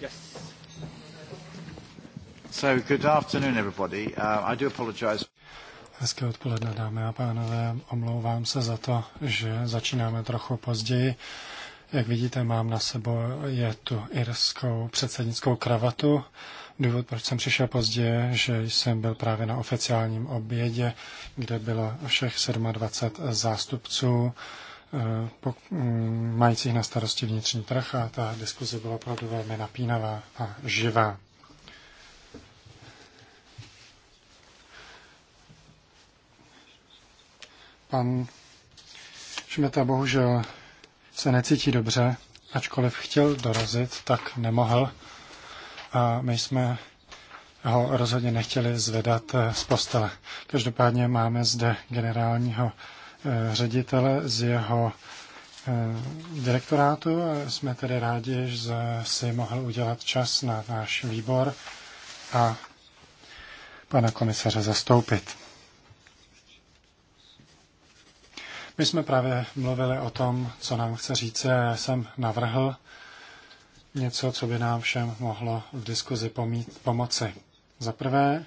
Uh, Hezké odpoledne, dámy a pánové. Omlouvám se za to, že začínáme trochu později. Jak vidíte, mám na sebe je tu irskou předsednickou kravatu. Důvod, proč jsem přišel později, že jsem byl právě na oficiálním obědě, kde bylo všech 27 zástupců Eh, majících na starosti vnitřní trh a ta diskuze byla opravdu velmi napínavá a živá. Pan Šmeta bohužel se necítí dobře, ačkoliv chtěl dorazit, tak nemohl. A my jsme ho rozhodně nechtěli zvedat eh, z postele. Každopádně máme zde generálního Eh, ředitele z jeho eh, direktorátu. Jsme tedy rádi, že si mohl udělat čas na náš výbor a pana komisaře zastoupit. My jsme právě mluvili o tom, co nám chce říct. Já jsem navrhl něco, co by nám všem mohlo v diskuzi pomít, pomoci. Za prvé,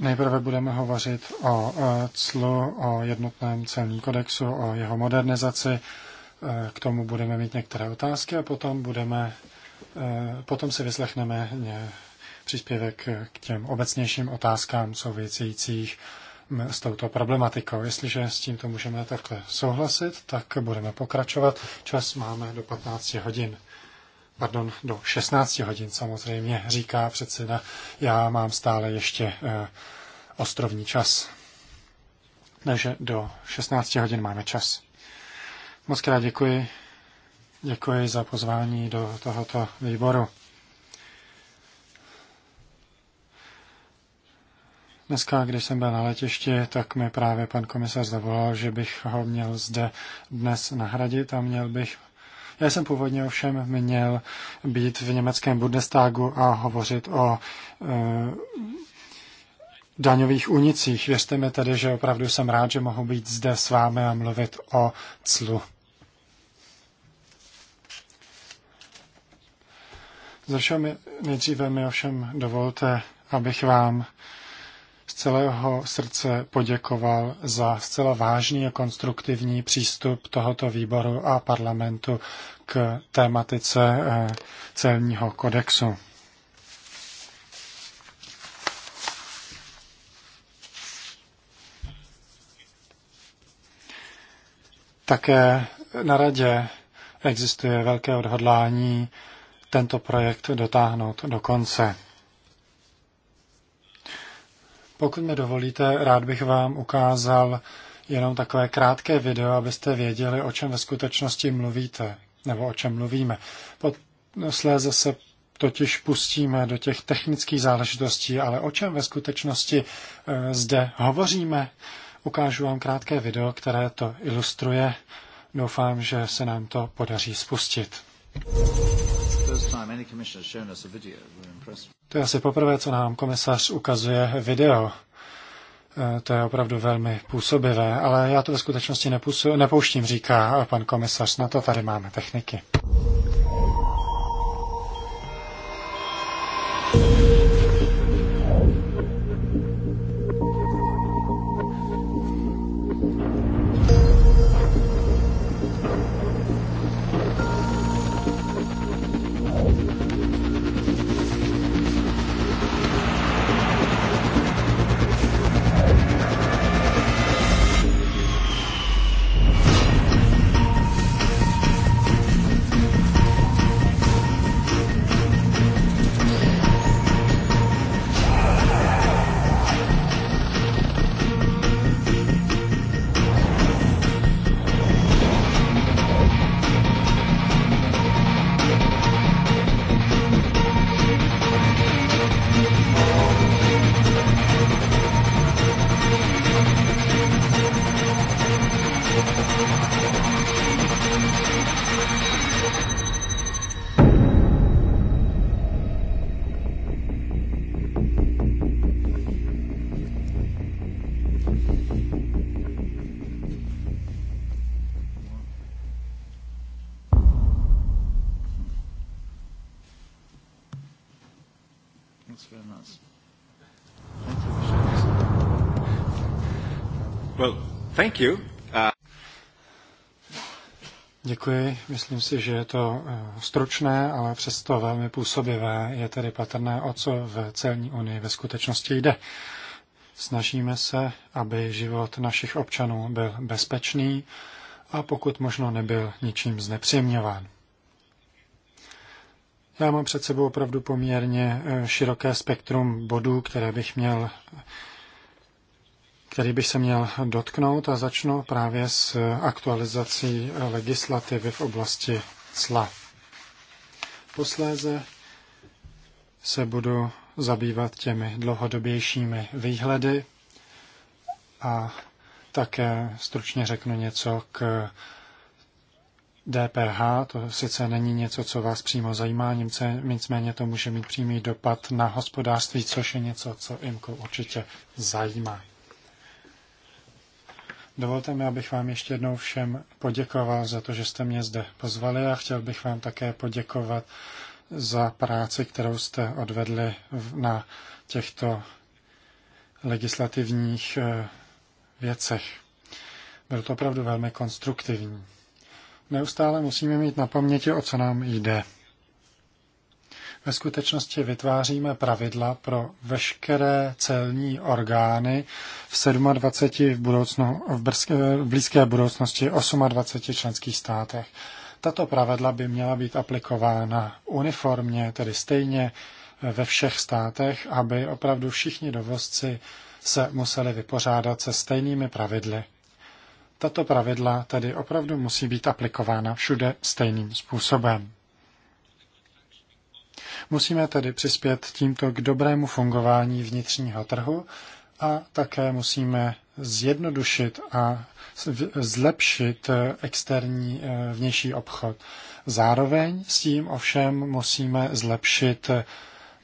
Nejprve budeme hovořit o e, clu, o jednotném celním kodexu, o jeho modernizaci. E, k tomu budeme mít některé otázky a potom, budeme, e, potom si vyslechneme příspěvek k těm obecnějším otázkám souvisejících s touto problematikou. Jestliže s tímto můžeme takhle souhlasit, tak budeme pokračovat. Čas máme do 15 hodin pardon, do 16 hodin samozřejmě, říká předseda. Já mám stále ještě eh, ostrovní čas. Takže do 16 hodin máme čas. Moc krát děkuji. Děkuji za pozvání do tohoto výboru. Dneska, když jsem byl na letišti, tak mi právě pan komisař zavolal, že bych ho měl zde dnes nahradit a měl bych já jsem původně ovšem měl být v německém Bundestagu a hovořit o eh, daňových unicích. Věřte mi tedy, že opravdu jsem rád, že mohu být zde s vámi a mluvit o clu. Ze všeho mi, nejdříve mi ovšem dovolte, abych vám celého srdce poděkoval za zcela vážný a konstruktivní přístup tohoto výboru a parlamentu k tématice eh, celního kodexu. Také na radě existuje velké odhodlání tento projekt dotáhnout do konce. Pokud mi dovolíte, rád bych vám ukázal jenom takové krátké video, abyste věděli, o čem ve skutečnosti mluvíte, nebo o čem mluvíme. Posléze se totiž pustíme do těch technických záležitostí, ale o čem ve skutečnosti e, zde hovoříme, ukážu vám krátké video, které to ilustruje. Doufám, že se nám to podaří spustit. Thank you. To je asi poprvé, co nám komisař ukazuje video. E, to je opravdu velmi působivé, ale já to ve skutečnosti nepouštím, říká pan komisař. Na to tady máme techniky. Thank you. Uh, Děkuji. Myslím si, že je to eh, stručné, ale přesto velmi působivé. Je tedy patrné, o co v celní unii ve skutečnosti jde. Snažíme se, aby život našich občanů byl bezpečný a pokud možno nebyl ničím znepříjemňován. Já mám před sebou opravdu poměrně eh, široké spektrum bodů, které bych měl který bych se měl dotknout a začnu právě s aktualizací legislativy v oblasti cla. Posléze se budu zabývat těmi dlouhodobějšími výhledy a také stručně řeknu něco k DPH. To sice není něco, co vás přímo zajímá, nicméně to může mít přímý dopad na hospodářství, což je něco, co IMKO určitě zajímá. Dovolte mi, abych vám ještě jednou všem poděkoval za to, že jste mě zde pozvali a chtěl bych vám také poděkovat za práci, kterou jste odvedli na těchto legislativních eh, věcech. Bylo to opravdu velmi konstruktivní. Neustále musíme mít na paměti, o co nám jde. Ve skutečnosti vytváříme pravidla pro veškeré celní orgány v 27 v, budoucnu, v, brzké, v blízké budoucnosti 28 členských státech. Tato pravidla by měla být aplikována uniformně, tedy stejně ve všech státech, aby opravdu všichni dovozci se museli vypořádat se stejnými pravidly. Tato pravidla tedy opravdu musí být aplikována všude stejným způsobem. Musíme tedy přispět tímto k dobrému fungování vnitřního trhu a také musíme zjednodušit a zlepšit eh, externí eh, vnější obchod. Zároveň s tím ovšem musíme zlepšit eh,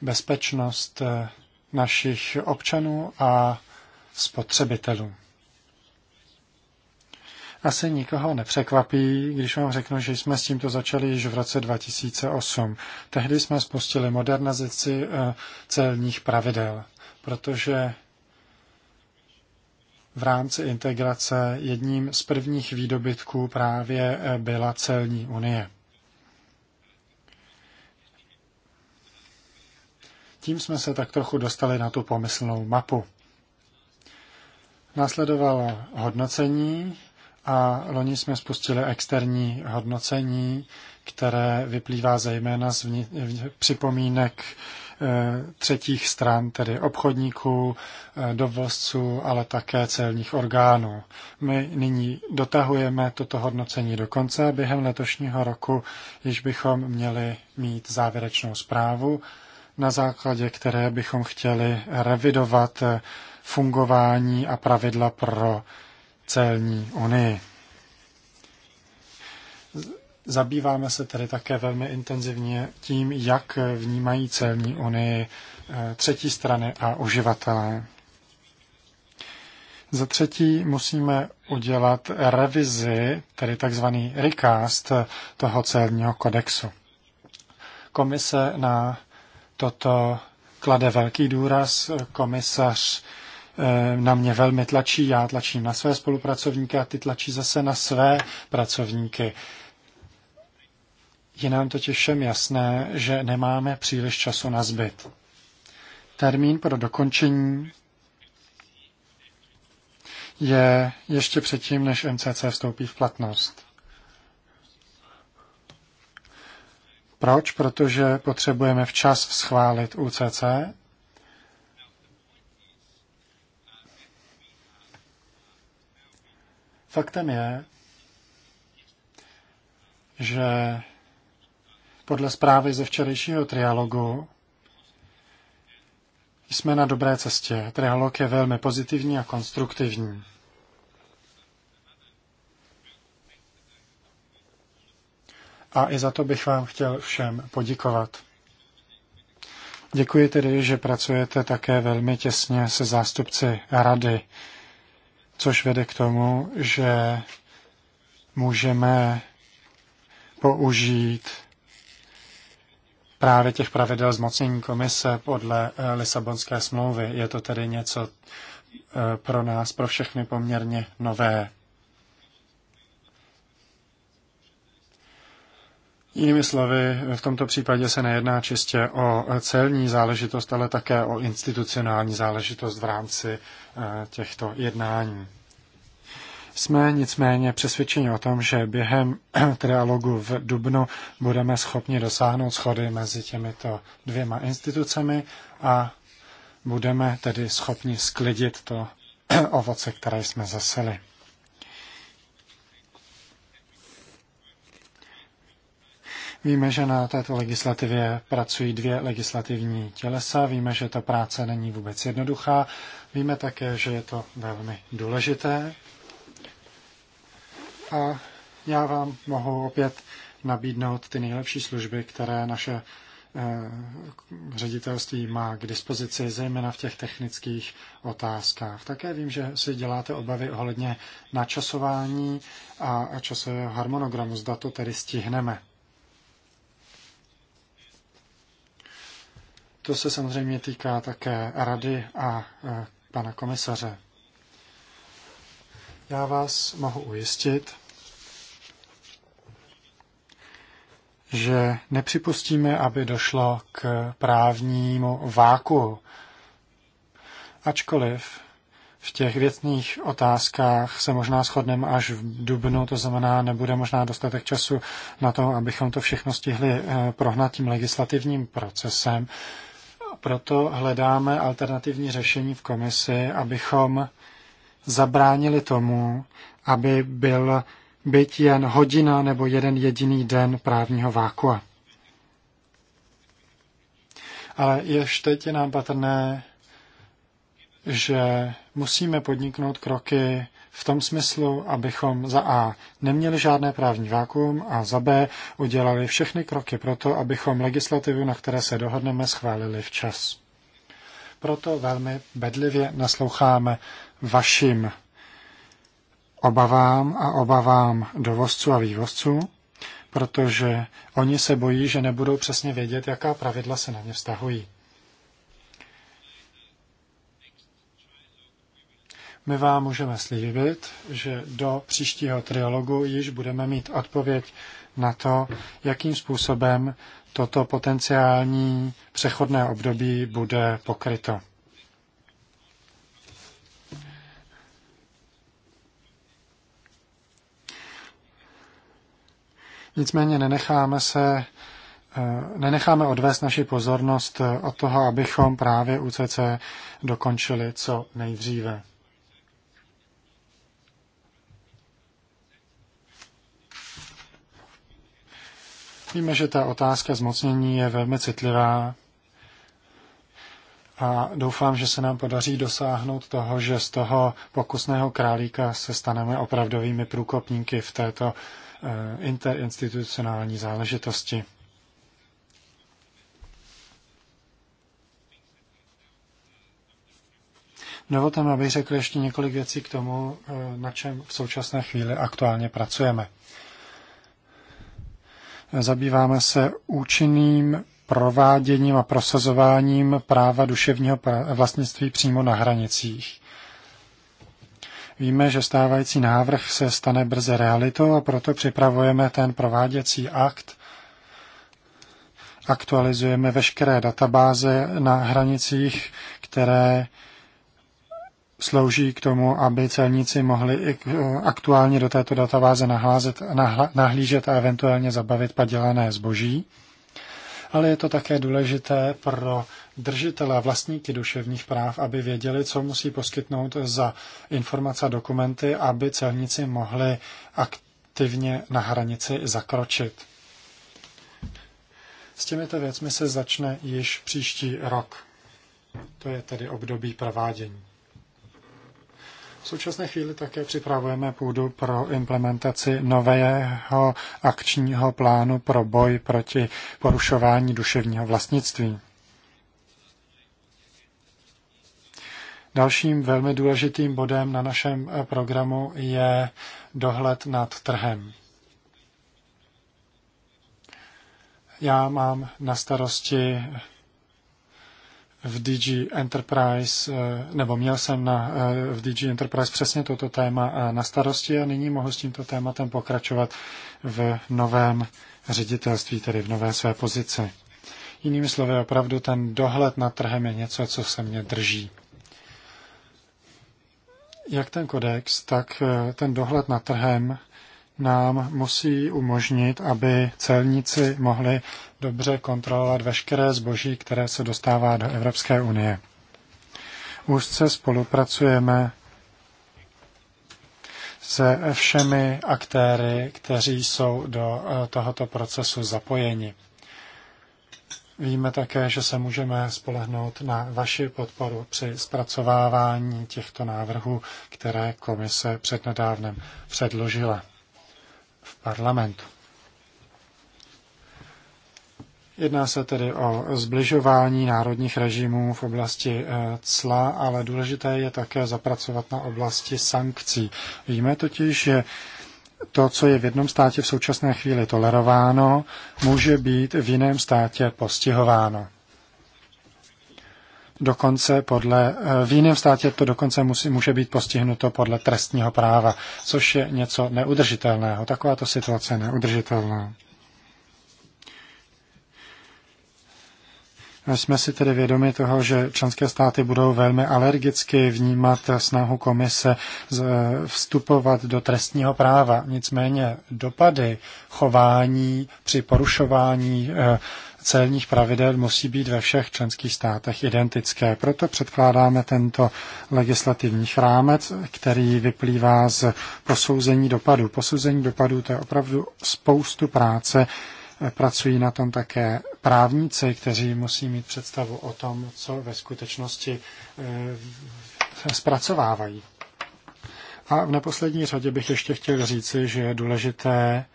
bezpečnost našich občanů a spotřebitelů. Asi nikoho nepřekvapí, když vám řeknu, že jsme s tímto začali již v roce 2008. Tehdy jsme spustili modernizaci eh, celních pravidel, protože v rámci integrace jedním z prvních výdobytků právě eh, byla celní unie. Tím jsme se tak trochu dostali na tu pomyslnou mapu. Následovalo hodnocení a loni jsme spustili externí hodnocení, které vyplývá zejména z vni- připomínek e, třetích stran, tedy obchodníků, e, dovozců, ale také celních orgánů. My nyní dotahujeme toto hodnocení do konce. Během letošního roku již bychom měli mít závěrečnou zprávu, na základě které bychom chtěli revidovat e, fungování a pravidla pro celní unii. Zabýváme se tedy také velmi intenzivně tím, jak vnímají celní unii eh, třetí strany a uživatelé. Za třetí musíme udělat revizi, tedy takzvaný recast toho celního kodexu. Komise na toto klade velký důraz. Komisař Eh, na mě velmi tlačí, já tlačím na své spolupracovníky a ty tlačí zase na své pracovníky. Je nám totiž všem jasné, že nemáme příliš času na zbyt. Termín pro dokončení je ještě předtím, než MCC vstoupí v platnost. Proč? Protože potřebujeme včas schválit UCC, Faktem je, že podle zprávy ze včerejšího trialogu jsme na dobré cestě. Trialog je velmi pozitivní a konstruktivní. A i za to bych vám chtěl všem poděkovat. Děkuji tedy, že pracujete také velmi těsně se zástupci rady což vede k tomu, že můžeme použít právě těch pravidel zmocnění komise podle eh, Lisabonské smlouvy. Je to tedy něco eh, pro nás, pro všechny poměrně nové. Jinými slovy, v tomto případě se nejedná čistě o celní záležitost, ale také o institucionální záležitost v rámci eh, těchto jednání. Jsme nicméně přesvědčeni o tom, že během eh, trialogu v Dubnu budeme schopni dosáhnout schody mezi těmito dvěma institucemi a budeme tedy schopni sklidit to eh, ovoce, které jsme zaseli. Víme, že na této legislativě pracují dvě legislativní tělesa, víme, že ta práce není vůbec jednoduchá, víme také, že je to velmi důležité. A já vám mohu opět nabídnout ty nejlepší služby, které naše eh, ředitelství má k dispozici, zejména v těch technických otázkách. Také vím, že si děláte obavy ohledně načasování a časového harmonogramu, zda to tedy stihneme. To se samozřejmě týká také rady a e, pana komisaře. Já vás mohu ujistit, že nepřipustíme, aby došlo k právnímu váku. Ačkoliv v těch věcných otázkách se možná shodneme až v dubnu, to znamená, nebude možná dostatek času na to, abychom to všechno stihli e, prohnat tím legislativním procesem proto hledáme alternativní řešení v komisi, abychom zabránili tomu, aby byl byť jen hodina nebo jeden jediný den právního vákua. Ale ještě teď je nám patrné, že musíme podniknout kroky v tom smyslu, abychom za A neměli žádné právní vákuum a za B udělali všechny kroky pro to, abychom legislativu, na které se dohodneme, schválili včas. Proto velmi bedlivě nasloucháme vašim obavám a obavám dovozců a vývozců, protože oni se bojí, že nebudou přesně vědět, jaká pravidla se na ně vztahují. My vám můžeme slíbit, že do příštího trialogu již budeme mít odpověď na to, jakým způsobem toto potenciální přechodné období bude pokryto. Nicméně nenecháme se eh, nenecháme odvést naši pozornost od toho, abychom právě UCC dokončili co nejdříve. Myslíme, že ta otázka zmocnění je velmi citlivá a doufám, že se nám podaří dosáhnout toho, že z toho pokusného králíka se staneme opravdovými průkopníky v této eh, interinstitucionální záležitosti. Dovolte mi, abych řekl ještě několik věcí k tomu, eh, na čem v současné chvíli aktuálně pracujeme. Zabýváme se účinným prováděním a prosazováním práva duševního vlastnictví přímo na hranicích. Víme, že stávající návrh se stane brze realitou a proto připravujeme ten prováděcí akt. Aktualizujeme veškeré databáze na hranicích, které slouží k tomu, aby celníci mohli i eh, aktuálně do této databáze nahlázet, nahla, nahlížet a eventuálně zabavit padělané zboží. Ale je to také důležité pro držitele a vlastníky duševních práv, aby věděli, co musí poskytnout za informace a dokumenty, aby celníci mohli aktivně na hranici zakročit. S těmito věcmi se začne již příští rok. To je tedy období provádění. V současné chvíli také připravujeme půdu pro implementaci nového akčního plánu pro boj proti porušování duševního vlastnictví. Dalším velmi důležitým bodem na našem programu je dohled nad trhem. Já mám na starosti v DG Enterprise, eh, nebo měl jsem na, eh, v DG Enterprise přesně toto téma eh, na starosti a nyní mohu s tímto tématem pokračovat v novém ředitelství, tedy v nové své pozici. Jinými slovy, opravdu ten dohled nad trhem je něco, co se mě drží. Jak ten kodex, tak ten dohled nad trhem nám musí umožnit, aby celníci mohli dobře kontrolovat veškeré zboží, které se dostává do Evropské unie. Úzce spolupracujeme se všemi aktéry, kteří jsou do eh, tohoto procesu zapojeni. Víme také, že se můžeme spolehnout na vaši podporu při zpracovávání těchto návrhů, které komise přednedávnem předložila v parlamentu. Jedná se tedy o zbližování národních režimů v oblasti eh, cla, ale důležité je také zapracovat na oblasti sankcí. Víme totiž, že to, co je v jednom státě v současné chvíli tolerováno, může být v jiném státě postihováno dokonce podle, eh, v jiném státě to dokonce musí, může být postihnuto podle trestního práva, což je něco neudržitelného. Takováto situace je neudržitelná. Jsme si tedy vědomi toho, že členské státy budou velmi alergicky vnímat snahu komise eh, vstupovat do trestního práva. Nicméně dopady chování při porušování eh, celních pravidel musí být ve všech členských státech identické. Proto předkládáme tento legislativní rámec, který vyplývá z posouzení dopadů. Posouzení dopadů to je opravdu spoustu práce. Pracují na tom také právníci, kteří musí mít představu o tom, co ve skutečnosti eh, zpracovávají. A v neposlední řadě bych ještě chtěl říci, že je důležité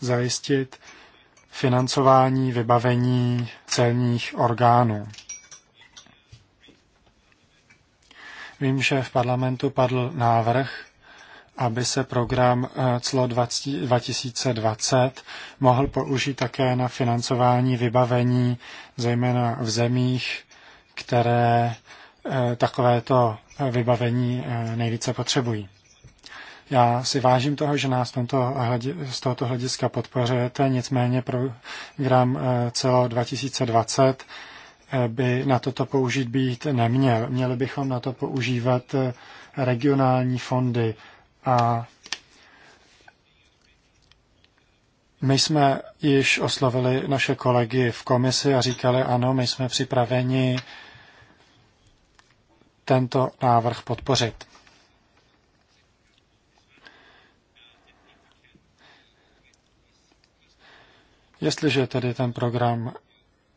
zajistit financování, vybavení celních orgánů. Vím, že v parlamentu padl návrh, aby se program eh, CLO 2020 mohl použít také na financování vybavení, zejména v zemích, které eh, takovéto eh, vybavení nejvíce potřebují. Já si vážím toho, že nás tomto hledi, z tohoto hlediska podpořujete, nicméně program eh, celo 2020 eh, by na toto použít být neměl. Měli bychom na to používat eh, regionální fondy a My jsme již oslovili naše kolegy v komisi a říkali, ano, my jsme připraveni tento návrh podpořit. Jestliže tedy ten program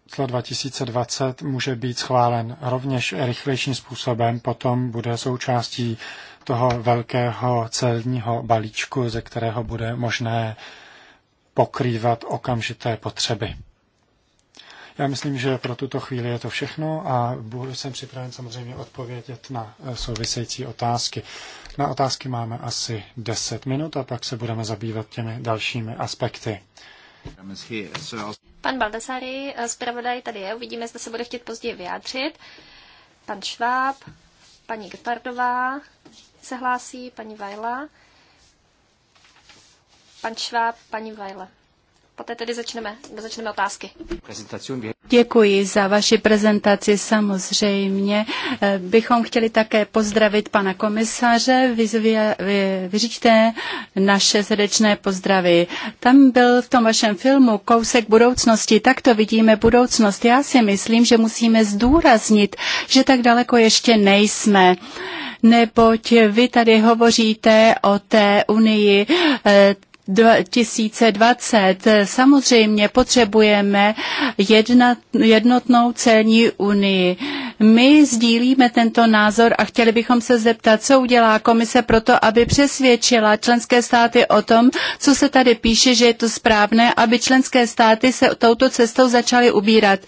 CEL 2020 může být schválen rovněž rychlejším způsobem, potom bude součástí toho velkého celního balíčku, ze kterého bude možné pokrývat okamžité potřeby. Já myslím, že pro tuto chvíli je to všechno a budu jsem připraven samozřejmě odpovědět na eh, související otázky. Na otázky máme asi 10 minut a pak se budeme zabývat těmi dalšími aspekty. Pan Baldessari, eh, zpravodaj tady je, uvidíme, zda se bude chtět později vyjádřit. Pan Šváb, paní Gepardová se hlásí, paní Vajla. Pan Šváb, paní Vajla. Poté tedy začneme, začneme otázky. Děkuji za vaši prezentaci. Samozřejmě eh, bychom chtěli také pozdravit pana komisaře. Vyzvě, vyřiďte naše srdečné pozdravy. Tam byl v tom vašem filmu kousek budoucnosti. Tak to vidíme budoucnost. Já si myslím, že musíme zdůraznit, že tak daleko ještě nejsme neboť vy tady hovoříte o té unii eh, 2020. Samozřejmě potřebujeme jedna, jednotnou celní unii. My sdílíme tento názor a chtěli bychom se zeptat, co udělá komise pro to, aby přesvědčila členské státy o tom, co se tady píše, že je to správné, aby členské státy se touto cestou začaly ubírat.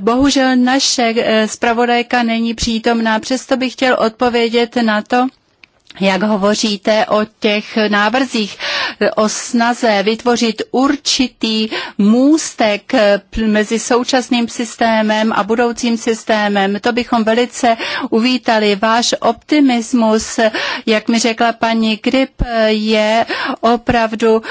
Bohužel naše eh, zpravodajka není přítomná, přesto bych chtěl odpovědět na to, jak hovoříte o těch návrzích, o snaze vytvořit určitý můstek mezi současným systémem a budoucím systémem. To bychom velice uvítali. Váš optimismus, jak mi řekla paní Grip, je opravdu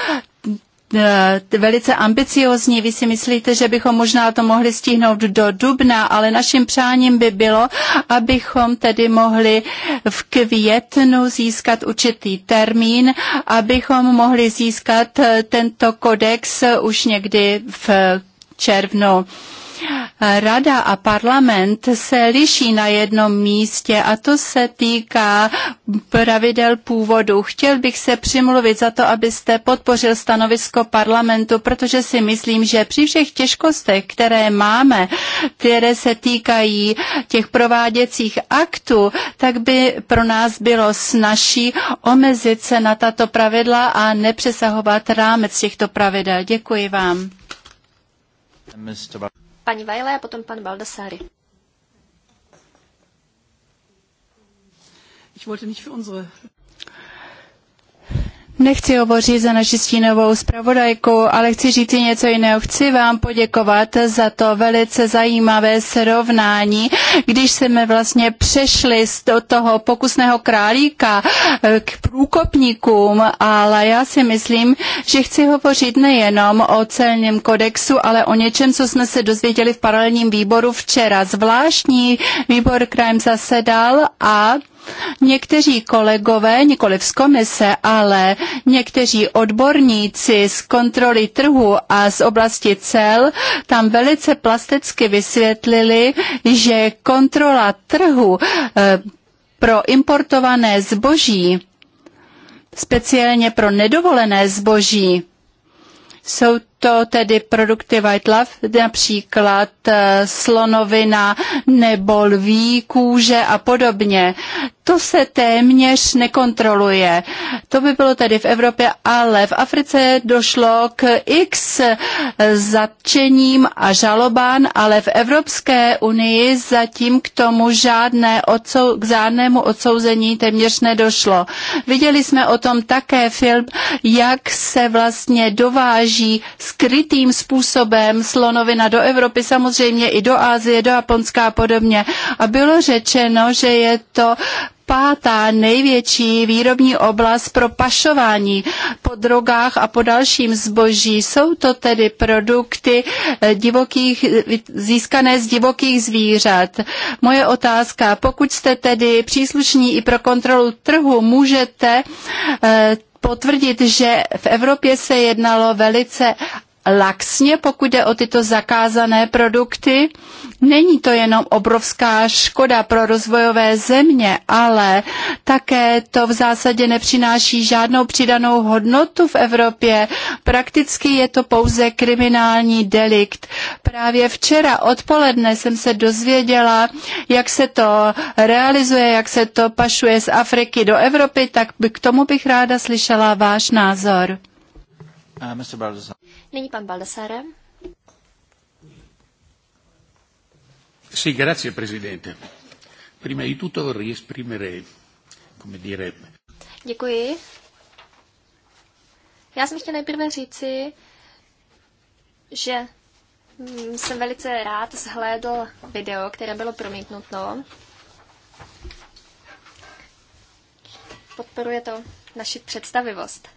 Eh, velice ambiciozní. Vy si myslíte, že bychom možná to mohli stihnout do dubna, ale naším přáním by bylo, abychom tedy mohli v květnu získat určitý termín, abychom mohli získat eh, tento kodex už někdy v červnu. Rada a parlament se liší na jednom místě a to se týká pravidel původu. Chtěl bych se přimluvit za to, abyste podpořil stanovisko parlamentu, protože si myslím, že při všech těžkostech, které máme, které se týkají těch prováděcích aktů, tak by pro nás bylo snažší omezit se na tato pravidla a nepřesahovat rámec těchto pravidel. Děkuji vám paní Vajle a potom pan Baldassari. Ich wollte nicht für unsere Nechci hovořit za naši stínovou zpravodajku, ale chci říct něco jiného. Chci vám poděkovat za to velice zajímavé srovnání, když jsme vlastně přešli z toho pokusného králíka eh, k průkopníkům, ale já si myslím, že chci hovořit nejenom o celním kodexu, ale o něčem, co jsme se dozvěděli v paralelním výboru včera. Zvláštní výbor krajem zasedal a Někteří kolegové, nikoli z komise, ale někteří odborníci z kontroly trhu a z oblasti cel tam velice plasticky vysvětlili, že kontrola trhu eh, pro importované zboží, speciálně pro nedovolené zboží, jsou to tedy produkty White Love, například eh, slonovina nebo lví kůže a podobně. To se téměř nekontroluje. To by bylo tedy v Evropě, ale v Africe došlo k x zatčením a žalobán, ale v Evropské unii zatím k tomu žádné odsou, k žádnému odsouzení téměř nedošlo. Viděli jsme o tom také film, jak se vlastně dováží z skrytým způsobem slonovina do Evropy, samozřejmě i do Ázie, do Japonska a podobně. A bylo řečeno, že je to pátá největší výrobní oblast pro pašování po drogách a po dalším zboží. Jsou to tedy produkty eh, divokých, získané z divokých zvířat. Moje otázka, pokud jste tedy příslušní i pro kontrolu trhu, můžete eh, potvrdit, že v Evropě se jednalo velice laxně, pokud jde o tyto zakázané produkty. Není to jenom obrovská škoda pro rozvojové země, ale také to v zásadě nepřináší žádnou přidanou hodnotu v Evropě. Prakticky je to pouze kriminální delikt. Právě včera odpoledne jsem se dozvěděla, jak se to realizuje, jak se to pašuje z Afriky do Evropy, tak k tomu bych ráda slyšela váš názor. Uh, Mr. Nyní pan Baldassare. Sì, grazie Presidente. Prima di tutto vorrei esprimere, come dire... Děkuji. Já jsem chtěl nejprve říci, že mm, jsem velice rád zhlédl video, které bylo promítnuto. Podporuje to naši představivost.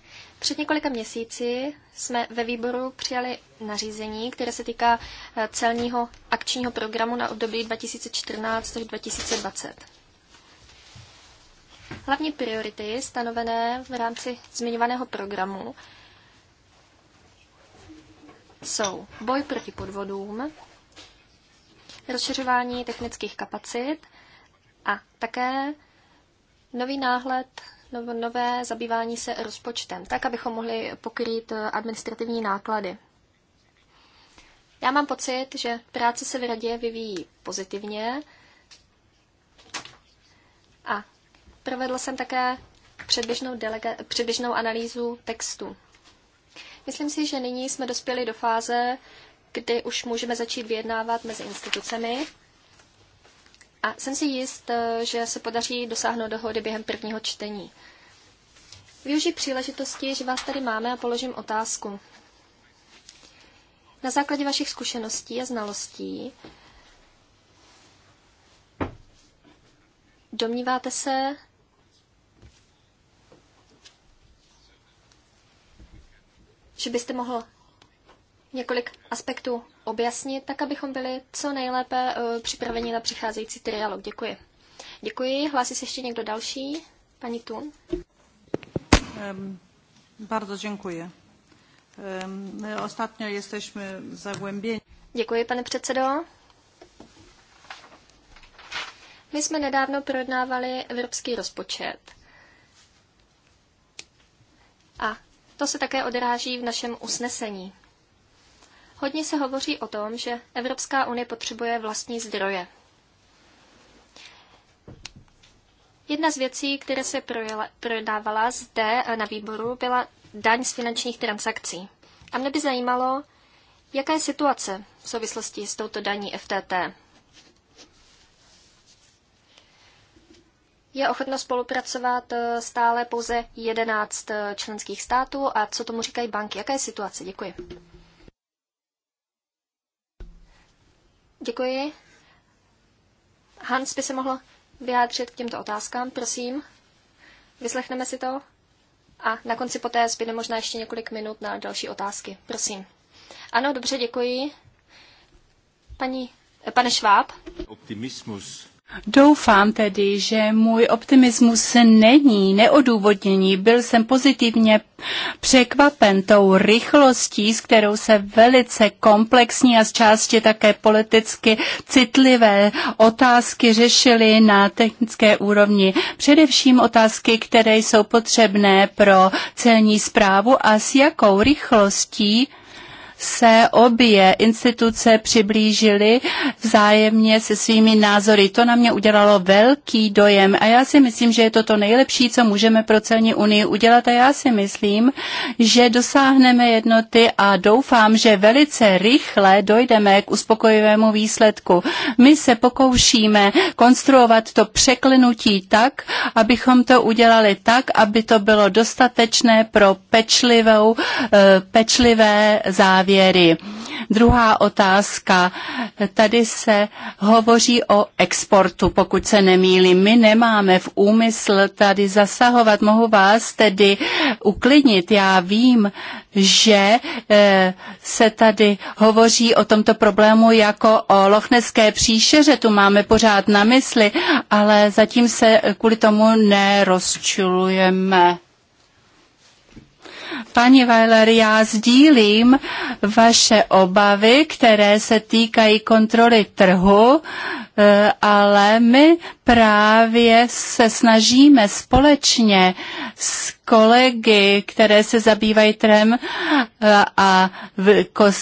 Před několika měsíci jsme ve výboru přijali nařízení, které se týká eh, celního akčního programu na období 2014 až 2020. Hlavní priority stanovené v rámci zmiňovaného programu jsou boj proti podvodům, rozšiřování technických kapacit a také nový náhled nové zabývání se rozpočtem, tak, abychom mohli pokrýt eh, administrativní náklady. Já mám pocit, že práce se v radě vyvíjí pozitivně a provedl jsem také předběžnou, delega- předběžnou analýzu textu. Myslím si, že nyní jsme dospěli do fáze, kdy už můžeme začít vyjednávat mezi institucemi a jsem si jist, eh, že se podaří dosáhnout dohody během prvního čtení. Využij příležitosti, že vás tady máme a položím otázku. Na základě vašich zkušeností a znalostí, domníváte se, že byste mohl několik aspektů objasnit, tak abychom byli co nejlépe eh, připraveni na přicházející trialog. Děkuji. Děkuji. Hlásí se ještě někdo další? Pani Tun. Um, bardzo děkuji. Um, ostatnio jesteśmy zagłębieni. Děkuji, pane předsedo. My jsme nedávno projednávali evropský rozpočet. A to se také odráží v našem usnesení. Hodně se hovoří o tom, že Evropská unie potřebuje vlastní zdroje. Jedna z věcí, které se projednávala zde na výboru, byla daň z finančních transakcí. A mne by zajímalo, jaká je situace v souvislosti s touto daní FTT. Je ochotno spolupracovat eh, stále pouze 11 eh, členských států a co tomu říkají banky? Jaká je situace? Děkuji. Děkuji. Hans by se mohl vyjádřit k těmto otázkám, prosím. Vyslechneme si to. A na konci poté zbyde možná ještě několik minut na další otázky. Prosím. Ano, dobře, děkuji. Paní, eh, pane Šváb. Optimismus Doufám tedy, že můj optimismus není neodůvodnění. Byl jsem pozitivně překvapen tou rychlostí, s kterou se velice komplexní a z části také politicky citlivé otázky řešily na technické úrovni. Především otázky, které jsou potřebné pro celní zprávu a s jakou rychlostí se obě instituce přiblížily vzájemně se svými názory. To na mě udělalo velký dojem a já si myslím, že je to to nejlepší, co můžeme pro celní unii udělat a já si myslím, že dosáhneme jednoty a doufám, že velice rychle dojdeme k uspokojivému výsledku. My se pokoušíme konstruovat to překlenutí tak, abychom to udělali tak, aby to bylo dostatečné pro pečlivou, eh, pečlivé závěry závěry. Druhá otázka. Tady se hovoří o exportu, pokud se nemýlím. My nemáme v úmysl tady zasahovat. Mohu vás tedy uklidnit. Já vím, že eh, se tady hovoří o tomto problému jako o lochneské příšeře. Tu máme pořád na mysli, ale zatím se kvůli tomu nerozčilujeme. Pani Weiler, já sdílím vaše obavy, které se týkají kontroly trhu, eh, ale my právě se snažíme společně s kolegy, které se zabývají trem eh, a v, ko,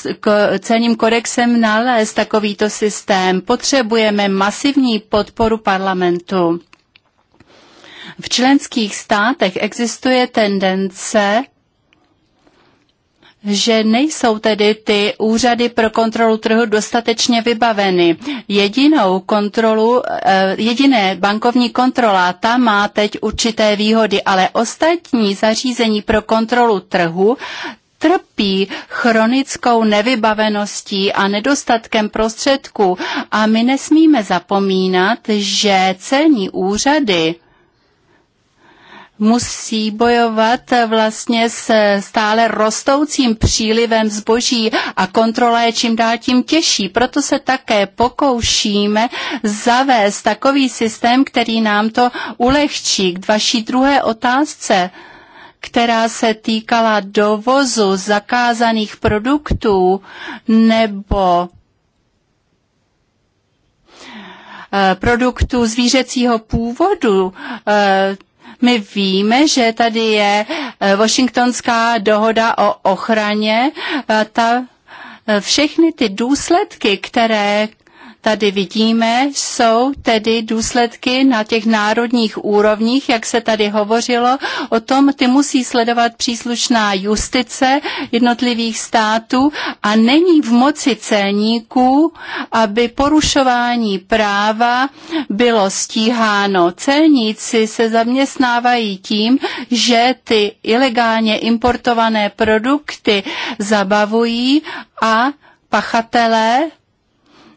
cením kodexem nalézt takovýto systém. Potřebujeme masivní podporu parlamentu. V členských státech existuje tendence že nejsou tedy ty úřady pro kontrolu trhu dostatečně vybaveny. Jedinou kontrolu, eh, jediné bankovní kontrola, ta má teď určité výhody, ale ostatní zařízení pro kontrolu trhu trpí chronickou nevybaveností a nedostatkem prostředků a my nesmíme zapomínat, že celní úřady musí bojovat vlastně s stále rostoucím přílivem zboží a kontrola je čím dál tím těžší. Proto se také pokoušíme zavést takový systém, který nám to ulehčí. K vaší druhé otázce která se týkala dovozu zakázaných produktů nebo eh, produktů zvířecího původu, eh, my víme, že tady je eh, Washingtonská dohoda o ochraně. Eh, ta eh, všechny ty důsledky, které tady vidíme, jsou tedy důsledky na těch národních úrovních, jak se tady hovořilo, o tom ty musí sledovat příslušná justice jednotlivých států a není v moci celníků, aby porušování práva bylo stíháno. Celníci se zaměstnávají tím, že ty ilegálně importované produkty zabavují a pachatelé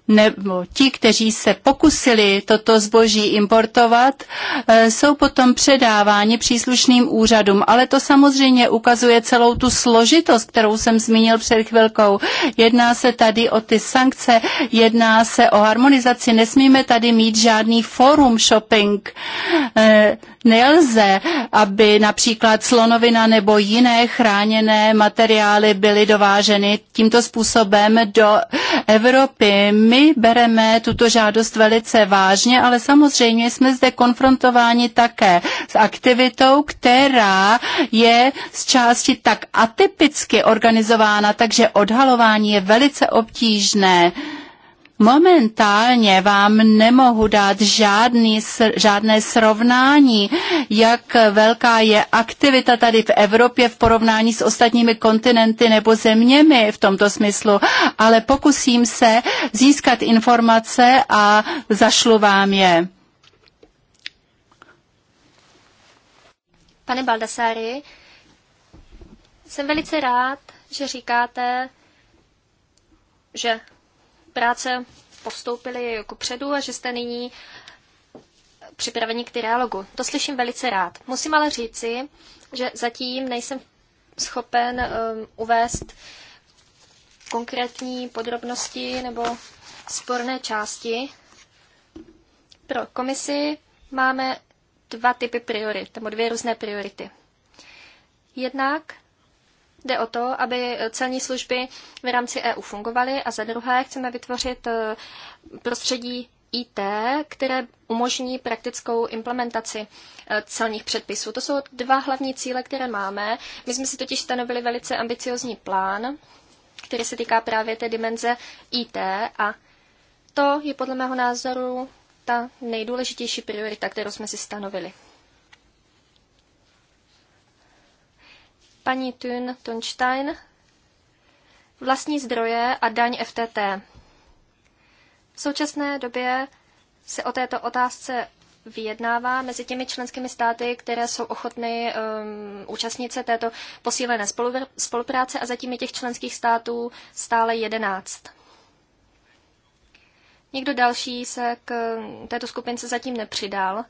nebo ti, kteří se pokusili toto zboží importovat, eh, jsou potom předáváni příslušným úřadům. Ale to samozřejmě ukazuje celou tu složitost, kterou jsem zmínil před chvilkou. Jedná se tady o ty sankce, jedná se o harmonizaci, nesmíme tady mít žádný forum shopping. Eh, Nelze, aby například slonovina nebo jiné chráněné materiály byly dováženy tímto způsobem do Evropy. My bereme tuto žádost velice vážně, ale samozřejmě jsme zde konfrontováni také s aktivitou, která je z části tak atypicky organizována, takže odhalování je velice obtížné. Momentálně vám nemohu dát žádný, žádné srovnání, jak velká je aktivita tady v Evropě v porovnání s ostatními kontinenty nebo zeměmi v tomto smyslu, ale pokusím se získat informace a zašlu vám je. Pane Baldassari, jsem velice rád, že říkáte, že práce postoupily ku předu a že jste nyní připraveni k dialogu. To slyším velice rád. Musím ale říci, že zatím nejsem schopen um, uvést konkrétní podrobnosti nebo sporné části. Pro komisi máme dva typy priorit, nebo dvě různé priority. Jednak Jde o to, aby celní služby v rámci EU fungovaly a za druhé chceme vytvořit e, prostředí IT, které umožní praktickou implementaci e, celních předpisů. To jsou dva hlavní cíle, které máme. My jsme si totiž stanovili velice ambiciozní plán, který se týká právě té dimenze IT a to je podle mého názoru ta nejdůležitější priorita, kterou jsme si stanovili. paní Thun Tonstein, vlastní zdroje a daň FTT. V současné době se o této otázce vyjednává mezi těmi členskými státy, které jsou ochotny um, účastnit se této posílené spolupráce a zatím je těch členských států stále jedenáct. Někdo další se k této skupince zatím nepřidal.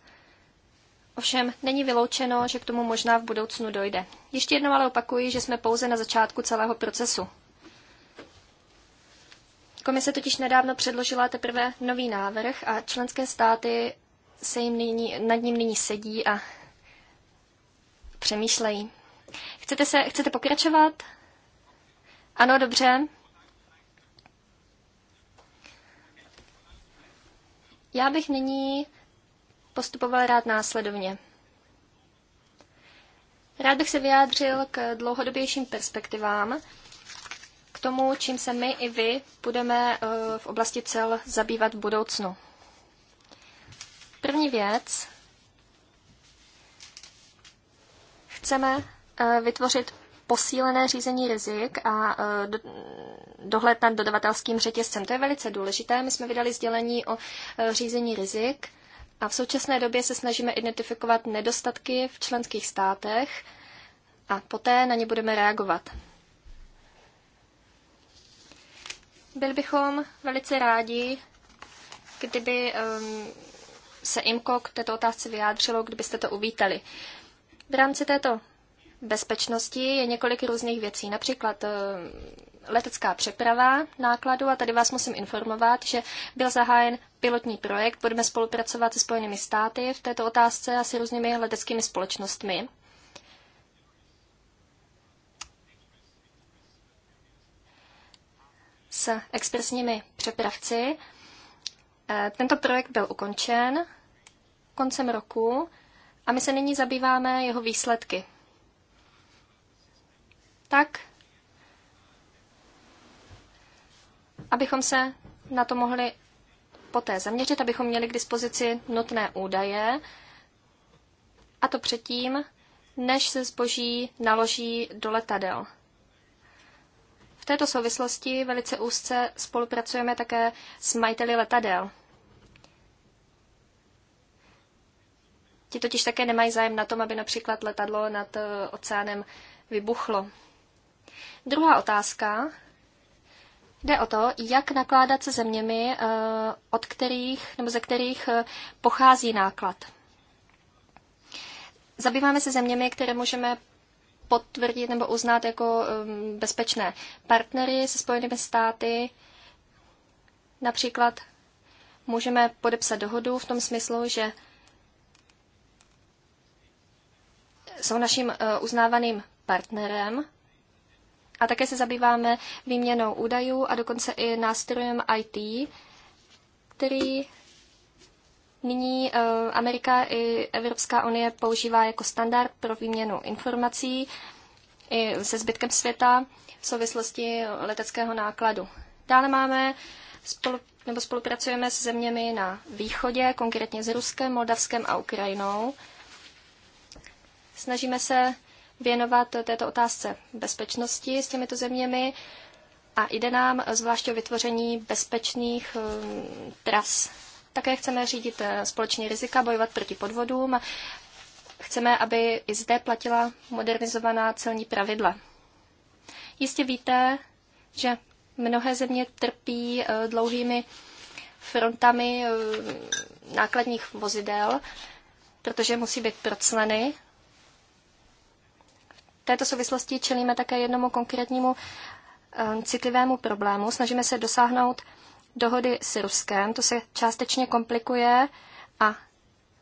Ovšem není vyloučeno, že k tomu možná v budoucnu dojde. Ještě jednou ale opakuji, že jsme pouze na začátku celého procesu. Komise totiž nedávno předložila teprve nový návrh a členské státy se jim nyní, nad ním nyní sedí a přemýšlejí. Chcete, se, chcete pokračovat? Ano, dobře. Já bych nyní postupoval rád následovně. Rád bych se vyjádřil k dlouhodobějším perspektivám, k tomu, čím se my i vy budeme eh, v oblasti cel zabývat v budoucnu. První věc. Chceme eh, vytvořit posílené řízení rizik a eh, dohled nad dodavatelským řetězcem. To je velice důležité. My jsme vydali sdělení o řízení rizik a v současné době se snažíme identifikovat nedostatky v členských státech a poté na ně budeme reagovat. Byli bychom velice rádi, kdyby um, se IMCO k této otázce vyjádřilo, kdybyste to uvítali. V rámci této bezpečnosti je několik různých věcí. Například eh, letecká přeprava nákladu a tady vás musím informovat, že byl zahájen pilotní projekt, budeme spolupracovat se Spojenými státy v této otázce a s různými leteckými společnostmi. S expresními přepravci. Eh, tento projekt byl ukončen koncem roku a my se nyní zabýváme jeho výsledky tak, abychom se na to mohli poté zaměřit, abychom měli k dispozici nutné údaje, a to předtím, než se zboží naloží do letadel. V této souvislosti velice úzce spolupracujeme také s majiteli letadel. Ti totiž také nemají zájem na tom, aby například letadlo nad eh, oceánem vybuchlo. Druhá otázka. Jde o to, jak nakládat se zeměmi, eh, od kterých, nebo ze kterých eh, pochází náklad. Zabýváme se zeměmi, které můžeme potvrdit nebo uznat jako eh, bezpečné partnery se Spojenými státy. Například můžeme podepsat dohodu v tom smyslu, že jsou naším uznávaným partnerem a také se zabýváme výměnou údajů a dokonce i nástrojem IT, který nyní eh, Amerika i Evropská unie používá jako standard pro výměnu informací i se zbytkem světa v souvislosti leteckého nákladu. Dále máme spolu, nebo spolupracujeme s zeměmi na východě, konkrétně s Ruskem, Moldavskem a Ukrajinou. Snažíme se věnovat této otázce bezpečnosti s těmito zeměmi a jde nám zvláště o vytvoření bezpečných um, tras. Také chceme řídit eh, společně rizika, bojovat proti podvodům chceme, aby i zde platila modernizovaná celní pravidla. Jistě víte, že mnohé země trpí eh, dlouhými frontami eh, nákladních vozidel, protože musí být procleny této souvislosti čelíme také jednomu konkrétnímu eh, citlivému problému. Snažíme se dosáhnout dohody s Ruskem, to se částečně komplikuje a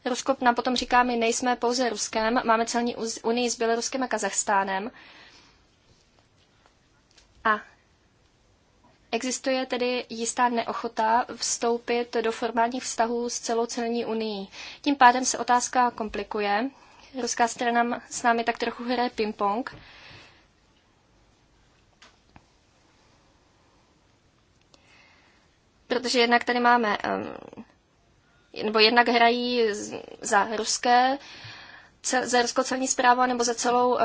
Rusko nám potom říká, my nejsme pouze Ruskem, máme celní unii s Běloruskem a Kazachstánem. A existuje tedy jistá neochota vstoupit do formálních vztahů s celou celní unii. Tím pádem se otázka komplikuje Ruská strana s námi tak trochu hraje ping-pong. Protože jednak tady máme, nebo jednak hrají za ruské, za ruskou celní zprávu, nebo za celou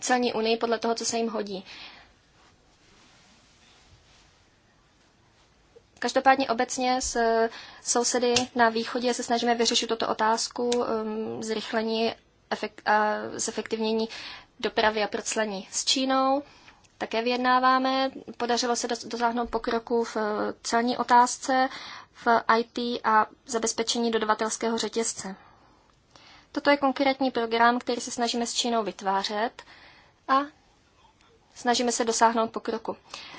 celní unii podle toho, co se jim hodí. Každopádně obecně s e, sousedy na východě se snažíme vyřešit tuto otázku um, zrychlení efekt, a zefektivnění dopravy a proclení s Čínou. Také vyjednáváme. Podařilo se dosáhnout pokroku v eh, celní otázce, v IT a zabezpečení dodavatelského řetězce. Toto je konkrétní program, který se snažíme s Čínou vytvářet a snažíme se dosáhnout pokroku.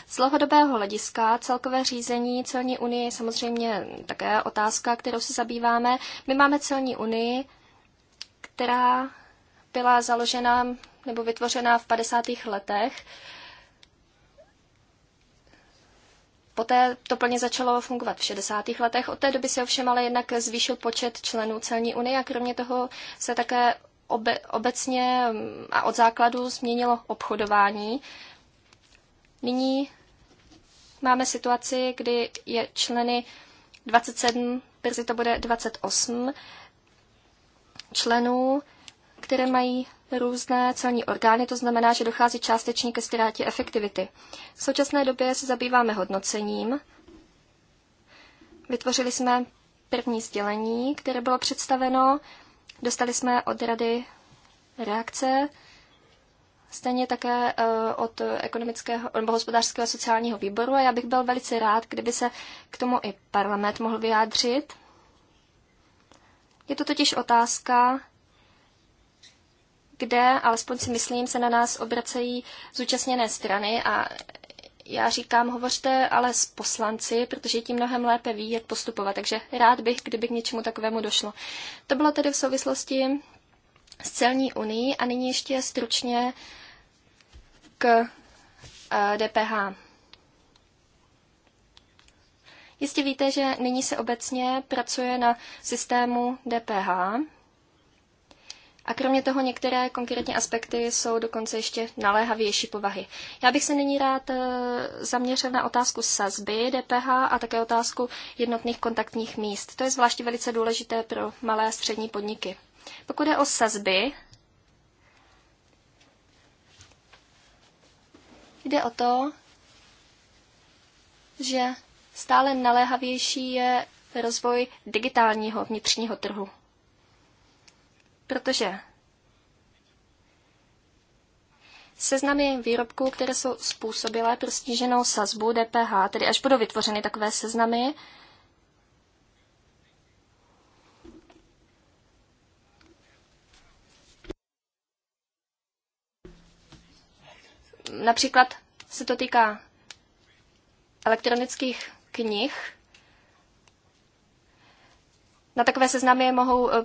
Z dlouhodobého hlediska celkové řízení celní unie je samozřejmě také otázka, kterou se zabýváme. My máme celní unii která byla založena nebo vytvořena v 50. letech. Poté to plně začalo fungovat v 60. letech. Od té doby se ovšem ale jednak zvýšil počet členů celní unie a kromě toho se také obe, obecně a od základu změnilo obchodování. Nyní máme situaci, kdy je členy 27, brzy to bude 28 členů, které mají různé celní orgány, to znamená, že dochází částečně ke ztrátě efektivity. V současné době se zabýváme hodnocením. Vytvořili jsme první sdělení, které bylo představeno. Dostali jsme od rady reakce, stejně také eh, od ekonomického nebo hospodářského a sociálního výboru a já bych byl velice rád, kdyby se k tomu i parlament mohl vyjádřit. Je to totiž otázka, kde, alespoň si myslím, se na nás obracejí zúčastněné strany a já říkám, hovořte ale s poslanci, protože ti mnohem lépe ví, jak postupovat, takže rád bych, kdyby k něčemu takovému došlo. To bylo tedy v souvislosti s celní unii a nyní ještě stručně k DPH. Eh, Jistě víte, že nyní se obecně pracuje na systému DPH. A kromě toho některé konkrétní aspekty jsou dokonce ještě naléhavější povahy. Já bych se nyní rád eh, zaměřil na otázku sazby DPH a také otázku jednotných kontaktních míst. To je zvláště velice důležité pro malé a střední podniky. Pokud je o sazby, jde o to, že Stále naléhavější je rozvoj digitálního vnitřního trhu. Protože seznamy výrobků, které jsou způsobilé pro sníženou sazbu DPH, tedy až budou vytvořeny takové seznamy, například se to týká elektronických knih. Na takové seznamy mohou eh,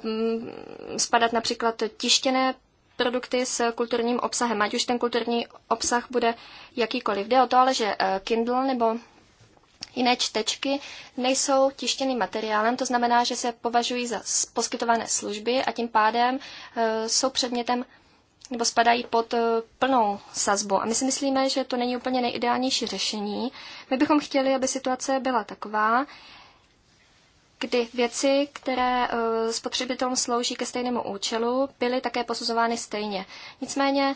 spadat například tištěné produkty s kulturním obsahem, ať už ten kulturní obsah bude jakýkoliv. Jde o to ale, že eh, Kindle nebo jiné čtečky nejsou tištěným materiálem, to znamená, že se považují za poskytované služby a tím pádem eh, jsou předmětem nebo spadají pod eh, plnou sazbu. A my si myslíme, že to není úplně nejideálnější řešení. My bychom chtěli, aby situace byla taková, kdy věci, které eh, spotřebitelům slouží ke stejnému účelu, byly také posuzovány stejně. Nicméně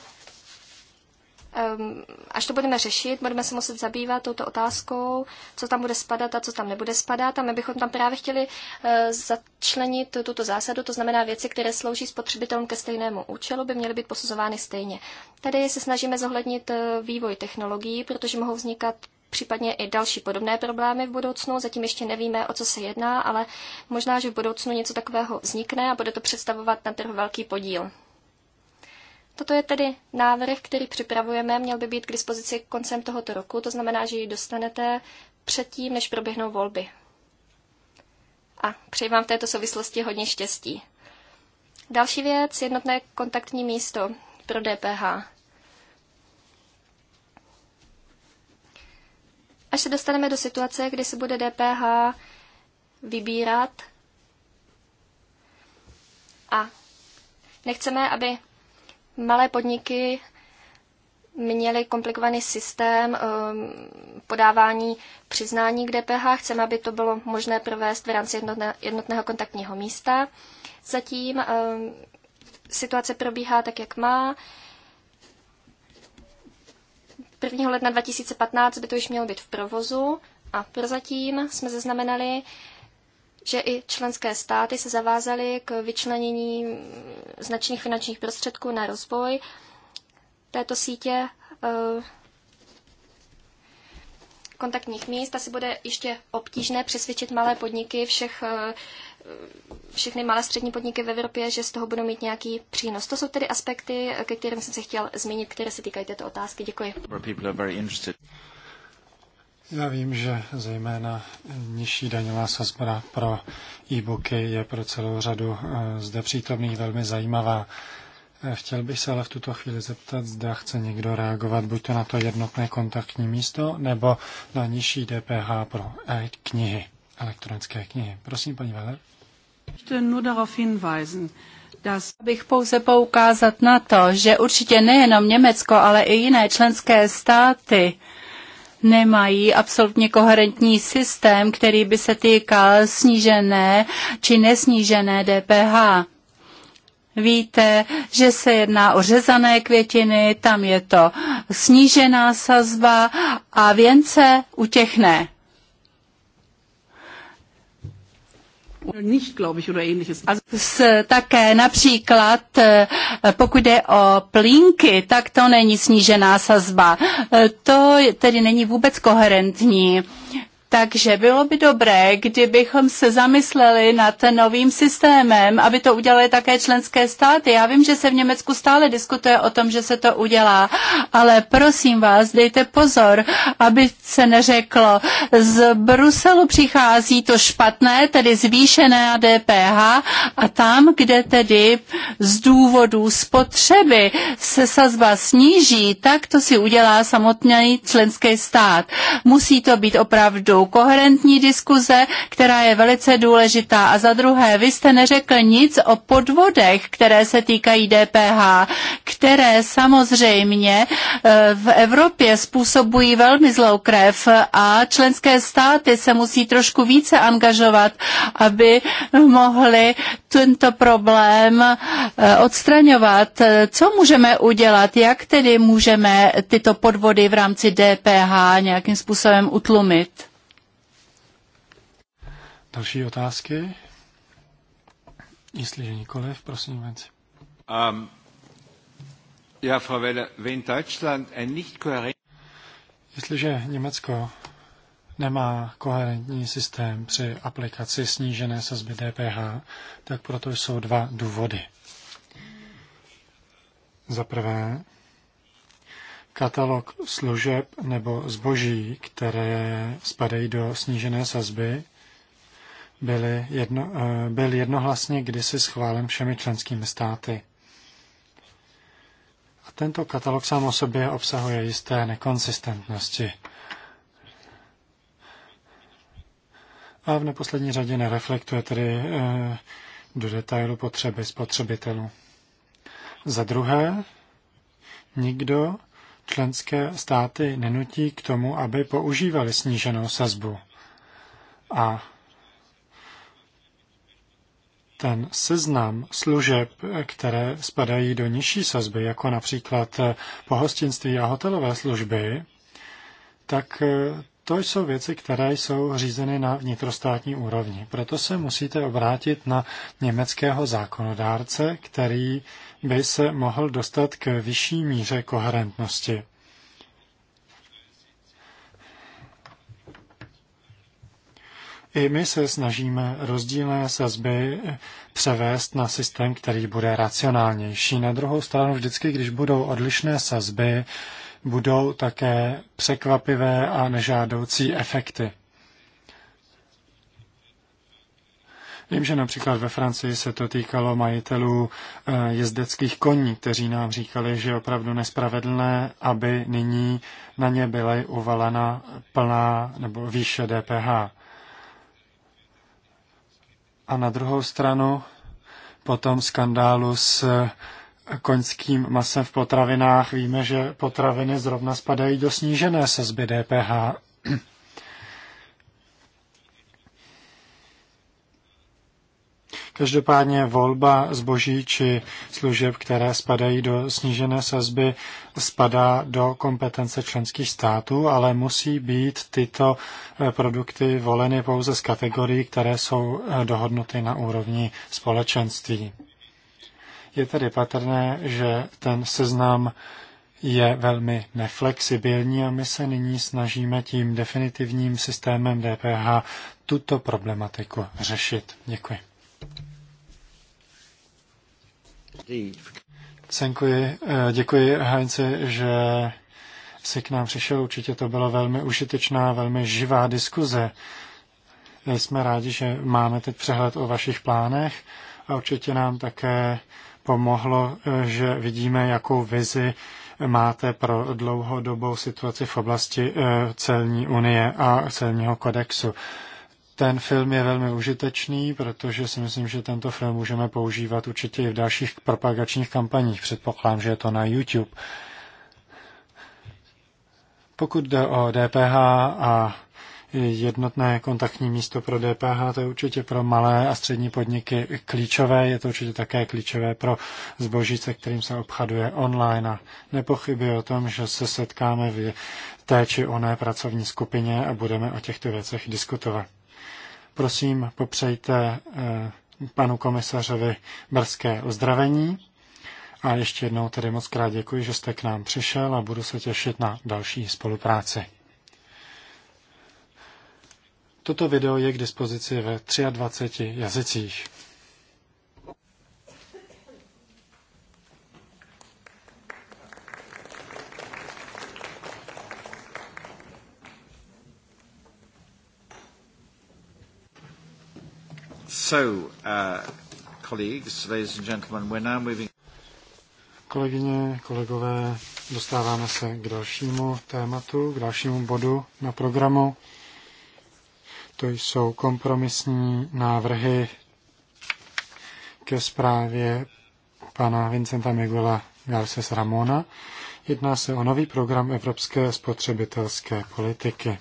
Ehm, až to budeme řešit, budeme se muset zabývat touto otázkou, co tam bude spadat a co tam nebude spadat. A my bychom tam právě chtěli eh, začlenit tuto zásadu, to znamená věci, které slouží spotřebitelům ke stejnému účelu, by měly být posuzovány stejně. Tady se snažíme zohlednit eh, vývoj technologií, protože mohou vznikat případně i další podobné problémy v budoucnu. Zatím ještě nevíme, o co se jedná, ale možná, že v budoucnu něco takového vznikne a bude to představovat na trhu velký podíl. Toto je tedy návrh, který připravujeme, měl by být k dispozici koncem tohoto roku, to znamená, že ji dostanete předtím, než proběhnou volby. A přeji vám v této souvislosti hodně štěstí. Další věc, jednotné kontaktní místo pro DPH. Až se dostaneme do situace, kdy se bude DPH vybírat a nechceme, aby Malé podniky měli komplikovaný systém um, podávání přiznání k DPH. Chceme, aby to bylo možné provést v rámci jednotné, jednotného kontaktního místa. Zatím um, situace probíhá tak, jak má. 1. ledna 2015 by to již mělo být v provozu a prozatím jsme zaznamenali, že i členské státy se zavázaly k vyčlenění značných finančních prostředků na rozvoj této sítě eh, kontaktních míst. Asi bude ještě obtížné přesvědčit malé podniky všech eh, všechny malé střední podniky v Evropě, že z toho budou mít nějaký přínos. To jsou tedy aspekty, ke kterým jsem se chtěl zmínit, které se týkají této otázky. Děkuji. Já vím, že zejména nižší daňová sazba pro e-booky je pro celou řadu eh, zde přítomných velmi zajímavá. Eh, chtěl bych se ale v tuto chvíli zeptat, zda chce někdo reagovat buď to na to jednotné kontaktní místo, nebo na nižší DPH pro e-knihy, elektronické knihy. Prosím, paní Veller. Bych pouze poukázat na to, že určitě nejenom Německo, ale i jiné členské státy nemají absolutně koherentní systém, který by se týkal snížené či nesnížené DPH. Víte, že se jedná o řezané květiny, tam je to snížená sazba a věnce utěchne. Také například, eh, pokud jde o plínky, tak to není snížená sazba. Eh, to tedy není vůbec koherentní. Takže bylo by dobré, kdybychom se zamysleli nad novým systémem, aby to udělali také členské státy. Já vím, že se v Německu stále diskutuje o tom, že se to udělá, ale prosím vás, dejte pozor, aby se neřeklo, z Bruselu přichází to špatné, tedy zvýšené DPH a tam, kde tedy z důvodu spotřeby se sazba sníží, tak to si udělá samotný členský stát. Musí to být opravdu koherentní diskuze, která je velice důležitá. A za druhé, vy jste neřekl nic o podvodech, které se týkají DPH, které samozřejmě eh, v Evropě způsobují velmi zlou krev a členské státy se musí trošku více angažovat, aby mohli tento problém eh, odstraňovat. Co můžeme udělat? Jak tedy můžeme tyto podvody v rámci DPH nějakým způsobem utlumit? Další otázky? Jestliže nikoliv, prosím, Venci. Um, ja, Frau Welle, wenn Deutschland ein nicht kohärent... Jestliže Německo nemá koherentní systém při aplikaci snížené sazby DPH, tak proto jsou dva důvody. Za prvé, katalog služeb nebo zboží, které spadají do snížené sazby, byly jedno, eh, byl jednohlasně kdysi schválen všemi členskými státy. A tento katalog sám o sobě obsahuje jisté nekonsistentnosti. A v neposlední řadě nereflektuje tedy eh, do detailu potřeby spotřebitelů. Za druhé, nikdo členské státy nenutí k tomu, aby používali sníženou sazbu. A ten seznam služeb, které spadají do nižší sazby, jako například eh, pohostinství a hotelové služby, tak eh, to jsou věci, které jsou řízeny na vnitrostátní úrovni. Proto se musíte obrátit na německého zákonodárce, který by se mohl dostat k vyšší míře koherentnosti. I my se snažíme rozdílné sazby převést na systém, který bude racionálnější. Na druhou stranu vždycky, když budou odlišné sazby, budou také překvapivé a nežádoucí efekty. Vím, že například ve Francii se to týkalo majitelů eh, jezdeckých koní, kteří nám říkali, že je opravdu nespravedlné, aby nyní na ně byla uvalena plná nebo výše DPH. A na druhou stranu potom skandálu s eh, koňským masem v potravinách víme, že potraviny zrovna spadají do snížené sazby DPH. Každopádně volba zboží či služeb, které spadají do snížené sazby, spadá do kompetence členských států, ale musí být tyto eh, produkty voleny pouze z kategorií, které jsou eh, dohodnuty na úrovni společenství. Je tedy patrné, že ten seznam je velmi neflexibilní a my se nyní snažíme tím definitivním systémem DPH tuto problematiku řešit. Děkuji. Děkuji, eh, děkuji Heinze, že jsi k nám přišel. Určitě to byla velmi užitečná, velmi živá diskuze. Eh, jsme rádi, že máme teď přehled o vašich plánech a určitě nám také pomohlo, eh, že vidíme, jakou vizi máte pro dlouhodobou situaci v oblasti celní unie a celního kodexu. Ten film je velmi užitečný, protože si myslím, že tento film můžeme používat určitě i v dalších propagačních kampaních. Předpokládám, že je to na YouTube. Pokud jde o DPH a jednotné kontaktní místo pro DPH, to je určitě pro malé a střední podniky klíčové, je to určitě také klíčové pro zboží, se kterým se obchaduje online a nepochybuji o tom, že se setkáme v té či oné pracovní skupině a budeme o těchto věcech diskutovat. Prosím, popřejte eh, panu komisařovi brzké ozdravení. A ještě jednou tedy moc krát děkuji, že jste k nám přišel a budu se těšit na další spolupráci. Toto video je k dispozici ve 23 jazycích. So, uh, colleagues, ladies and gentlemen, we're now moving... Kolegyně, kolegové, dostáváme se k dalšímu tématu, k dalšímu bodu na programu. To jsou kompromisní návrhy ke zprávě pana Vincenta Miguela Garces Ramona. Jedná se o nový program evropské spotřebitelské politiky.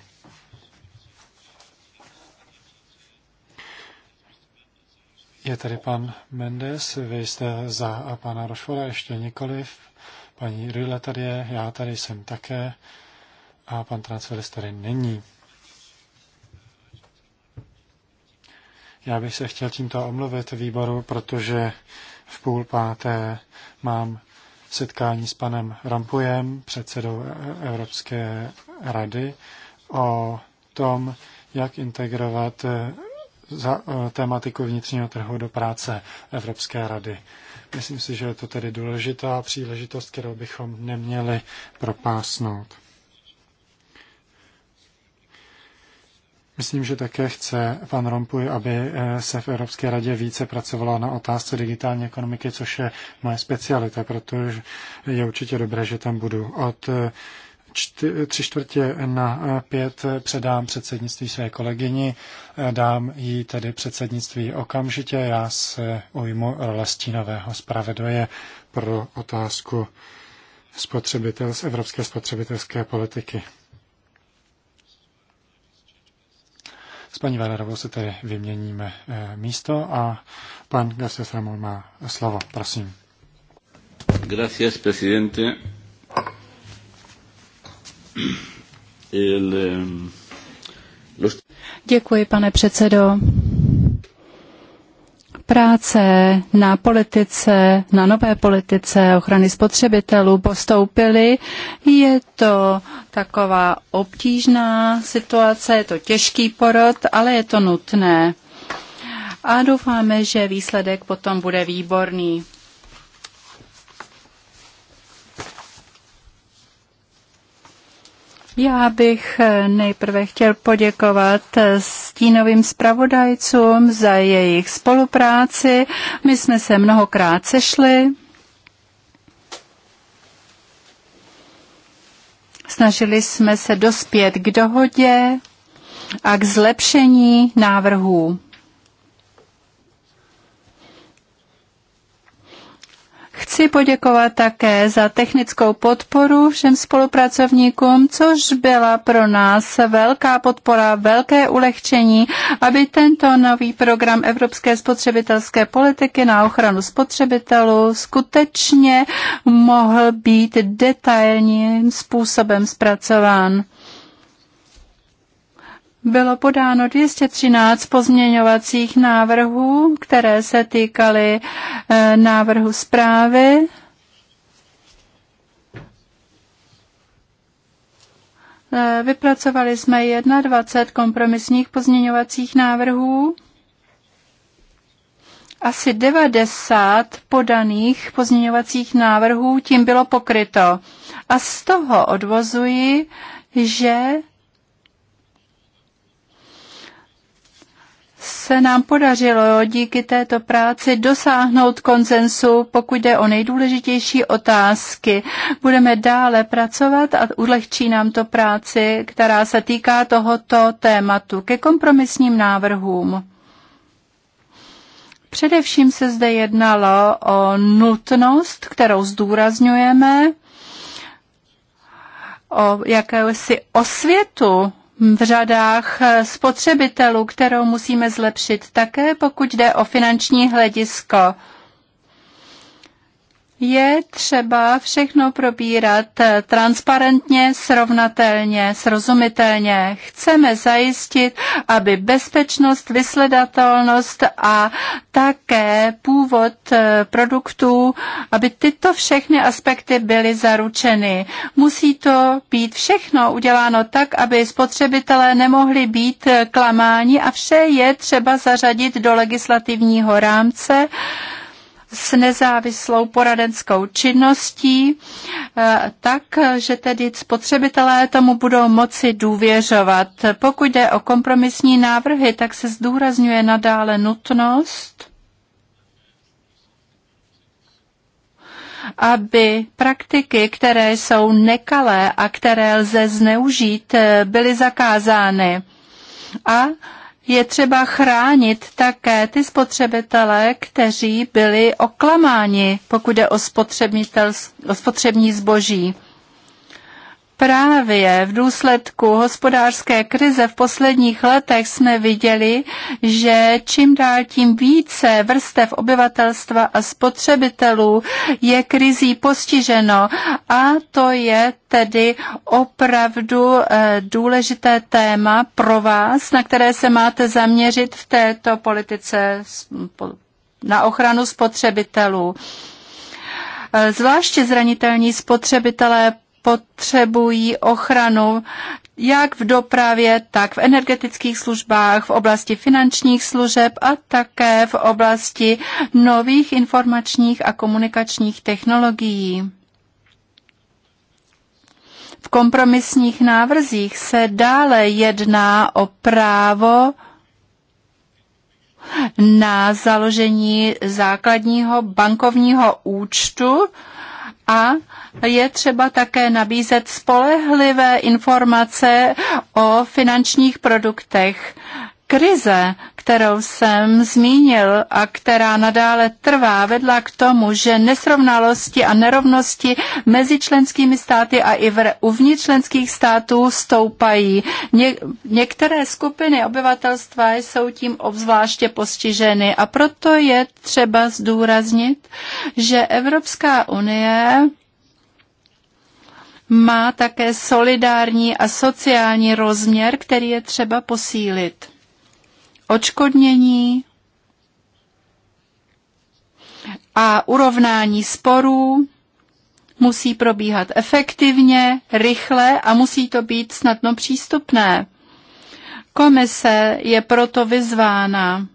Je tady pan Mendes, vy jste za pana Rošvora ještě nikoliv. Paní Ryle tady je, já tady jsem také a pan transferist tady není. Já bych se chtěl tímto omluvit výboru, protože v půl páté mám setkání s panem Rampujem, předsedou Evropské rady, o tom, jak integrovat za eh, tématiku vnitřního trhu do práce Evropské rady. Myslím si, že je to tedy důležitá příležitost, kterou bychom neměli propásnout. Myslím, že také chce pan Rompuy, aby eh, se v Evropské radě více pracovalo na otázce digitální ekonomiky, což je moje specialita, protože je určitě dobré, že tam budu. Od eh, čty, tři čtvrtě na eh, pět předám předsednictví své kolegyni, eh, dám jí tedy předsednictví okamžitě, já se ujmu role stínového zpravedoje pro otázku spotřebitel z evropské spotřebitelské politiky. S paní Valerovou se tedy vyměníme eh, místo a pan Gassi Ramon má slovo. Prosím. Gracias, presidente. Ehm, Děkuji, pane předsedo. Práce na politice, na nové politice ochrany spotřebitelů postoupily. Je to taková obtížná situace, je to těžký porod, ale je to nutné. A doufáme, že výsledek potom bude výborný. Já bych eh, nejprve chtěl poděkovat eh, stínovým zpravodajcům za jejich spolupráci. My jsme se mnohokrát sešli. Snažili jsme se dospět k dohodě a k zlepšení návrhů. Chci poděkovat také za technickou podporu všem spolupracovníkům, což byla pro nás velká podpora, velké ulehčení, aby tento nový program Evropské spotřebitelské politiky na ochranu spotřebitelů skutečně mohl být detailním způsobem zpracován bylo podáno 213 pozměňovacích návrhů, které se týkaly eh, návrhu zprávy. Eh, vypracovali jsme 21 kompromisních pozměňovacích návrhů. Asi 90 podaných pozměňovacích návrhů tím bylo pokryto. A z toho odvozuji, že se nám podařilo díky této práci dosáhnout konsensu, pokud jde o nejdůležitější otázky. Budeme dále pracovat a ulehčí nám to práci, která se týká tohoto tématu ke kompromisním návrhům. Především se zde jednalo o nutnost, kterou zdůrazňujeme, o jakési osvětu v řadách spotřebitelů, kterou musíme zlepšit také, pokud jde o finanční hledisko je třeba všechno probírat transparentně, srovnatelně, srozumitelně. Chceme zajistit, aby bezpečnost, vysledatelnost a také původ eh, produktů, aby tyto všechny aspekty byly zaručeny. Musí to být všechno uděláno tak, aby spotřebitelé nemohli být eh, klamáni a vše je třeba zařadit do legislativního rámce s nezávislou poradenskou činností, e, tak, že tedy spotřebitelé tomu budou moci důvěřovat. Pokud jde o kompromisní návrhy, tak se zdůrazňuje nadále nutnost, aby praktiky, které jsou nekalé a které lze zneužít, e, byly zakázány. A je třeba chránit také ty spotřebitele, kteří byli oklamáni, pokud jde o, o spotřební zboží. Právě v důsledku hospodářské krize v posledních letech jsme viděli, že čím dál tím více vrstev obyvatelstva a spotřebitelů je krizí postiženo a to je tedy opravdu eh, důležité téma pro vás, na které se máte zaměřit v této politice na ochranu spotřebitelů. Eh, zvláště zranitelní spotřebitelé potřebují ochranu jak v dopravě, tak v energetických službách, v oblasti finančních služeb a také v oblasti nových informačních a komunikačních technologií. V kompromisních návrzích se dále jedná o právo na založení základního bankovního účtu, a je třeba také nabízet spolehlivé informace o finančních produktech. Krize, kterou jsem zmínil a která nadále trvá, vedla k tomu, že nesrovnalosti a nerovnosti mezi členskými státy a i uvnitř členských států stoupají. Ně, některé skupiny obyvatelstva jsou tím obzvláště postiženy a proto je třeba zdůraznit, že Evropská unie má také solidární a sociální rozměr, který je třeba posílit odškodnění a urovnání sporů musí probíhat efektivně, rychle a musí to být snadno přístupné. Komise je proto vyzvána,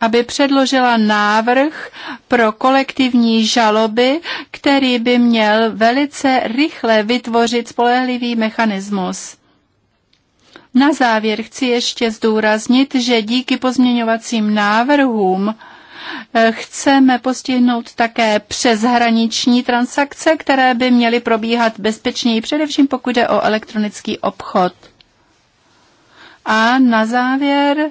aby předložila návrh pro kolektivní žaloby, který by měl velice rychle vytvořit spolehlivý mechanismus. Na závěr chci ještě zdůraznit, že díky pozměňovacím návrhům eh, chceme postihnout také přeshraniční transakce, které by měly probíhat bezpečněji, především pokud jde o elektronický obchod. A na závěr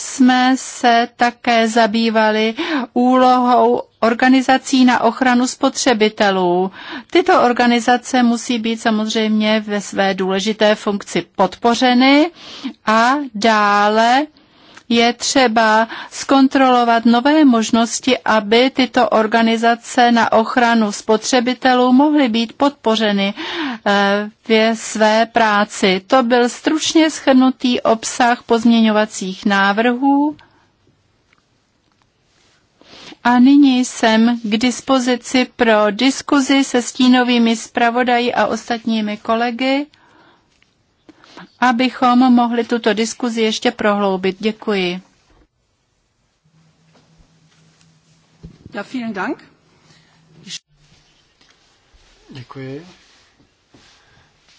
jsme se také zabývali úlohou organizací na ochranu spotřebitelů. Tyto organizace musí být samozřejmě ve své důležité funkci podpořeny a dále je třeba zkontrolovat nové možnosti, aby tyto organizace na ochranu spotřebitelů mohly být podpořeny eh, v své práci. To byl stručně schrnutý obsah pozměňovacích návrhů. A nyní jsem k dispozici pro diskuzi se stínovými zpravodají a ostatními kolegy abychom mohli tuto diskuzi ještě prohloubit. Děkuji. Ja, vielen Dank. Děkuji.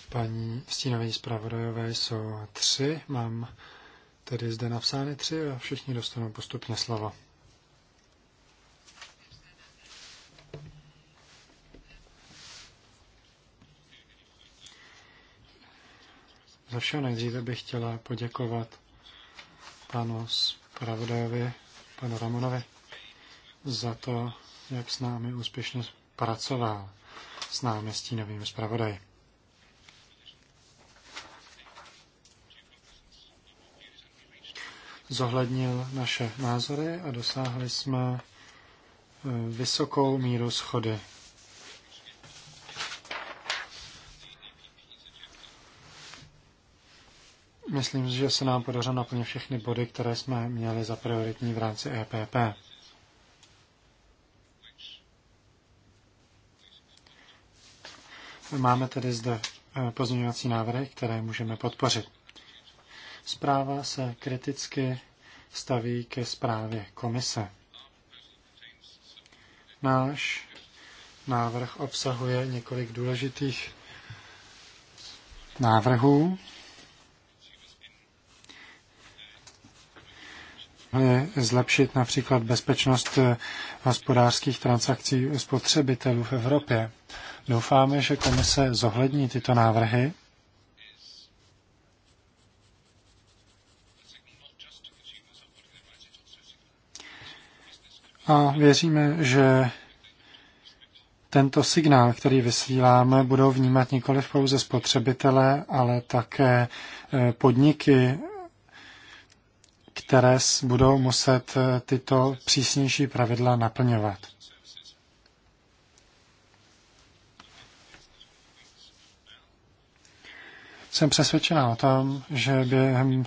Paní stínové zpravodajové jsou tři. Mám tedy zde napsány tři a všichni dostanou postupně slovo. Za vše nejdříve bych chtěla poděkovat panu Spravodajovi, panu Ramonovi, za to, jak s námi úspěšně pracoval s námi stínovým zpravodajem. zohlednil naše názory a dosáhli jsme eh, vysokou míru schody Myslím, že se nám podařilo naplnit všechny body, které jsme měli za prioritní v rámci EPP. Máme tedy zde eh, pozměňovací návrhy, které můžeme podpořit. Zpráva se kriticky staví ke zprávě komise. Náš návrh obsahuje několik důležitých návrhů, zlepšit například bezpečnost eh, hospodářských transakcí spotřebitelů v Evropě. Doufáme, že komise zohlední tyto návrhy. A věříme, že tento signál, který vysíláme, budou vnímat nikoli pouze spotřebitele, ale také eh, podniky které budou muset eh, tyto přísnější pravidla naplňovat. Jsem přesvědčená o tom, že během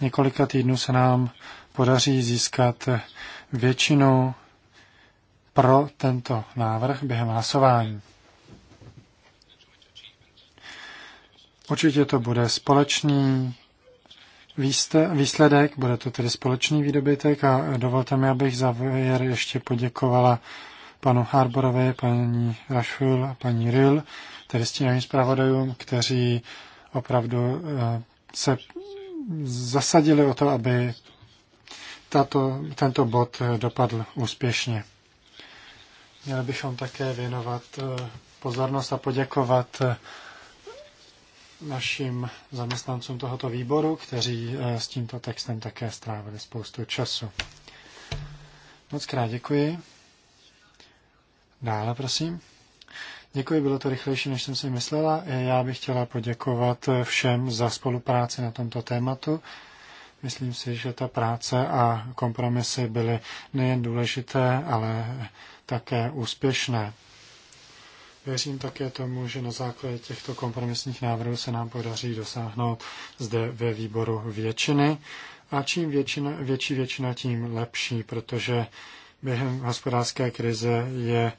několika týdnů se nám podaří získat eh, většinu pro tento návrh během hlasování. Určitě to bude společný výsledek, bude to tedy společný výdobytek a dovolte mi, abych závěr ještě poděkovala panu Harborovi, paní Rašul a paní Ril, tedy stínovým zpravodajům, kteří opravdu eh, se zasadili o to, aby tato, tento bod eh, dopadl úspěšně. Měli bychom také věnovat eh, pozornost a poděkovat našim zaměstnancům tohoto výboru, kteří eh, s tímto textem také strávili spoustu času. Moc krát děkuji. Dále, prosím. Děkuji, bylo to rychlejší, než jsem si myslela. Já bych chtěla poděkovat všem za spolupráci na tomto tématu. Myslím si, že ta práce a kompromisy byly nejen důležité, ale také úspěšné. Věřím také tomu, že na základě těchto kompromisních návrhů se nám podaří dosáhnout zde ve výboru většiny. A čím většina, větší většina, tím lepší, protože během hospodářské krize je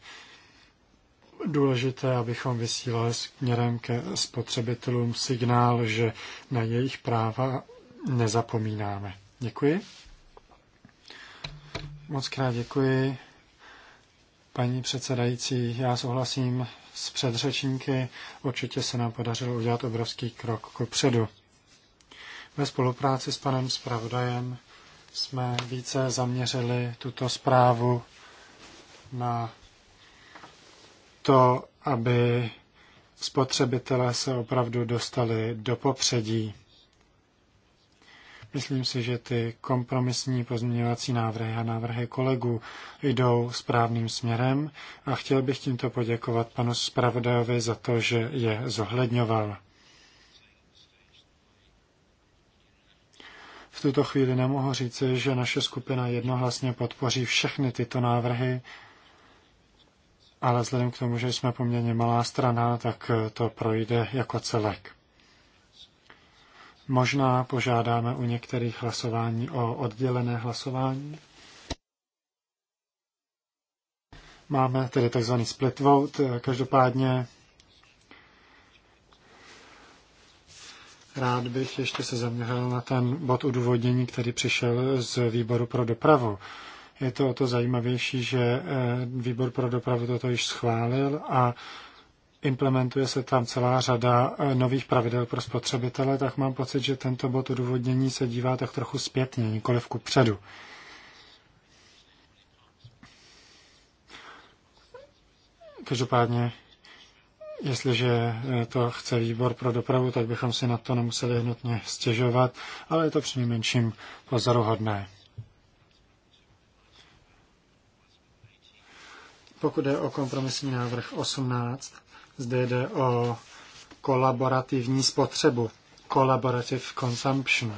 důležité, abychom vysílali směrem ke spotřebitelům signál, že na jejich práva nezapomínáme. Děkuji. Moc krát děkuji Paní předsedající, já souhlasím s předřečníky. Určitě se nám podařilo udělat obrovský krok ku předu. Ve spolupráci s panem Spravodajem jsme více zaměřili tuto zprávu na to, aby spotřebitelé se opravdu dostali do popředí. Myslím si, že ty kompromisní pozměňovací návrhy a návrhy kolegů jdou správným směrem a chtěl bych tímto poděkovat panu Spravodajovi za to, že je zohledňoval. V tuto chvíli nemohu říci, že naše skupina jednohlasně podpoří všechny tyto návrhy, ale vzhledem k tomu, že jsme poměrně malá strana, tak to projde jako celek. Možná požádáme u některých hlasování o oddělené hlasování. Máme tedy tzv. split vote. Každopádně rád bych ještě se zaměřil na ten bod udůvodnění, který přišel z výboru pro dopravu. Je to o to zajímavější, že eh, výbor pro dopravu toto již schválil a implementuje se tam celá řada e, nových pravidel pro spotřebitele, tak mám pocit, že tento bod odůvodnění se dívá tak trochu zpětně, nikoliv ku předu. Každopádně, jestliže e, to chce výbor pro dopravu, tak bychom si na to nemuseli hnutně stěžovat, ale je to nejmenším pozoruhodné. Pokud je o kompromisní návrh 18, zde jde o kolaborativní spotřebu, collaborative consumption.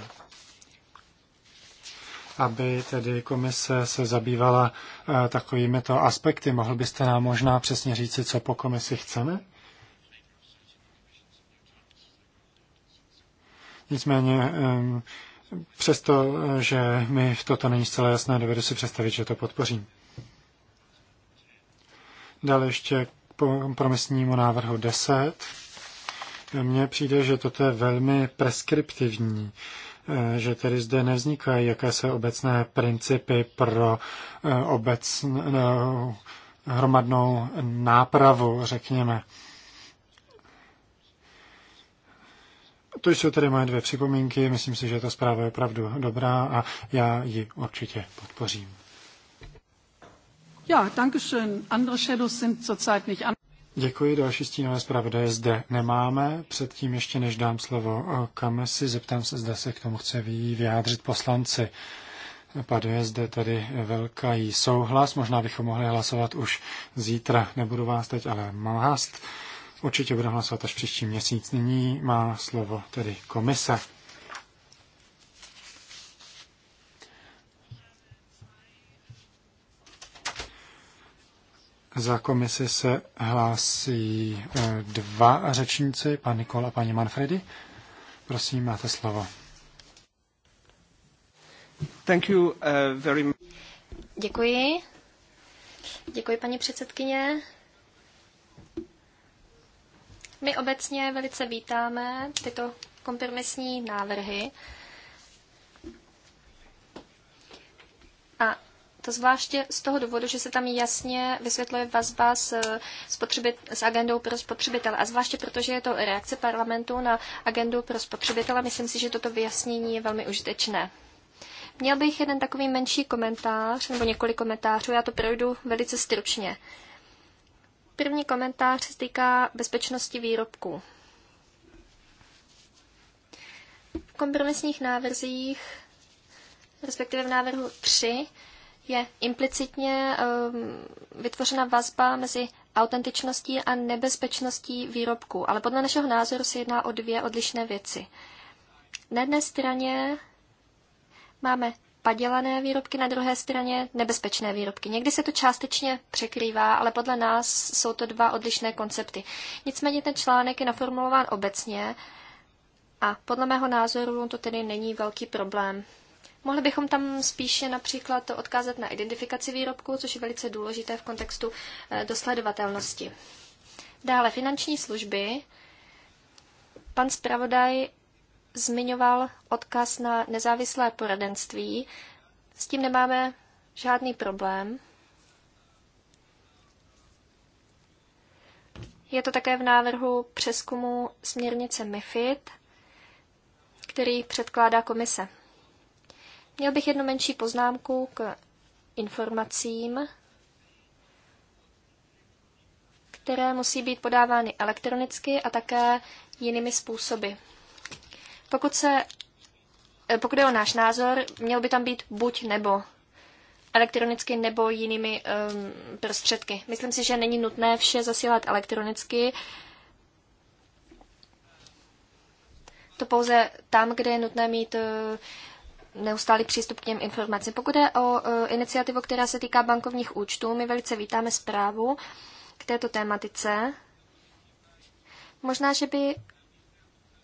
Aby tedy komise se zabývala eh, takovými to aspekty, mohl byste nám možná přesně říci, co po komisi chceme? Nicméně ehm, přesto, eh, že mi v toto není zcela jasné, dovedu si představit, že to podpořím. Dále ještě kompromisnímu návrhu 10. Mně přijde, že toto je velmi preskriptivní, eh, že tedy zde nevznikají jakési obecné principy pro eh, obecnou eh, hromadnou nápravu, řekněme. To jsou tedy moje dvě připomínky. Myslím si, že ta zpráva je opravdu dobrá a já ji určitě podpořím. Ja, danke schön. Andere Shadows sind zurzeit nicht an. Děkuji, další stínové zpravodaje zde nemáme. Předtím ještě než dám slovo eh, komisi, zeptám se, zda se k tomu chce vyjádřit poslanci. Paduje zde tady velký souhlas, možná bychom mohli hlasovat už zítra, nebudu vás teď ale mást. Určitě budeme hlasovat až příští měsíc. Nyní má slovo tedy komise. Za komisi se hlásí eh, dva řečníci, pan Nikol a paní Manfredi. Prosím, máte slovo. Thank you, uh, very much. Děkuji. Děkuji, paní předsedkyně. My obecně velice vítáme tyto kompromisní návrhy. Uh, To zvláště z toho důvodu, že se tam jasně vysvětluje vazba s, potřebit, s agendou pro spotřebitele. A zvláště protože je to reakce parlamentu na agendu pro spotřebitele, myslím si, že toto vyjasnění je velmi užitečné. Měl bych jeden takový menší komentář, nebo několik komentářů, já to projdu velice stručně. První komentář se týká bezpečnosti výrobků. V kompromisních návrzích, respektive v návrhu 3, je implicitně ehm, vytvořena vazba mezi autentičností a nebezpečností výrobku, ale podle našeho názoru se jedná o dvě odlišné věci. Na jedné straně máme padělané výrobky, na druhé straně nebezpečné výrobky. Někdy se to částečně překrývá, ale podle nás jsou to dva odlišné koncepty. Nicméně ten článek je naformulován obecně a podle mého názoru to tedy není velký problém. Mohli bychom tam spíše například odkázat na identifikaci výrobků, což je velice důležité v kontextu eh, dosledovatelnosti. Dále finanční služby. Pan zpravodaj zmiňoval odkaz na nezávislé poradenství. S tím nemáme žádný problém. Je to také v návrhu přeskumu směrnice MIFID, který předkládá komise. Měl bych jednu menší poznámku k informacím, které musí být podávány elektronicky a také jinými způsoby. Pokud, se, eh, pokud je o náš názor, měl by tam být buď nebo. Elektronicky nebo jinými um, prostředky. Myslím si, že není nutné vše zasílat elektronicky. To pouze tam, kde je nutné mít uh, neustálý přístup k těm informacím. Pokud je o e, iniciativu, která se týká bankovních účtů, my velice vítáme zprávu k této tématice. Možná, že by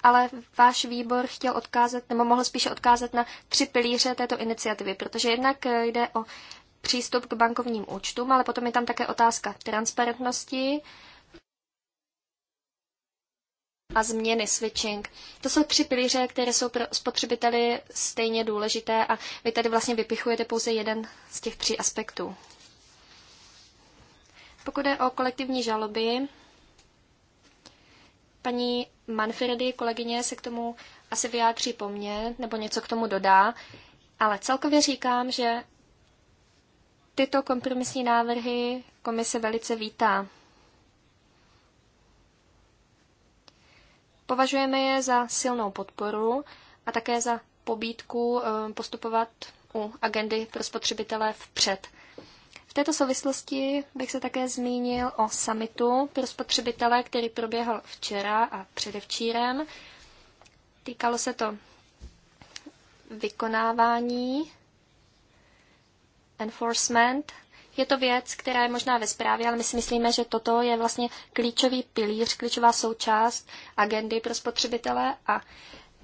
ale váš výbor chtěl odkázat, nebo mohl spíše odkázat na tři pilíře této iniciativy, protože jednak e, jde o přístup k bankovním účtům, ale potom je tam také otázka transparentnosti, a změny, switching. To jsou tři pilíře, které jsou pro spotřebiteli stejně důležité a vy tady vlastně vypichujete pouze jeden z těch tří aspektů. Pokud je o kolektivní žaloby, paní Manfredy, kolegyně, se k tomu asi vyjádří po mně, nebo něco k tomu dodá, ale celkově říkám, že tyto kompromisní návrhy komise velice vítá. Považujeme je za silnou podporu a také za pobídku eh, postupovat u agendy pro spotřebitele vpřed. V této souvislosti bych se také zmínil o samitu pro spotřebitele, který proběhl včera a předevčírem. Týkalo se to vykonávání, enforcement je to věc, která je možná ve zprávě, ale my si myslíme, že toto je vlastně klíčový pilíř, klíčová součást agendy pro spotřebitele a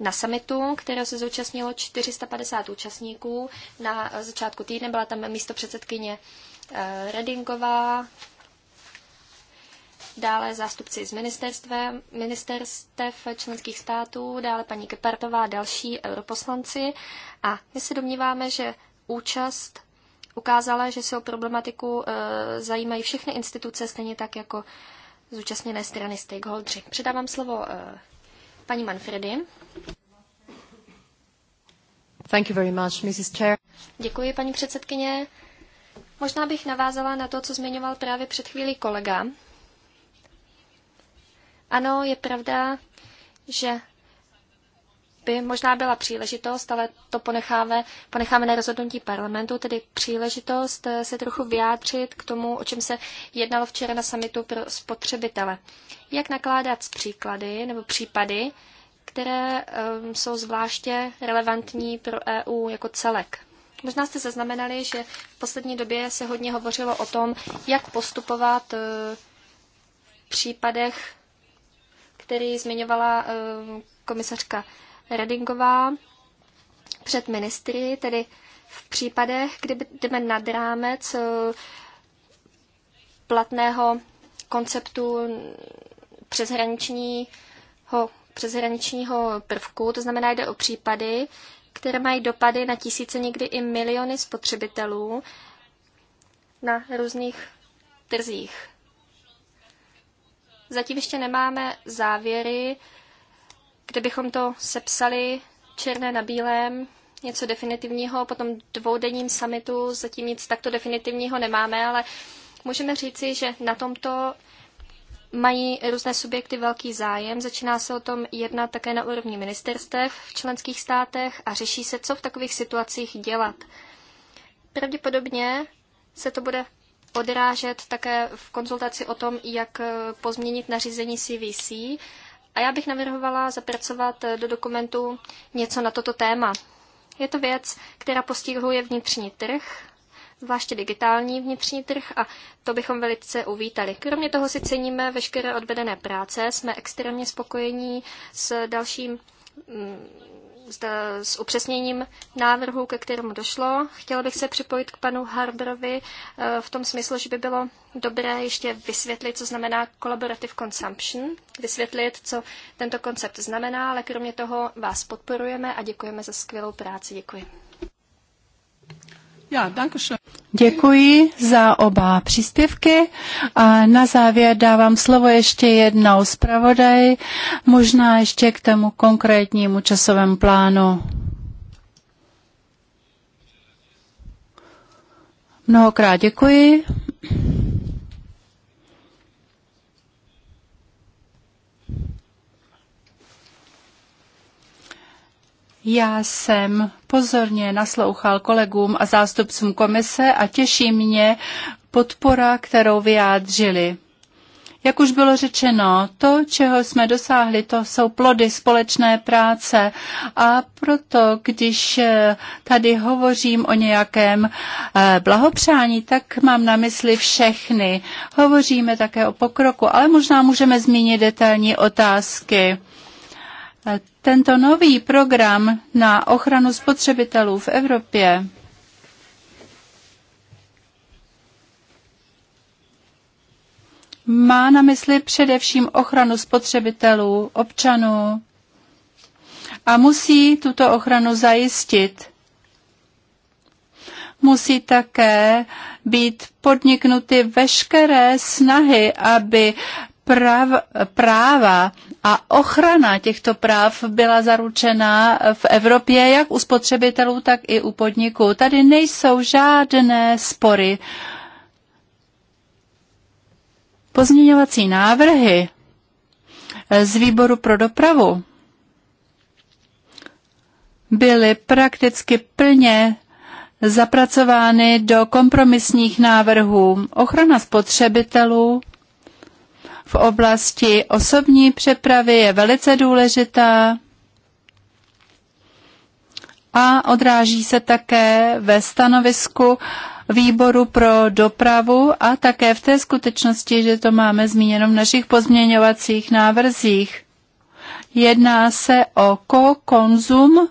na summitu, kterého se zúčastnilo 450 účastníků. Na začátku týdne byla tam místo předsedkyně eh, Redingová, dále zástupci z ministerstev členských států, dále paní Kepartová další europoslanci. A my se domníváme, že účast ukázala, že se o problematiku eh, zajímají všechny instituce, stejně tak jako zúčastněné strany stakeholdři. Předávám slovo eh, paní Manfredy. Thank you very much, Mrs. Chair. Děkuji, paní předsedkyně. Možná bych navázala na to, co zmiňoval právě před chvílí kolega. Ano, je pravda, že by možná byla příležitost, ale to ponecháme, ponecháme na rozhodnutí parlamentu, tedy příležitost eh, se trochu vyjádřit k tomu, o čem se jednalo včera na samitu pro spotřebitele. Jak nakládat s příklady nebo případy, které um, jsou zvláště relevantní pro EU jako celek. Možná jste zaznamenali, že v poslední době se hodně hovořilo o tom, jak postupovat uh, v případech, který zmiňovala uh, komisařka Redingová před ministry, tedy v případech, kdy jdeme nad rámec eh, platného konceptu přeshraničního, přeshraničního prvku, to znamená, jde o případy, které mají dopady na tisíce, někdy i miliony spotřebitelů na různých trzích. Zatím ještě nemáme závěry Kdybychom to sepsali černé na bílém, něco definitivního, potom dvoudenním summitu zatím nic takto definitivního nemáme, ale můžeme říci, že na tomto mají různé subjekty velký zájem. Začíná se o tom jednat také na úrovni ministerstev v členských státech a řeší se, co v takových situacích dělat. Pravděpodobně se to bude odrážet také v konzultaci o tom, jak pozměnit nařízení CVC a já bych navrhovala zapracovat eh, do dokumentu něco na toto téma. Je to věc, která postihuje vnitřní trh, zvláště digitální vnitřní trh a to bychom velice uvítali. Kromě toho si ceníme veškeré odvedené práce, jsme extrémně spokojení s dalším mm, zda s upřesněním návrhu, ke kterému došlo. Chtěla bych se připojit k panu Harbrovi eh, v tom smyslu, že by bylo dobré ještě vysvětlit, co znamená collaborative consumption, vysvětlit, co tento koncept znamená, ale kromě toho vás podporujeme a děkujeme za skvělou práci. Děkuji. Ja, danke schön. Děkuji za oba příspěvky a na závěr dávám slovo ještě jednou zpravodaj, možná ještě k tomu konkrétnímu časovému plánu. Mnohokrát děkuji. Já jsem pozorně naslouchal kolegům a zástupcům komise a těší mě podpora, kterou vyjádřili. Jak už bylo řečeno, to, čeho jsme dosáhli, to jsou plody společné práce a proto, když eh, tady hovořím o nějakém eh, blahopřání, tak mám na mysli všechny. Hovoříme také o pokroku, ale možná můžeme zmínit detailní otázky. Tento nový program na ochranu spotřebitelů v Evropě má na mysli především ochranu spotřebitelů, občanů a musí tuto ochranu zajistit. Musí také být podniknuty veškeré snahy, aby prav, práva a ochrana těchto práv byla zaručena v Evropě jak u spotřebitelů, tak i u podniků. Tady nejsou žádné spory. Pozměňovací návrhy z výboru pro dopravu byly prakticky plně zapracovány do kompromisních návrhů. Ochrana spotřebitelů v oblasti osobní přepravy je velice důležitá a odráží se také ve stanovisku výboru pro dopravu a také v té skutečnosti, že to máme zmíněno v našich pozměňovacích návrzích. Jedná se o ko-konzum.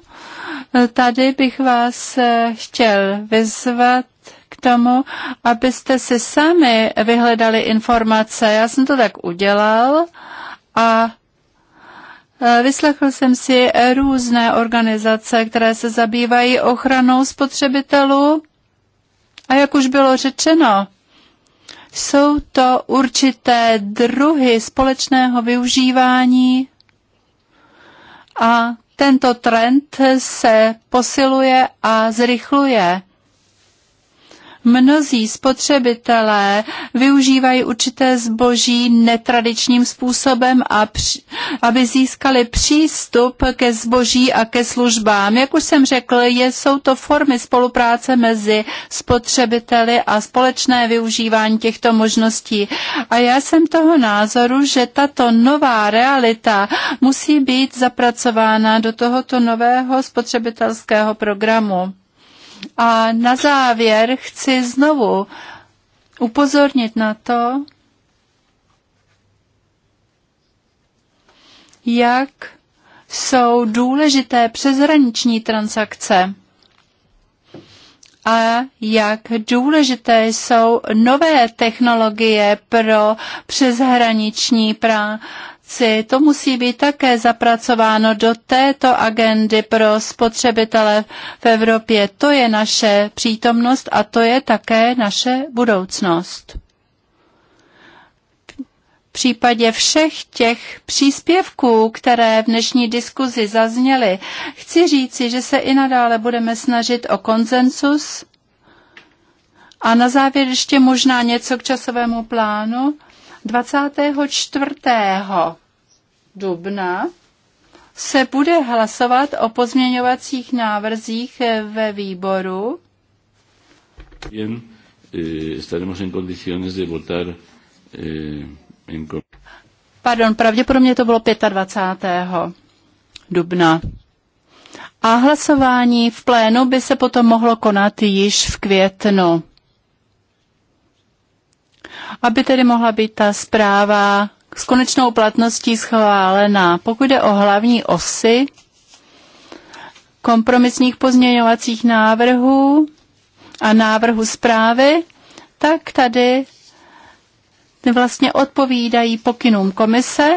Tady bych vás chtěl vyzvat, k tomu, abyste si sami vyhledali informace. Já jsem to tak udělal a e, Vyslechl jsem si různé organizace, které se zabývají ochranou spotřebitelů a jak už bylo řečeno, jsou to určité druhy společného využívání a tento trend se posiluje a zrychluje mnozí spotřebitelé využívají určité zboží netradičním způsobem, a při, aby získali přístup ke zboží a ke službám. Jak už jsem řekl, je, jsou to formy spolupráce mezi spotřebiteli a společné využívání těchto možností. A já jsem toho názoru, že tato nová realita musí být zapracována do tohoto nového spotřebitelského programu. A na závěr chci znovu upozornit na to, jak jsou důležité přeshraniční transakce a jak důležité jsou nové technologie pro přeshraniční pra- produkci. To musí být také zapracováno do této agendy pro spotřebitele v Evropě. To je naše přítomnost a to je také naše budoucnost. V případě všech těch příspěvků, které v dnešní diskuzi zazněly, chci říci, že se i nadále budeme snažit o konsensus. A na závěr ještě možná něco k časovému plánu. 24 dubna se bude hlasovat o pozměňovacích návrzích ve výboru. estaremos eh, en condiciones de votar eh, en... Pardon, pravděpodobně to bylo 25. dubna. A hlasování v plénu by se potom mohlo konat již v květnu. Aby tedy mohla být ta zpráva s konečnou platností schválená. Pokud jde o hlavní osy kompromisních pozměňovacích návrhů a návrhu zprávy, tak tady vlastně odpovídají pokynům komise,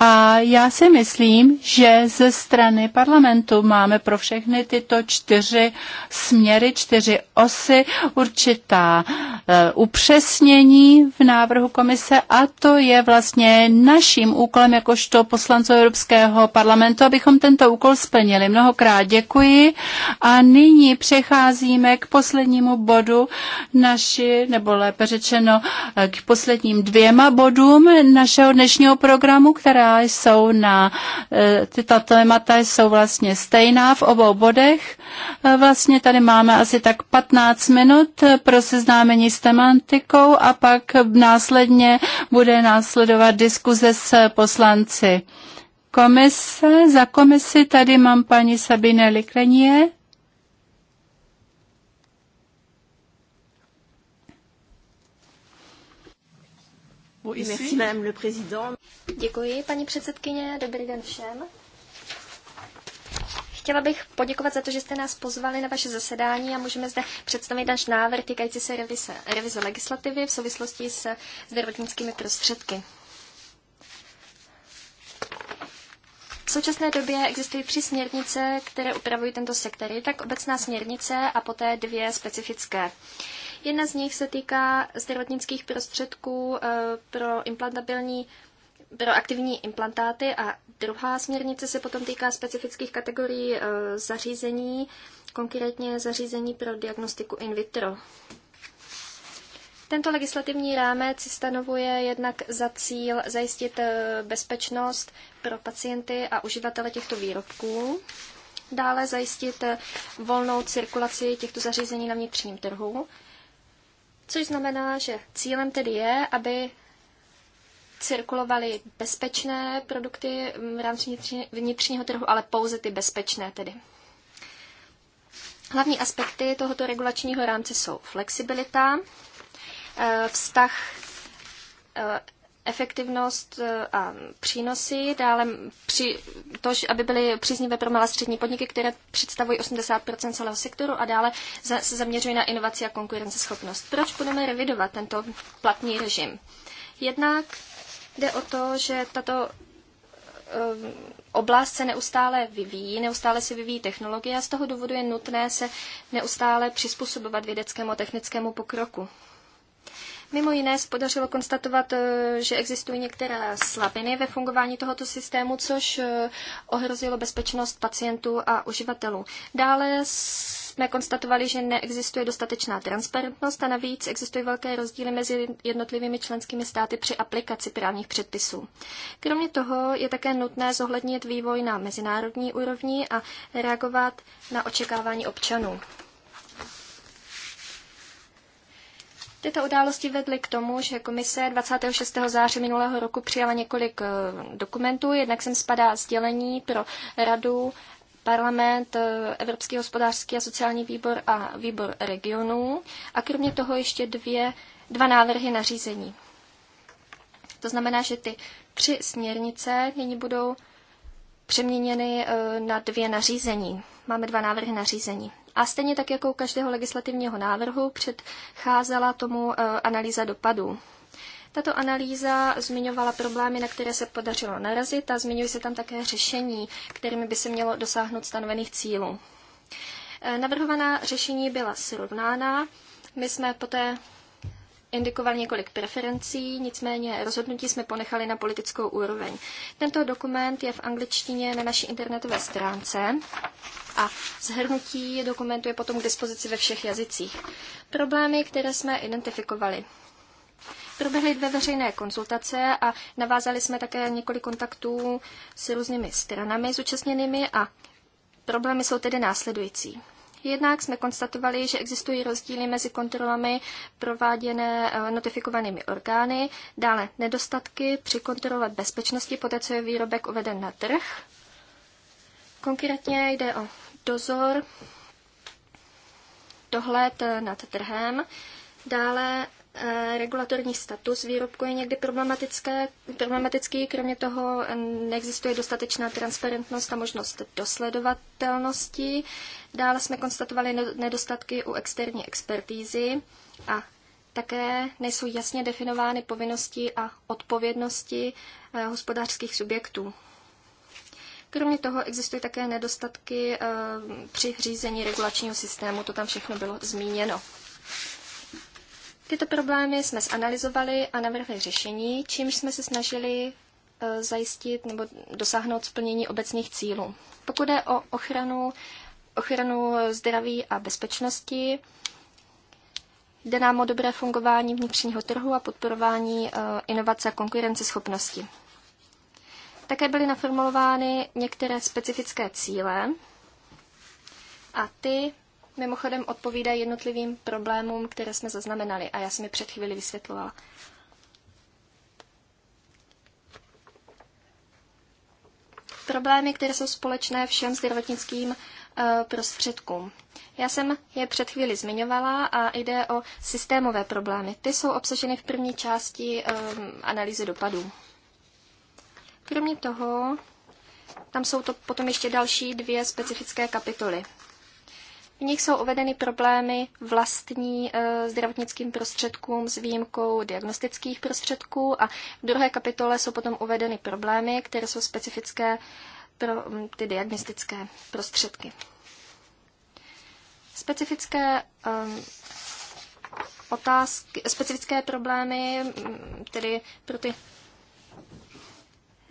a já si myslím, že ze strany parlamentu máme pro všechny tyto čtyři směry, čtyři osy určitá eh, upřesnění v návrhu komise a to je vlastně naším úkolem jakožto poslanců Evropského parlamentu, abychom tento úkol splnili. Mnohokrát děkuji a nyní přecházíme k poslednímu bodu naši, nebo lépe řečeno eh, k posledním dvěma bodům našeho dnešního programu, která která jsou na e, tyto témata jsou vlastně stejná v obou bodech. E, vlastně tady máme asi tak 15 minut pro seznámení s tematikou a pak následně bude následovat diskuze s poslanci komise. Za komisi tady mám paní Sabine Likrenie. Děkuji, paní předsedkyně. Dobrý den všem. Chtěla bych poděkovat za to, že jste nás pozvali na vaše zasedání a můžeme zde představit náš návrh týkající se revize, revize legislativy v souvislosti s zdravotnickými prostředky. V současné době existují tři směrnice, které upravují tento sektor. Je tak obecná směrnice a poté dvě specifické. Uh, Jedna z nich se týká zdravotnických prostředků eh, pro implantabilní pro aktivní implantáty a druhá směrnice se potom týká specifických kategorií eh, zařízení, konkrétně zařízení pro diagnostiku in vitro. Tento legislativní rámec stanovuje jednak za cíl zajistit eh, bezpečnost pro pacienty a uživatele těchto výrobků, dále zajistit volnou cirkulaci těchto zařízení na vnitřním trhu Což znamená, že cílem tedy je, aby cirkulovaly bezpečné produkty v rámci vnitřního trhu, ale pouze ty bezpečné tedy. Hlavní aspekty tohoto regulačního rámce jsou flexibilita, eh, vztah eh, efektivnost eh, a přínosy, dále při, to, aby byly příznivé pro malé střední podniky, které představují 80 celého sektoru a dále se zaměřují na inovaci a konkurenceschopnost. Proč budeme revidovat tento platný režim? Jednak jde o to, že tato eh, oblast se neustále vyvíjí, neustále se vyvíjí technologie a z toho důvodu je nutné se neustále přizpůsobovat vědeckému a technickému pokroku. Mimo jiné se podařilo konstatovat, eh, že existují některé slabiny ve fungování tohoto systému, což eh, ohrozilo bezpečnost pacientů a uživatelů. Dále jsme konstatovali, že neexistuje dostatečná transparentnost a navíc existují velké rozdíly mezi jednotlivými členskými státy při aplikaci právních předpisů. Kromě toho je také nutné zohlednit vývoj na mezinárodní úrovni a reagovat na očekávání občanů. Tyto události vedly k tomu, že komise 26. září minulého roku přijala několik eh, dokumentů. Jednak sem spadá sdělení pro radu, parlament, eh, Evropský hospodářský a sociální výbor a výbor regionů. A kromě toho ještě dvě, dva návrhy na řízení. To znamená, že ty tři směrnice nyní budou přeměněny eh, na dvě nařízení. Máme dva návrhy nařízení. A stejně tak jako u každého legislativního návrhu předcházela tomu eh, analýza dopadů. Tato analýza zmiňovala problémy, na které se podařilo narazit a zmiňují se tam také řešení, kterými by se mělo dosáhnout stanovených cílů. Eh, navrhovaná řešení byla srovnána. My jsme poté indikoval několik preferencí, nicméně rozhodnutí jsme ponechali na politickou úroveň. Tento dokument je v angličtině na naší internetové stránce a zhrnutí dokumentu je potom k dispozici ve všech jazycích. Problémy, které jsme identifikovali. Proběhly dvě veřejné konzultace a navázali jsme také několik kontaktů s různými stranami zúčastněnými a problémy jsou tedy následující. Jednak jsme konstatovali, že existují rozdíly mezi kontrolami prováděné eh, notifikovanými orgány, dále nedostatky při kontrole bezpečnosti poté, co je výrobek uveden na trh. Konkrétně jde o dozor, dohled nad trhem, dále Eh, regulatorní status výrobku je někdy problematické, problematický, kromě toho eh, neexistuje dostatečná transparentnost a možnost dosledovatelnosti. Dále jsme konstatovali nedostatky u externí expertízy a také nejsou jasně definovány povinnosti a odpovědnosti eh, hospodářských subjektů. Kromě toho existují také nedostatky při řízení regulačního systému, to tam všechno bylo zmíněno. Tyto problémy jsme zanalizovali a navrhli řešení, čímž jsme se snažili e, zajistit nebo dosáhnout splnění obecných cílů. Pokud je o ochranu, ochranu zdraví a bezpečnosti, jde nám o dobré fungování vnitřního trhu a podporování e, inovace a konkurenceschopnosti. Také byly naformulovány některé specifické cíle a ty mimochodem odpovídají jednotlivým problémům, které jsme zaznamenali a já jsem je před chvíli vysvětlovala. Problémy, které jsou společné všem zdravotnickým eh, prostředkům. Já jsem je před chvíli zmiňovala a jde o systémové problémy. Ty jsou obsaženy v první části um, analýzy dopadů. Kromě toho, tam jsou to potom ještě další dvě specifické kapitoly. V nich jsou uvedeny problémy vlastní e, zdravotnickým prostředkům s výjimkou diagnostických prostředků a v druhé kapitole jsou potom uvedeny problémy, které jsou specifické pro mm, ty diagnostické prostředky. Specifické um, otázky, specifické problémy, mm, tedy pro ty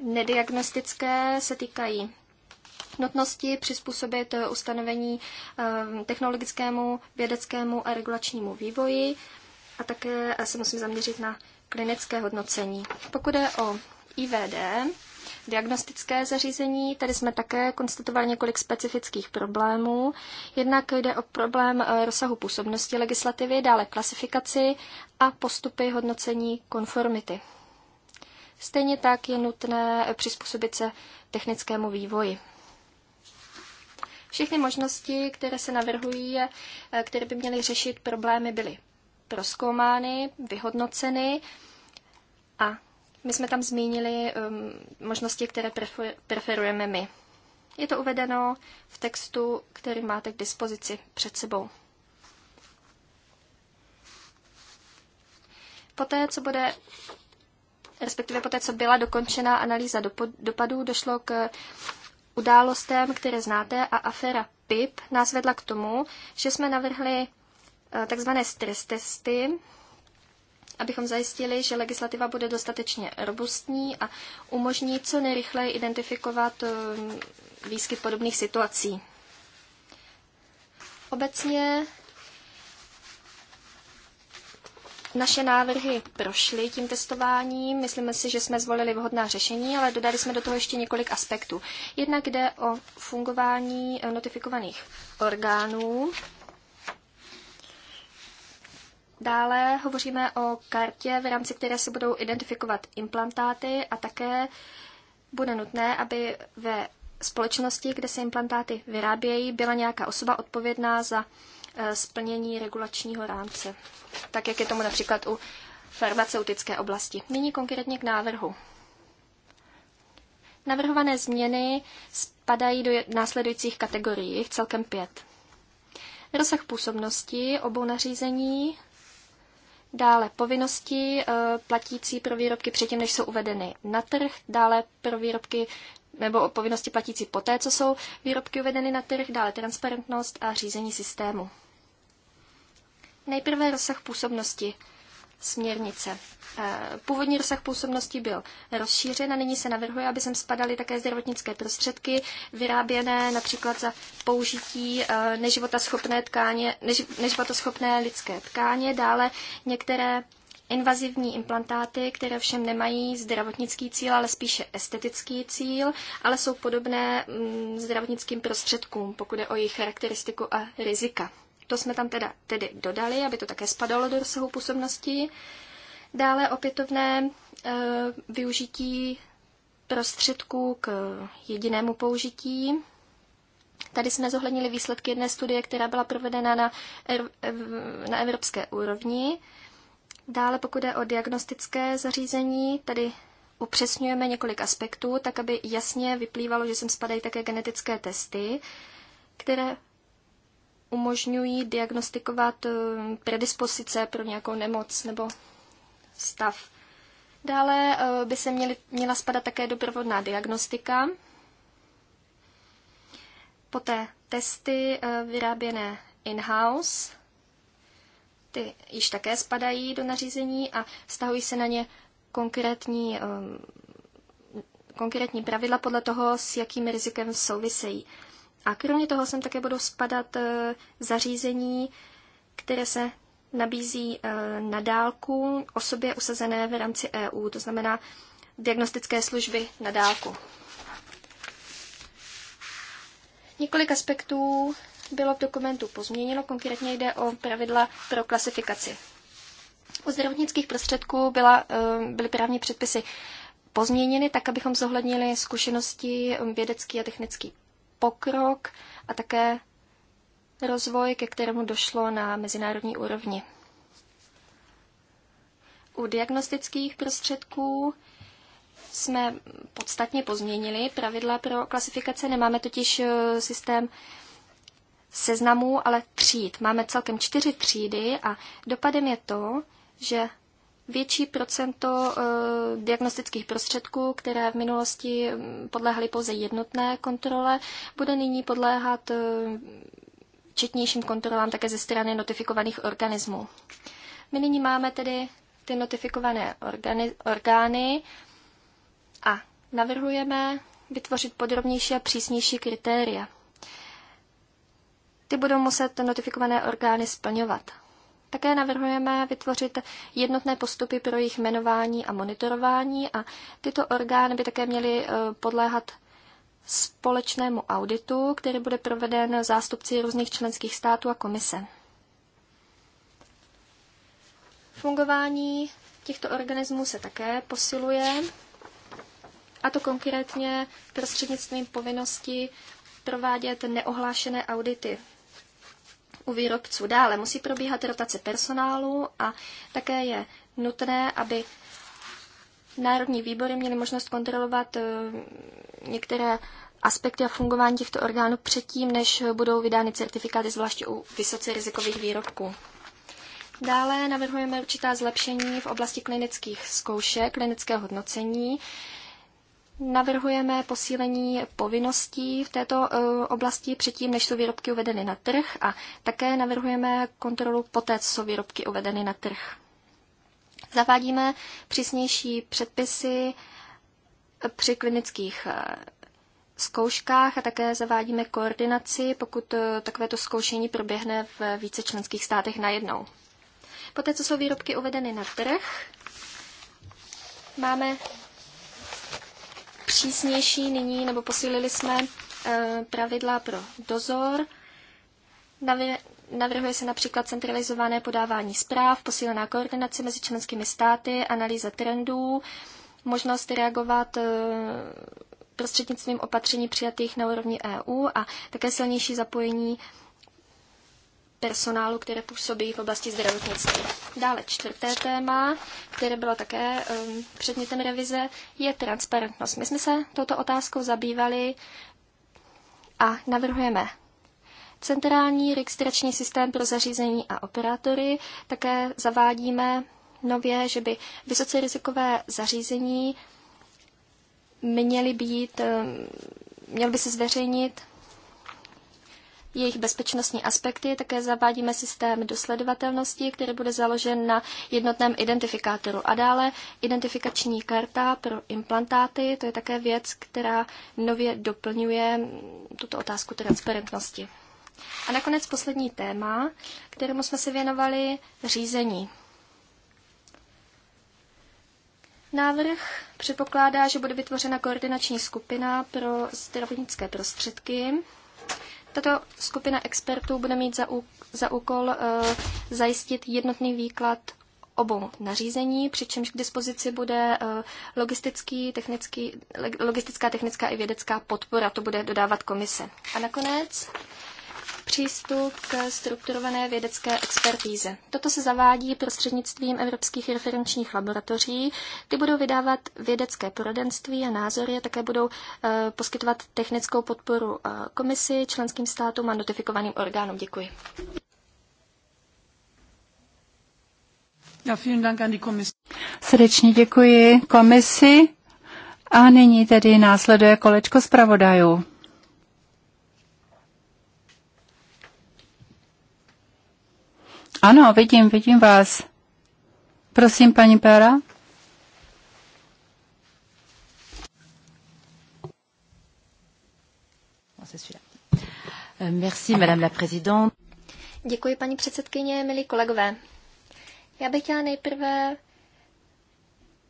nediagnostické, se týkají nutnosti přizpůsobit eh, ustanovení eh, technologickému, vědeckému a regulačnímu vývoji a také eh, se musím zaměřit na klinické hodnocení. Pokud je o IVD, diagnostické zařízení. Tady jsme také konstatovali několik specifických problémů. Jednak jde o problém rozsahu působnosti legislativy, dále klasifikaci a postupy hodnocení konformity. Stejně tak je nutné přizpůsobit se technickému vývoji. Všechny možnosti, které se navrhují, eh, které by měly řešit problémy, byly proskoumány, vyhodnoceny a my jsme tam zmínili um, možnosti, které preferujeme my. Je to uvedeno v textu, který máte k dispozici před sebou. Poté, co bude, respektive poté, co byla dokončena analýza dopadů, došlo k událostem, které znáte, a aféra PIP nás vedla k tomu, že jsme navrhli eh, takzvané stres testy, abychom zajistili, že legislativa bude dostatečně robustní a umožní co nejrychleji identifikovat eh, výskyt podobných situací. Obecně Naše návrhy prošly tím testováním, myslíme si, že jsme zvolili vhodná řešení, ale dodali jsme do toho ještě několik aspektů. Jednak jde o fungování eh, notifikovaných orgánů. Dále hovoříme o kartě, v rámci které se budou identifikovat implantáty a také bude nutné, aby ve společnosti, kde se implantáty vyrábějí, byla nějaká osoba odpovědná za Eh, splnění regulačního rámce, tak jak je tomu například u farmaceutické oblasti. Nyní konkrétně k návrhu. Navrhované změny spadají do následujících kategorií, jich celkem pět. Rozsah působnosti obou nařízení, dále povinnosti eh, platící pro výrobky předtím, než jsou uvedeny na trh, dále pro výrobky nebo povinnosti platící poté, co jsou výrobky uvedeny na trh, dále transparentnost a řízení systému. Nejprve rozsah působnosti směrnice. Eh, původní rozsah působnosti byl rozšířen a nyní se navrhuje, aby sem spadaly také zdravotnické prostředky vyráběné například za použití eh, neživotaschopné, tkáně, neživotaschopné lidské tkáně, dále některé invazivní implantáty, které všem nemají zdravotnický cíl, ale spíše estetický cíl, ale jsou podobné mm, zdravotnickým prostředkům, pokud je o jejich charakteristiku a rizika. To jsme tam teda tedy dodali, aby to také spadalo do rozsahu působnosti. Dále opětovné e, využití prostředků k jedinému použití. Tady jsme zohlednili výsledky jedné studie, která byla provedena na, na evropské úrovni. Dále pokud je o diagnostické zařízení, tady upřesňujeme několik aspektů, tak aby jasně vyplývalo, že sem spadají také genetické testy, které umožňují diagnostikovat eh, predispozice pro nějakou nemoc nebo stav. Dále eh, by se měly, měla spadat také doprovodná diagnostika, poté testy eh, vyráběné in-house, ty již také spadají do nařízení a vztahují se na ně konkrétní, konkrétní pravidla podle toho, s jakým rizikem souvisejí. A kromě toho sem také budou spadat eh, zařízení, které se nabízí eh, na dálku osobě usazené v rámci EU, to znamená diagnostické služby na dálku. Několik aspektů bylo v dokumentu pozměněno, konkrétně jde o pravidla pro klasifikaci. U zdravotnických prostředků byla, eh, byly právní předpisy pozměněny tak, abychom zohlednili zkušenosti vědecký a technický pokrok a také rozvoj, ke kterému došlo na mezinárodní úrovni. U diagnostických prostředků jsme podstatně pozměnili pravidla pro klasifikace. Nemáme totiž e, systém seznamů, ale tříd. Máme celkem čtyři třídy a dopadem je to, že větší procento eh, diagnostických prostředků, které v minulosti mm, podléhaly pouze jednotné kontrole, bude nyní podléhat eh, četnějším kontrolám také ze strany notifikovaných organismů. My nyní máme tedy ty notifikované organi- orgány a navrhujeme vytvořit podrobnější a přísnější kritéria. Ty budou muset notifikované orgány splňovat. Také navrhujeme vytvořit jednotné postupy pro jejich jmenování a monitorování a tyto orgány by také měly eh, podléhat společnému auditu, který bude proveden zástupci různých členských států a komise. Fungování těchto organismů se také posiluje, a to konkrétně prostřednictvím povinnosti provádět neohlášené audity u výrobců. Dále musí probíhat rotace personálu a také je nutné, aby národní výbory měly možnost kontrolovat eh, některé aspekty a fungování těchto orgánů předtím, než budou vydány certifikáty, zvláště u vysoce rizikových výrobků. Dále navrhujeme určitá zlepšení v oblasti klinických zkoušek, klinického hodnocení. Navrhujeme posílení povinností v této e, oblasti předtím, než jsou výrobky uvedeny na trh a také navrhujeme kontrolu poté, co jsou výrobky uvedeny na trh. Zavádíme přísnější předpisy při klinických e, zkouškách a také zavádíme koordinaci, pokud e, takovéto zkoušení proběhne v více členských státech najednou. Poté, co jsou výrobky uvedeny na trh, máme přísnější nyní, nebo posílili jsme eh, pravidla pro dozor. Navrhuje se například centralizované podávání zpráv, posílená koordinace mezi členskými státy, analýza trendů, možnost reagovat eh, prostřednictvím opatření přijatých na úrovni EU a také silnější zapojení personálu, které působí v oblasti zdravotnictví. Dále čtvrté téma, které bylo také um, předmětem revize, je transparentnost. My jsme se touto otázkou zabývali a navrhujeme centrální registrační systém pro zařízení a operátory. Také zavádíme nově, že by vysoce rizikové zařízení měly být, um, měl by se zveřejnit jejich bezpečnostní aspekty. Také zavádíme systém dosledovatelnosti, který bude založen na jednotném identifikátoru. A dále identifikační karta pro implantáty, to je také věc, která nově doplňuje tuto otázku transparentnosti. A nakonec poslední téma, kterému jsme se věnovali, řízení. Návrh předpokládá, že bude vytvořena koordinační skupina pro zdravotnické prostředky, tato skupina expertů bude mít za, za úkol e, zajistit jednotný výklad obou nařízení, přičemž k dispozici bude eh, logistický, technický, logistická, technická i vědecká podpora, to bude dodávat komise. A nakonec přístup k strukturované vědecké expertíze. Toto se zavádí prostřednictvím evropských referenčních laboratoří. Ty budou vydávat vědecké poradenství a názory a také budou e, poskytovat technickou podporu e, komisi, členským státům a notifikovaným orgánům. Děkuji. Ja, vielen Dank an die Srdečně děkuji komisi a nyní tedy následuje kolečko zpravodajů. Ano, vidím, vidím vás. Prosím, paní Péra. Merci, madame la présidente. Děkuji, paní předsedkyně, milí kolegové. Já bych chtěla nejprve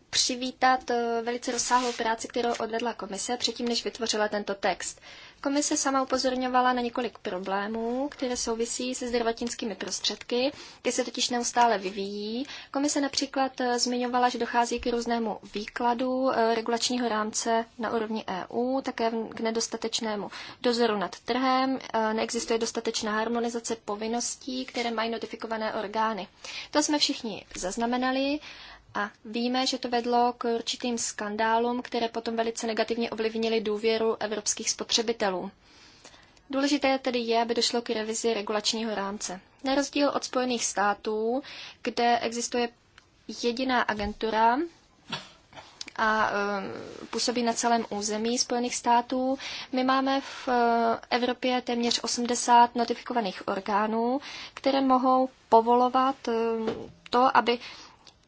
přivítat eh, velice rozsáhlou práci, kterou odvedla komise předtím, než vytvořila tento text. Komise sama upozorňovala na několik problémů, které souvisí se zdravotnickými prostředky, ty se totiž neustále vyvíjí. Komise například eh, zmiňovala, že dochází k různému výkladu eh, regulačního rámce na úrovni EU, také k nedostatečnému dozoru nad trhem, eh, neexistuje dostatečná harmonizace povinností, které mají notifikované orgány. To jsme všichni zaznamenali a víme, že to vedlo k určitým skandálům, které potom velice negativně ovlivnily důvěru evropských spotřebitelů. Důležité tedy je, aby došlo k revizi regulačního rámce. Na rozdíl od Spojených států, kde existuje jediná agentura a eh, působí na celém území Spojených států, my máme v eh, Evropě téměř 80 notifikovaných orgánů, které mohou povolovat eh, to, aby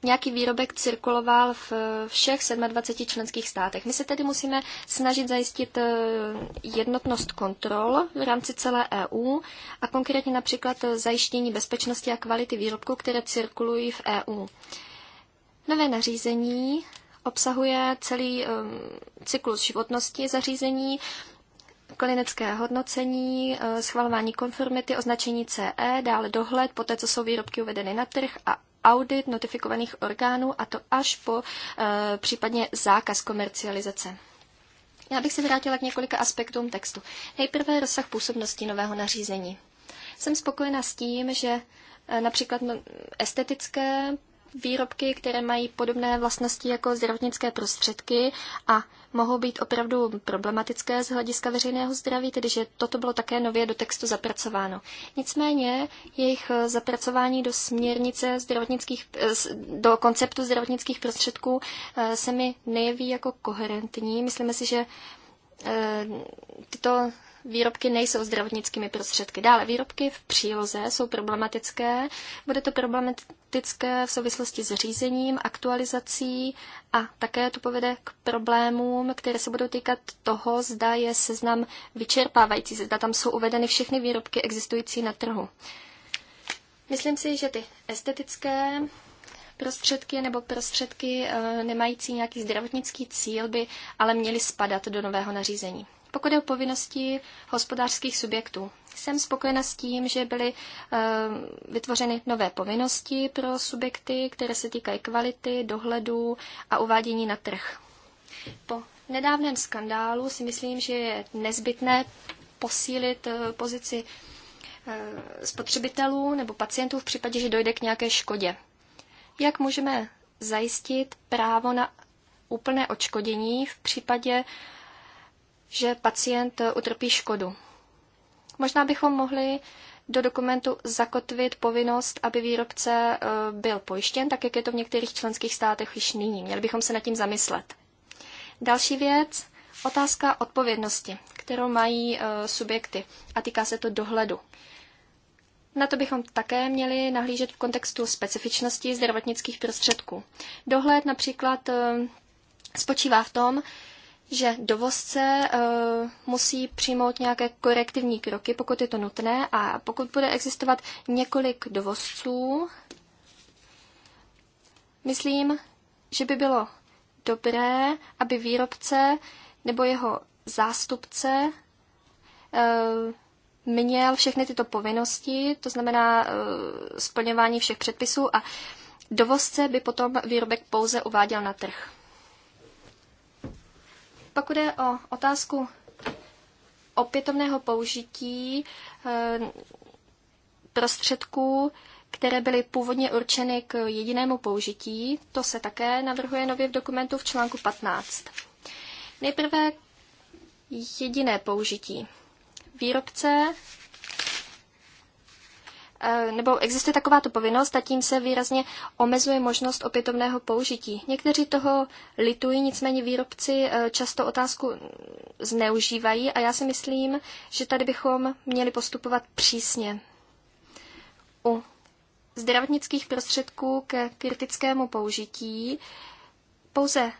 nějaký výrobek cirkuloval v všech 27 členských státech. My se tedy musíme snažit zajistit eh, jednotnost kontrol v rámci celé EU a konkrétně například eh, zajištění bezpečnosti a kvality výrobků, které cirkulují v EU. Nové nařízení obsahuje celý eh, cyklus životnosti zařízení, klinické hodnocení, schvalování konformity, označení CE, dále dohled, poté co jsou výrobky uvedeny na trh a audit notifikovaných orgánů a to až po e, případně zákaz komercializace. Já bych se vrátila k několika aspektům textu. Nejprve rozsah působnosti nového nařízení. Jsem spokojená s tím, že eh, například no, estetické výrobky, které mají podobné vlastnosti jako zdravotnické prostředky a mohou být opravdu problematické z hlediska veřejného zdraví, tedy že toto bylo také nově do textu zapracováno. Nicméně jejich eh, zapracování do směrnice zdravotnických, eh, do konceptu zdravotnických prostředků eh, se mi nejeví jako koherentní. Myslíme si, že tyto výrobky nejsou zdravotnickými prostředky. Dále výrobky v příloze jsou problematické. Bude to problematické v souvislosti s řízením, aktualizací a také to povede k problémům, které se budou týkat toho, zda je seznam vyčerpávající, zda tam jsou uvedeny všechny výrobky existující na trhu. Myslím si, že ty estetické prostředky nebo prostředky eh, nemající nějaký zdravotnický cíl by ale měly spadat do nového nařízení. Pokud je o povinnosti hospodářských subjektů, jsem spokojena s tím, že byly e, vytvořeny nové povinnosti pro subjekty, které se týkají kvality, dohledu a uvádění na trh. Po nedávném skandálu si myslím, že je nezbytné posílit eh, pozici eh, spotřebitelů nebo pacientů v případě, že dojde k nějaké škodě. Jak můžeme zajistit právo na úplné odškodění v případě že pacient eh, utrpí škodu. Možná bychom mohli do dokumentu zakotvit povinnost, aby výrobce eh, byl pojištěn, tak jak je to v některých členských státech již nyní. Měli bychom se nad tím zamyslet. Další věc, otázka odpovědnosti, kterou mají eh, subjekty a týká se to dohledu. Na to bychom také měli nahlížet v kontextu specifičnosti zdravotnických prostředků. Dohled například spočívá v tom, že dovozce uh, musí přijmout nějaké korektivní kroky, pokud je to nutné, a pokud bude existovat několik dovozců, myslím, že by bylo dobré, aby výrobce nebo jeho zástupce uh, měl všechny tyto povinnosti, to znamená uh, splňování všech předpisů a dovozce by potom výrobek pouze uváděl na trh. Pokud je o otázku opětovného použití eh, prostředků, které byly původně určeny k jedinému použití, to se také navrhuje nově v dokumentu v článku 15. Nejprve jediné použití. Výrobce Eh, nebo existuje takováto povinnost a tím se výrazně omezuje možnost opětovného použití. Někteří toho litují, nicméně výrobci eh, často otázku zneužívají a já si myslím, že tady bychom měli postupovat přísně. U zdravotnických prostředků ke kritickému použití pouze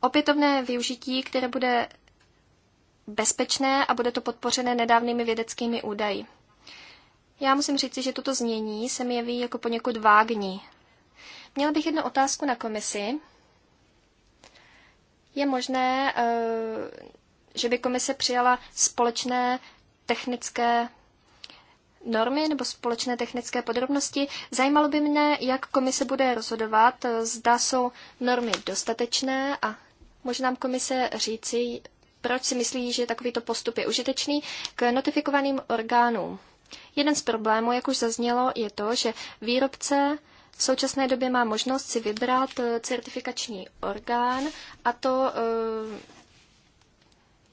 opětovné využití, které bude bezpečné a bude to podpořené nedávnými vědeckými údaji. Já musím říci, že toto znění se mi jeví jako poněkud vágní. Měla bych jednu otázku na komisi. Je možné, eh, že by komise přijala společné technické normy nebo společné technické podrobnosti. Zajímalo by mne, jak komise bude rozhodovat, eh, zda jsou normy dostatečné a možná nám komise říci, proč si myslí, že takovýto postup je užitečný k notifikovaným orgánům. Jeden z problémů, jak už zaznělo, je to, že výrobce v současné době má možnost si vybrat eh, certifikační orgán a to eh,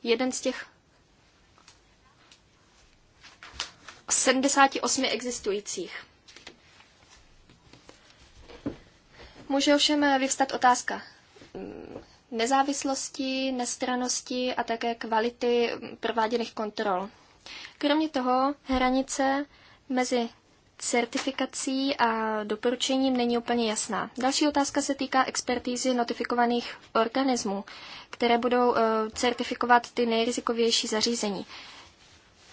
jeden z těch 78 existujících. Může ovšem vyvstat otázka mm, nezávislosti, nestranosti a také kvality mm, prováděných kontrol. Kromě toho hranice mezi certifikací a doporučením není úplně jasná. Další otázka se týká expertízy notifikovaných organismů, které budou eh, certifikovat ty nejrizikovější zařízení.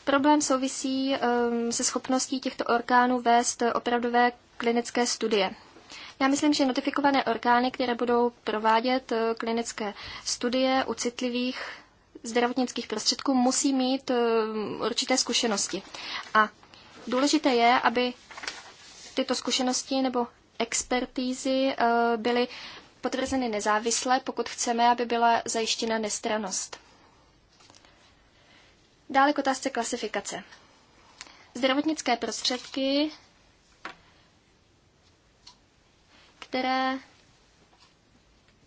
Problém souvisí ehm, se schopností těchto orgánů vést opravdové klinické studie. Já myslím, že notifikované orgány, které budou provádět eh, klinické studie u citlivých zdravotnických prostředků musí mít eh, určité zkušenosti. A důležité je, aby tyto zkušenosti nebo expertízy eh, byly potvrzeny nezávisle, pokud chceme, aby byla zajištěna nestranost. Dále k otázce klasifikace. Zdravotnické prostředky, které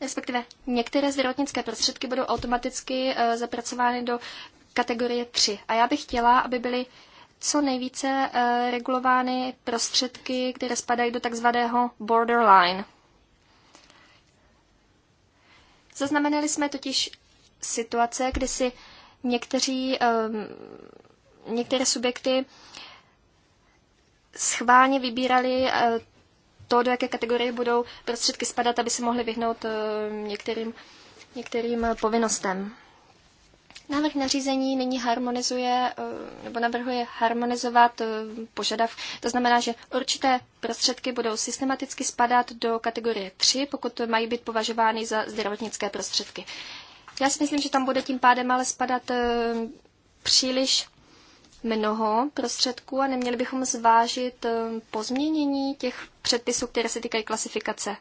respektive některé zdravotnické prostředky budou automaticky eh, zapracovány do kategorie 3. A já bych chtěla, aby byly co nejvíce eh, regulovány prostředky, které spadají do takzvaného borderline. Zaznamenali jsme totiž situace, kdy si někteří, ehm, některé subjekty schválně vybírali eh, to, do jaké kategorie budou prostředky spadat, aby se mohly vyhnout eh, některým, některým eh, povinnostem. Návrh nařízení nyní harmonizuje eh, nebo navrhuje harmonizovat požadav. To znamená, že určité prostředky budou systematicky spadat do kategorie 3, pokud mají být považovány za zdravotnické prostředky. Já si myslím, že tam bude tím pádem ale spadat příliš mnoho prostředků a neměli bychom zvážit pozměnění těch předpisů, které se týkají klasifikace.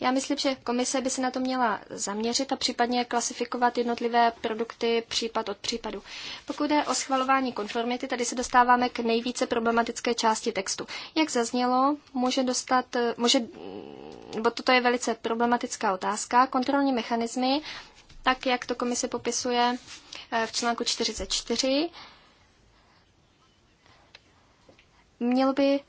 Já myslím, že komise by se na to měla zaměřit a případně klasifikovat jednotlivé produkty případ od případu. Pokud jde o schvalování konformity, tady se dostáváme k nejvíce problematické části textu. Jak zaznělo, může dostat, může, bo toto je velice problematická otázka, kontrolní mechanismy, tak jak to komise popisuje eh, v článku 44, mělo by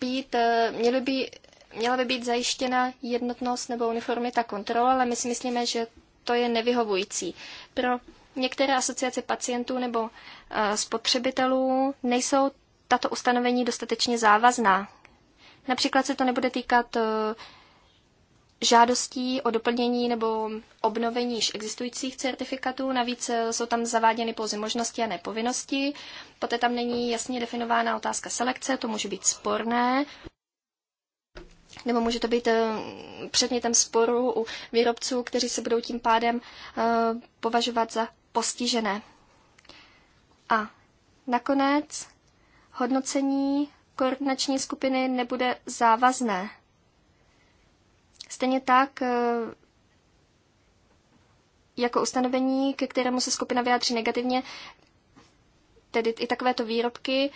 být, eh, měly by, měla by být zajištěna jednotnost nebo uniformita kontrol, ale my si myslíme, že to je nevyhovující. Pro některé asociace pacientů nebo eh, spotřebitelů nejsou tato ustanovení dostatečně závazná. Například se to nebude týkat eh, žádostí o doplnění nebo obnovení již existujících certifikátů. Navíc eh, jsou tam zaváděny pouze možnosti a nepovinnosti. Poté tam není jasně definována otázka selekce, to může být sporné. Nebo může to být eh, předmětem sporu u výrobců, kteří se budou tím pádem eh, považovat za postižené. A nakonec hodnocení koordinační skupiny nebude závazné. Stejně tak eh, jako ustanovení, ke kterému se skupina vyjádří negativně, tedy i takovéto výrobky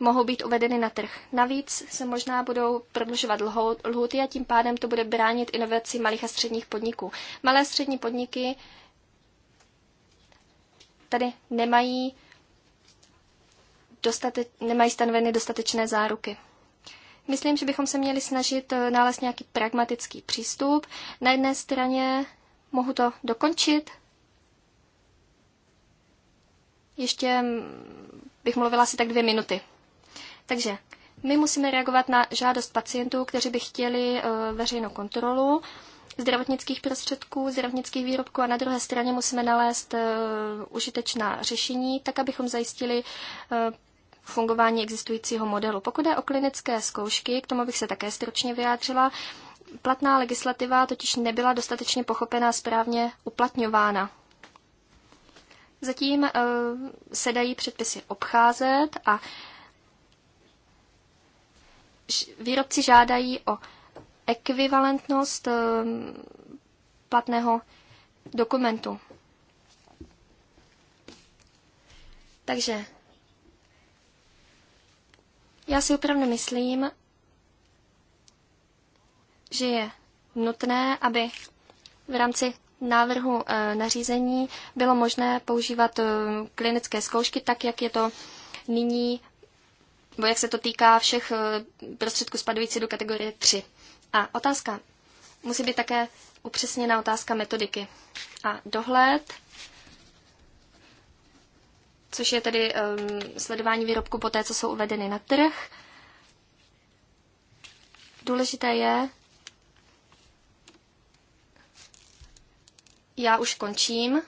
mohou být uvedeny na trh. Navíc se možná budou prodlužovat lhuty a tím pádem to bude bránit inovaci malých a středních podniků. Malé a střední podniky tady nemají, dostate, nemají stanoveny dostatečné záruky. Myslím, že bychom se měli snažit eh, nalézt nějaký pragmatický přístup. Na jedné straně mohu to dokončit. Ještě mm, bych mluvila asi tak dvě minuty. Takže my musíme reagovat na žádost pacientů, kteří by chtěli eh, veřejnou kontrolu zdravotnických prostředků, zdravotnických výrobků a na druhé straně musíme nalézt eh, užitečná řešení, tak abychom zajistili fungování existujícího modelu. Pokud je o klinické zkoušky, k tomu bych se také stručně vyjádřila, platná legislativa totiž nebyla dostatečně pochopená správně uplatňována. Zatím uh, se dají předpisy obcházet a výrobci žádají o ekvivalentnost uh, platného dokumentu. Takže já si opravdu myslím, že je nutné, aby v rámci návrhu eh, nařízení bylo možné používat eh, klinické zkoušky tak, jak je to nyní, nebo jak se to týká všech eh, prostředků spadující do kategorie 3. A otázka musí být také upřesněna otázka metodiky. A dohled což je tedy um, sledování výrobku po té, co jsou uvedeny na trh. Důležité je, já už končím.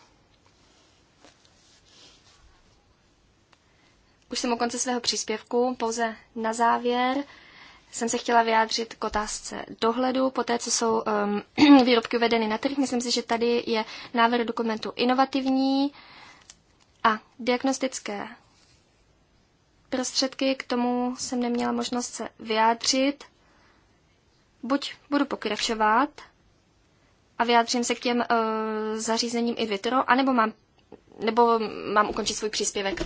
Už jsem u konce svého příspěvku, pouze na závěr jsem se chtěla vyjádřit k otázce dohledu. Po té, co jsou um, výrobky uvedeny na trh, myslím si, že tady je návrh dokumentu inovativní. A diagnostické prostředky, k tomu jsem neměla možnost se vyjádřit. Buď budu pokračovat a vyjádřím se k těm uh, e, zařízením i vitro, anebo mám, nebo mám ukončit svůj příspěvek.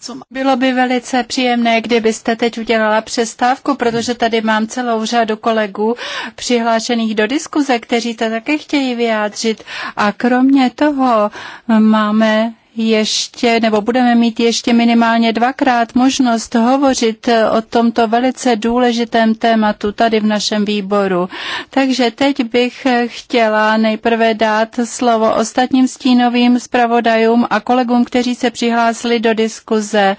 Co Bylo by velice příjemné, kdybyste teď udělala přestávku, protože tady mám celou řadu kolegů přihlášených do diskuze, kteří to také chtějí vyjádřit. A kromě toho máme ještě, nebo budeme mít ještě minimálně dvakrát možnost hovořit o tomto velice důležitém tématu tady v našem výboru. Takže teď bych chtěla nejprve dát slovo ostatním stínovým zpravodajům a kolegům, kteří se přihlásili do diskuze.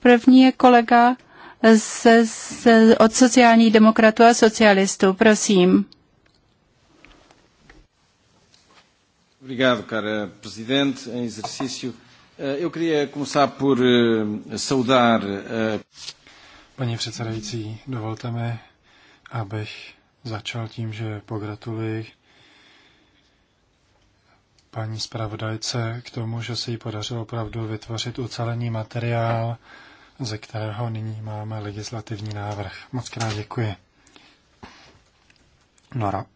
První je kolega z, z, od sociálních demokratů a socialistů. Prosím. Obrigado, cara Presidente, em exercício. Eh, eu queria começar por eh, saudar. Eh, paní předsedající, dovolte mi, abych začal tím, že pogratuluji paní zpravodajce k tomu, že se jí podařilo opravdu vytvořit ucelený materiál, ze kterého nyní máme legislativní návrh. Moc krát děkuji. Nora.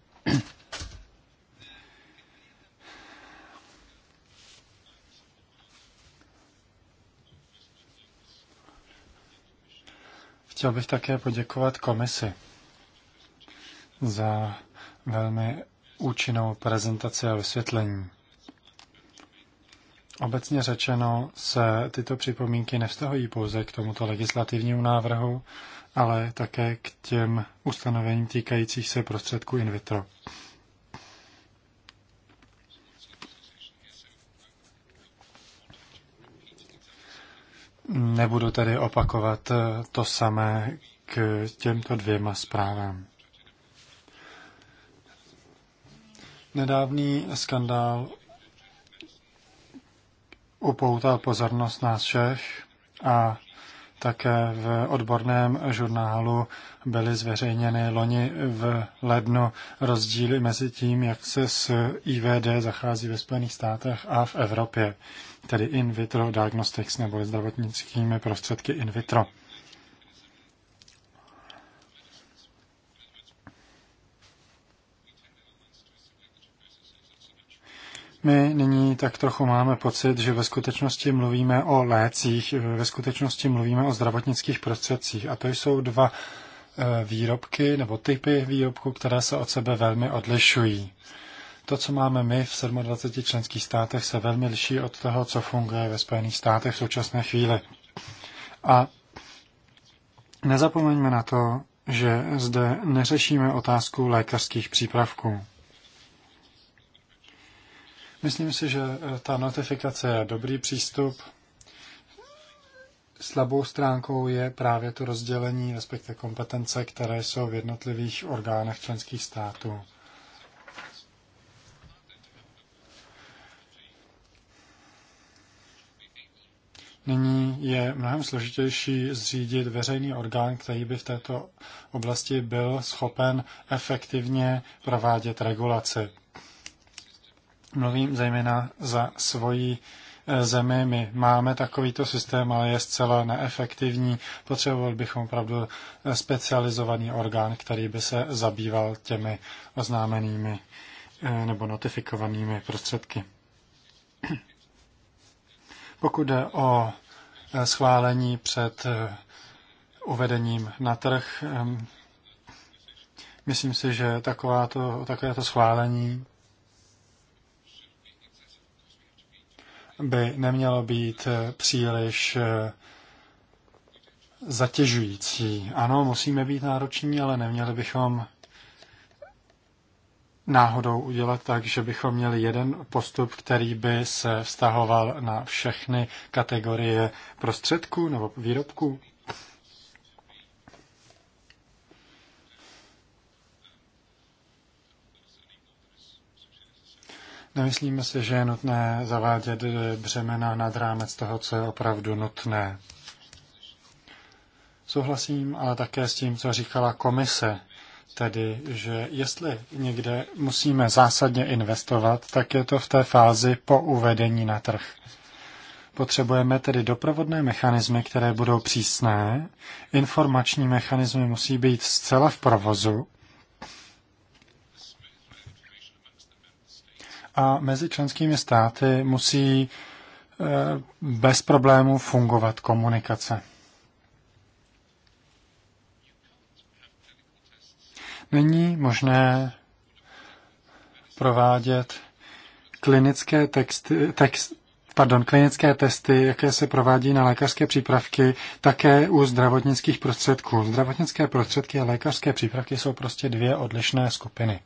Chtěl bych také poděkovat komisi za velmi účinnou prezentaci a vysvětlení. Obecně řečeno se tyto připomínky nevztahují pouze k tomuto legislativnímu návrhu, ale také k těm ustanovením týkajících se prostředků in vitro. Nebudu tedy opakovat eh, to samé k těmto dvěma zprávám. Nedávný skandál upoutal pozornost nás všech a také v odborném žurnálu byly zveřejněny loni v lednu rozdíly mezi tím, jak se s IVD zachází ve Spojených státech a v Evropě tedy in vitro diagnostics nebo zdravotnickými prostředky in vitro. My nyní tak trochu máme pocit, že ve skutečnosti mluvíme o lécích, ve skutečnosti mluvíme o zdravotnických prostředcích. A to jsou dva e, výrobky nebo typy výrobků, které se od sebe velmi odlišují. To, co máme my v 27 členských státech, se velmi liší od toho, co funguje ve Spojených státech v současné chvíli. A nezapomeňme na to, že zde neřešíme otázku lékařských přípravků. Myslím si, že ta notifikace je dobrý přístup. Slabou stránkou je právě to rozdělení, respektive kompetence, které jsou v jednotlivých orgánech členských států. Nyní je mnohem složitější zřídit veřejný orgán, který by v této oblasti byl schopen efektivně provádět regulaci. Mluvím zejména za svoji eh, zemi. My máme takovýto systém, ale je zcela neefektivní. Potřebovali bychom opravdu eh, specializovaný orgán, který by se zabýval těmi oznámenými eh, nebo notifikovanými prostředky. Pokud jde o eh, schválení před eh, uvedením na trh, myslím si, že takováto, takovéto schválení by nemělo být eh, příliš zatěžující. Ano, musíme být nároční, ale neměli bychom náhodou udělat tak, že bychom měli jeden postup, který by se vztahoval na všechny kategorie prostředků nebo výrobků? Nemyslíme si, že je nutné zavádět břemena nad rámec toho, co je opravdu nutné. Souhlasím ale také s tím, co říkala komise tedy, že jestli někde musíme zásadně investovat, tak je to v té fázi po uvedení na trh. Potřebujeme tedy doprovodné mechanismy, které budou přísné, informační mechanismy musí být zcela v provozu a mezi členskými státy musí eh, bez problémů fungovat komunikace. Není možné provádět klinické, texty, text, pardon, klinické testy, jaké se provádí na lékařské přípravky, také u zdravotnických prostředků. Zdravotnické prostředky a lékařské přípravky jsou prostě dvě odlišné skupiny.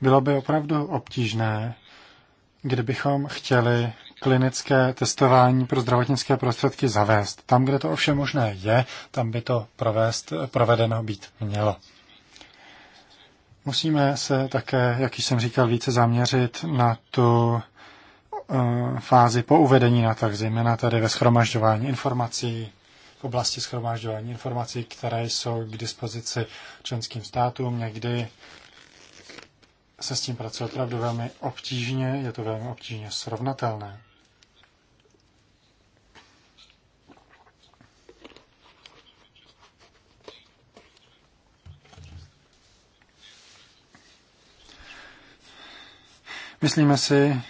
Bylo by opravdu obtížné, kdybychom chtěli klinické testování pro zdravotnické prostředky zavést. Tam, kde to ovšem možné je, tam by to provést, provedeno být mělo. Musíme se také, jak jsem říkal, více zaměřit na tu eh, fázi po uvedení na trh, zejména tady ve schromažďování informací, v oblasti schromažďování informací, které jsou k dispozici členským státům. Někdy se s tím pracuje opravdu velmi obtížně, je to velmi obtížně srovnatelné. Myslíme si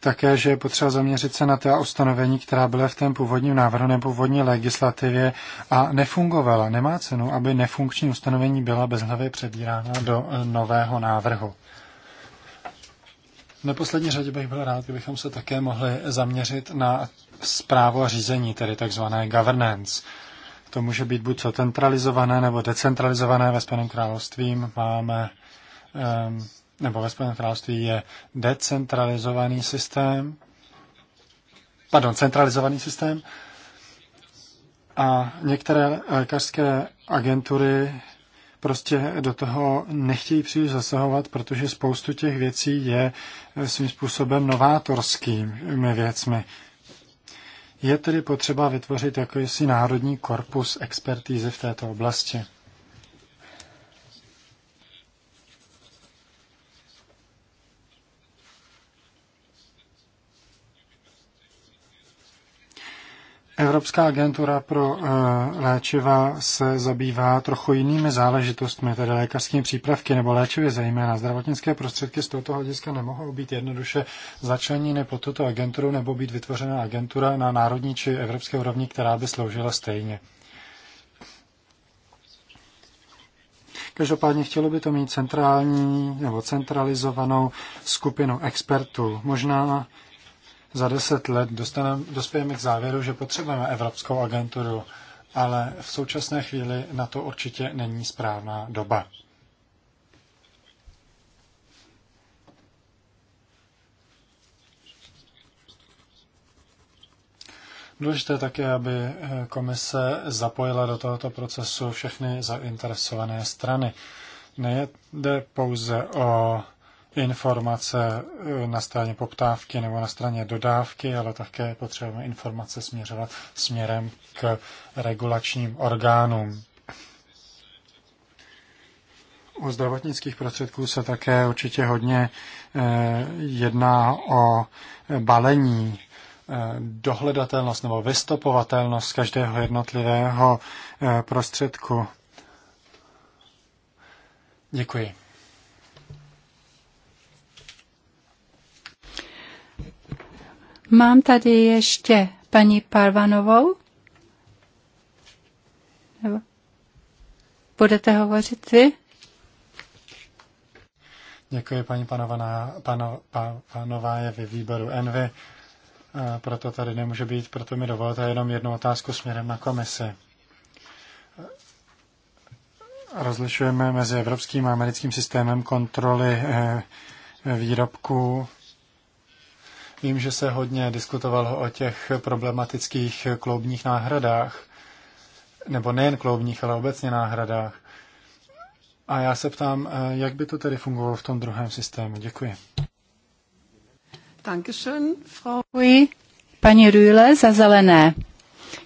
také, že je potřeba zaměřit se na ta ustanovení, která byla v tom původním návrhu nebo původní legislativě a nefungovala. Nemá cenu, aby nefunkční ustanovení byla bezhlavě předírána do eh, nového návrhu. V neposlední řadě bych byl rád, kdybychom se také mohli zaměřit na zprávu a řízení, tedy takzvané governance. To může být buď centralizované nebo decentralizované. Ve Spojeném království máme um, nebo ve Spojeném království je decentralizovaný systém, pardon, centralizovaný systém a některé lékařské agentury prostě do toho nechtějí příliš zasahovat, protože spoustu těch věcí je svým způsobem novátorskými věcmi. Je tedy potřeba vytvořit jakýsi národní korpus expertízy v této oblasti. Evropská agentura pro eh, léčiva se zabývá trochu jinými záležitostmi, tedy lékařskými přípravky nebo léčivě zejména. Zdravotnické prostředky z tohoto hlediska nemohou být jednoduše začleněny pod tuto agenturu nebo být vytvořena agentura na národní či evropské úrovni, která by sloužila stejně. Každopádně chtělo by to mít centrální nebo centralizovanou skupinu expertů. Možná za deset let dostaneme dospějeme k závěru, že potřebujeme Evropskou agenturu, ale v současné chvíli na to určitě není správná doba. Důležité také, aby eh, komise zapojila do tohoto procesu všechny zainteresované strany. Nejde pouze o informace eh, na straně poptávky nebo na straně dodávky, ale také potřebujeme informace směřovat směrem k regulačním orgánům. U zdravotnických prostředků se také určitě hodně eh, jedná o balení eh, dohledatelnost nebo vystopovatelnost každého jednotlivého prostředku. Děkuji. Mám tady ještě paní Parvanovou. Nebo budete hovořit vy? Děkuji paní panovaná, pano, pa, panová je ve výboru Envy, proto tady nemůže být, proto mi dovolte jenom jednu otázku směrem na komisi. Rozlišujeme mezi evropským a americkým systémem kontroly eh, výrobků Vím, že se hodně diskutovalo o těch problematických kloubních náhradách, nebo nejen kloubních, ale obecně náhradách. A já se ptám, eh, jak by to tedy fungovalo v tom druhém systému. Děkuji. Dankeschön, Frau. Děkuji, paní Rühle za zelené.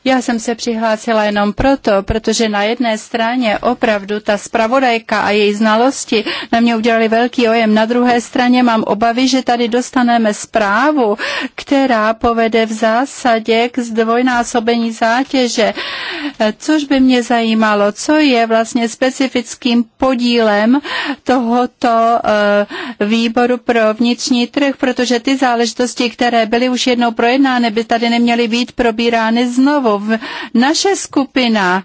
Já jsem se přihlásila jenom proto, protože na jedné straně opravdu ta spravodajka a její znalosti na mě udělali velký ojem. Na druhé straně mám obavy, že tady dostaneme zprávu, která povede v zásadě k zdvojnásobení zátěže, což by mě zajímalo, co je vlastně specifickým podílem tohoto eh, výboru pro vnitřní trh, protože ty záležitosti, které byly už jednou projednány, by tady neměly být probírány znovu slovo. Naše skupina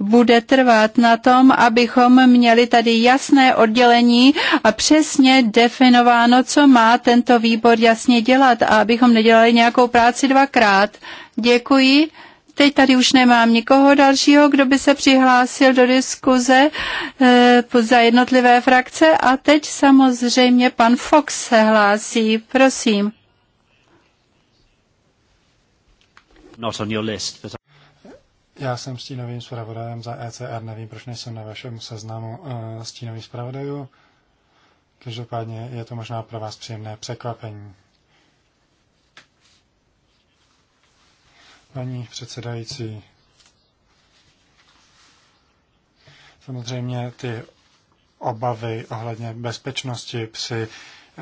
bude trvat na tom, abychom měli tady jasné oddělení a přesně definováno, co má tento výbor jasně dělat a abychom nedělali nějakou práci dvakrát. Děkuji. Teď tady už nemám nikoho dalšího, kdo by se přihlásil do diskuze e, za jednotlivé frakce a teď samozřejmě pan Fox se hlásí. Prosím. not on your list, but... Já jsem stínovým zpravodajem za ECR, nevím, proč nejsem na vašem seznamu uh, stínových zpravodajů. Každopádně je to možná pro vás příjemné překvapení. Paní předsedající, samozřejmě ty obavy ohledně bezpečnosti při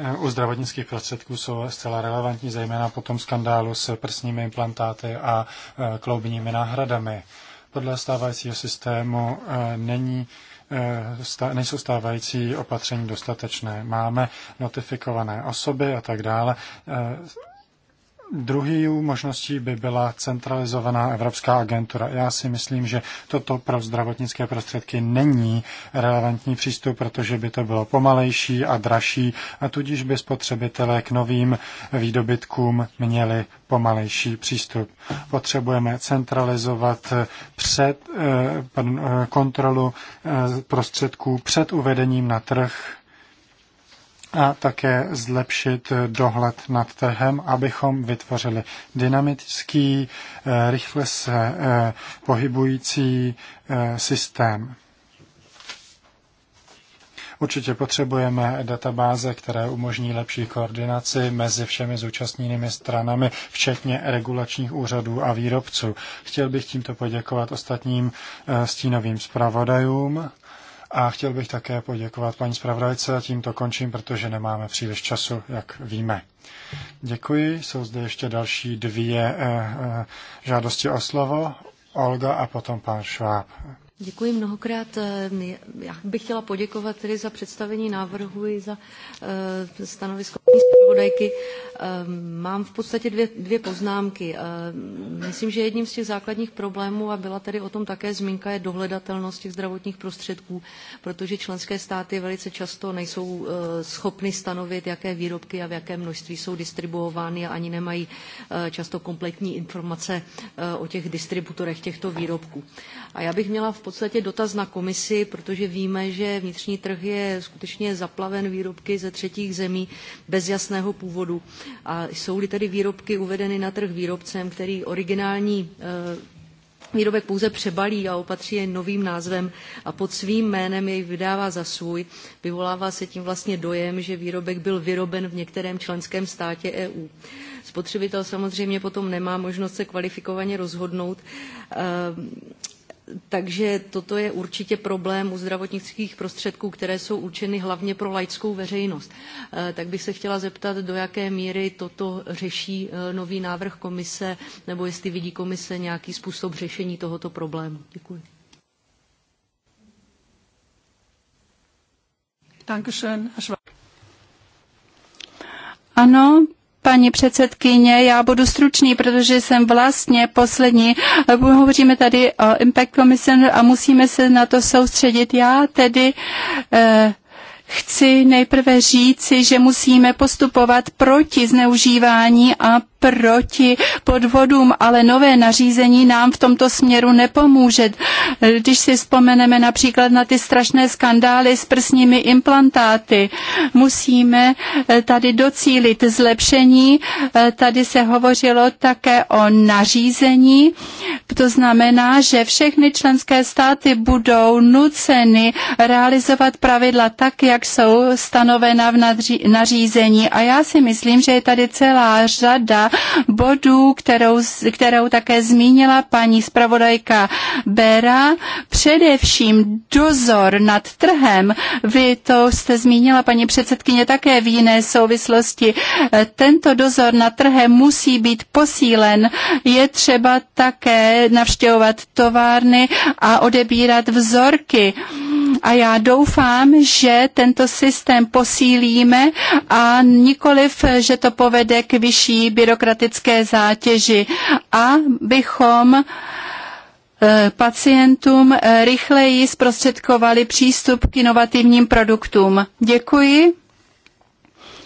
Eh, u zdravotnických prostředků jsou zcela relevantní, zejména po tom skandálu s prsními implantáty a eh, kloubními náhradami. Podle stávajícího systému eh, není nejsou stávající opatření dostatečné. Máme notifikované osoby a tak dále. Druhý možností by byla centralizovaná Evropská agentura. Já si myslím, že toto pro zdravotnické prostředky není relevantní přístup, protože by to bylo pomalejší a dražší a tudíž by spotřebitelé k novým výdobytkům měli pomalejší přístup. Potřebujeme centralizovat před, eh, eh kontrolu eh, prostředků před uvedením na trh a také zlepšit dohled nad trhem, abychom vytvořili dynamický, eh, rychle se eh, pohybující eh, systém. Určitě potřebujeme databáze, které umožní lepší koordinaci mezi všemi zúčastněnými stranami, včetně regulačních úřadů a výrobců. Chtěl bych tímto poděkovat ostatním stínovým zpravodajům a chtěl bych také poděkovat paní zpravodajce a tímto končím, protože nemáme příliš času, jak víme. Děkuji. Jsou zde ještě další dvě eh, eh, žádosti o slovo. Olga a potom pan Šváb. Děkuji mnohokrát. Eh, já bych chtěla poděkovat tedy za představení návrhu i za eh, stanovisko zpravodajky. Ehm, mám v podstatě dvě, dvě poznámky. Eh, myslím, že jedním z těch základních problémů, a byla tady o tom také zmínka, je dohledatelnost těch zdravotních prostředků, protože členské státy velice často nejsou schopny stanovit, jaké výrobky a v jaké množství jsou distribuovány a ani nemají často kompletní informace o těch distributorech těchto výrobků. A já bych měla v podstatě dotaz na komisi, protože víme, že vnitřní trh je skutečně zaplaven výrobky ze třetích zemí bez jasného původu. A jsou-li tedy výrobky uvedeny na trh výrobcem, který originální eh, výrobek pouze přebalí a opatří je novým názvem a pod svým jménem jej vydává za svůj, vyvolává se tím vlastně dojem, že výrobek byl vyroben v některém členském státě EU. Spotřebitel samozřejmě potom nemá možnost se kvalifikovaně rozhodnout eh, takže toto je určitě problém u zdravotnických prostředků, které jsou určeny hlavně pro laickou veřejnost. Eh, tak bych se chtěla zeptat, do jaké míry toto řeší eh, nový návrh komise, nebo jestli vidí komise nějaký způsob řešení tohoto problému. Děkuji. Ano, Paní předsedkyně, já budu stručný, protože jsem vlastně poslední. Hovoříme tady o Impact Commission a musíme se na to soustředit. Já tedy eh, chci nejprve říci, že musíme postupovat proti zneužívání a proti podvodům, ale nové nařízení nám v tomto směru nepomůže. Když si vzpomeneme například na ty strašné skandály s prsními implantáty, musíme eh, tady docílit zlepšení. Eh, tady se hovořilo také o nařízení. To znamená, že všechny členské státy budou nuceny realizovat pravidla tak, jak jsou stanovena v nařízení. A já si myslím, že je tady celá řada bodů, kterou, kterou také zmínila paní zpravodajka Bera, především dozor nad trhem. Vy to jste zmínila, paní předsedkyně, také v jiné souvislosti. E, tento dozor nad trhem musí být posílen. Je třeba také navštěvovat továrny a odebírat vzorky. A já doufám, že tento systém posílíme a nikoliv, že to povede k vyšší byrokratické zátěži a bychom eh, pacientům eh, rychleji zprostředkovali přístup k inovativním produktům. Děkuji.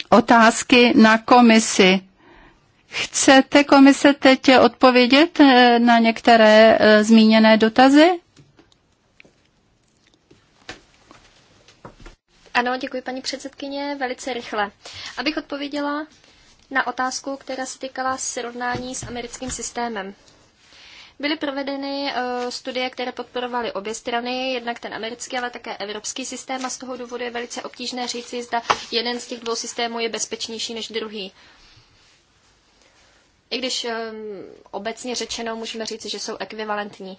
Otázky na komisi. Chcete komise teď odpovědět eh, na některé zmíněné dotazy? Ano, děkuji paní předsedkyně, velice rychle. Abych odpověděla na otázku, která se týkala srovnání s americkým systémem. Byly provedeny eh, studie, které podporovaly obě strany, jednak ten americký, ale také evropský systém a z toho důvodu je velice obtížné říci, zda jeden z těch dvou systémů je bezpečnější než druhý. I když ehm, obecně řečeno můžeme říci, že jsou ekvivalentní.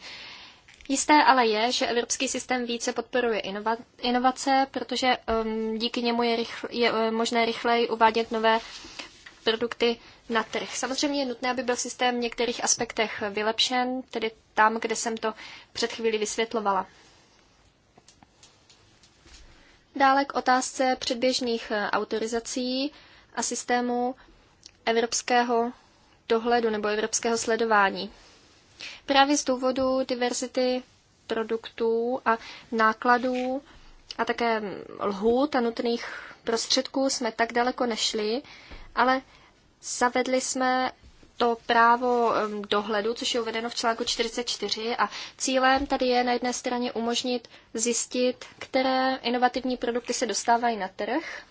Jisté ale je, že evropský systém více podporuje inova, inovace, protože um, díky němu je, rychl, je uh, možné rychleji uvádět nové produkty na trh. Samozřejmě je nutné, aby byl systém v některých aspektech vylepšen, tedy tam, kde jsem to před chvílí vysvětlovala. Dále k otázce předběžných eh, autorizací a systému evropského dohledu nebo evropského sledování. Právě z důvodu diverzity produktů a nákladů a také lhůt a nutných prostředků jsme tak daleko nešli, ale zavedli jsme to právo dohledu, což je uvedeno v článku 44 a cílem tady je na jedné straně umožnit zjistit, které inovativní produkty se dostávají na trh,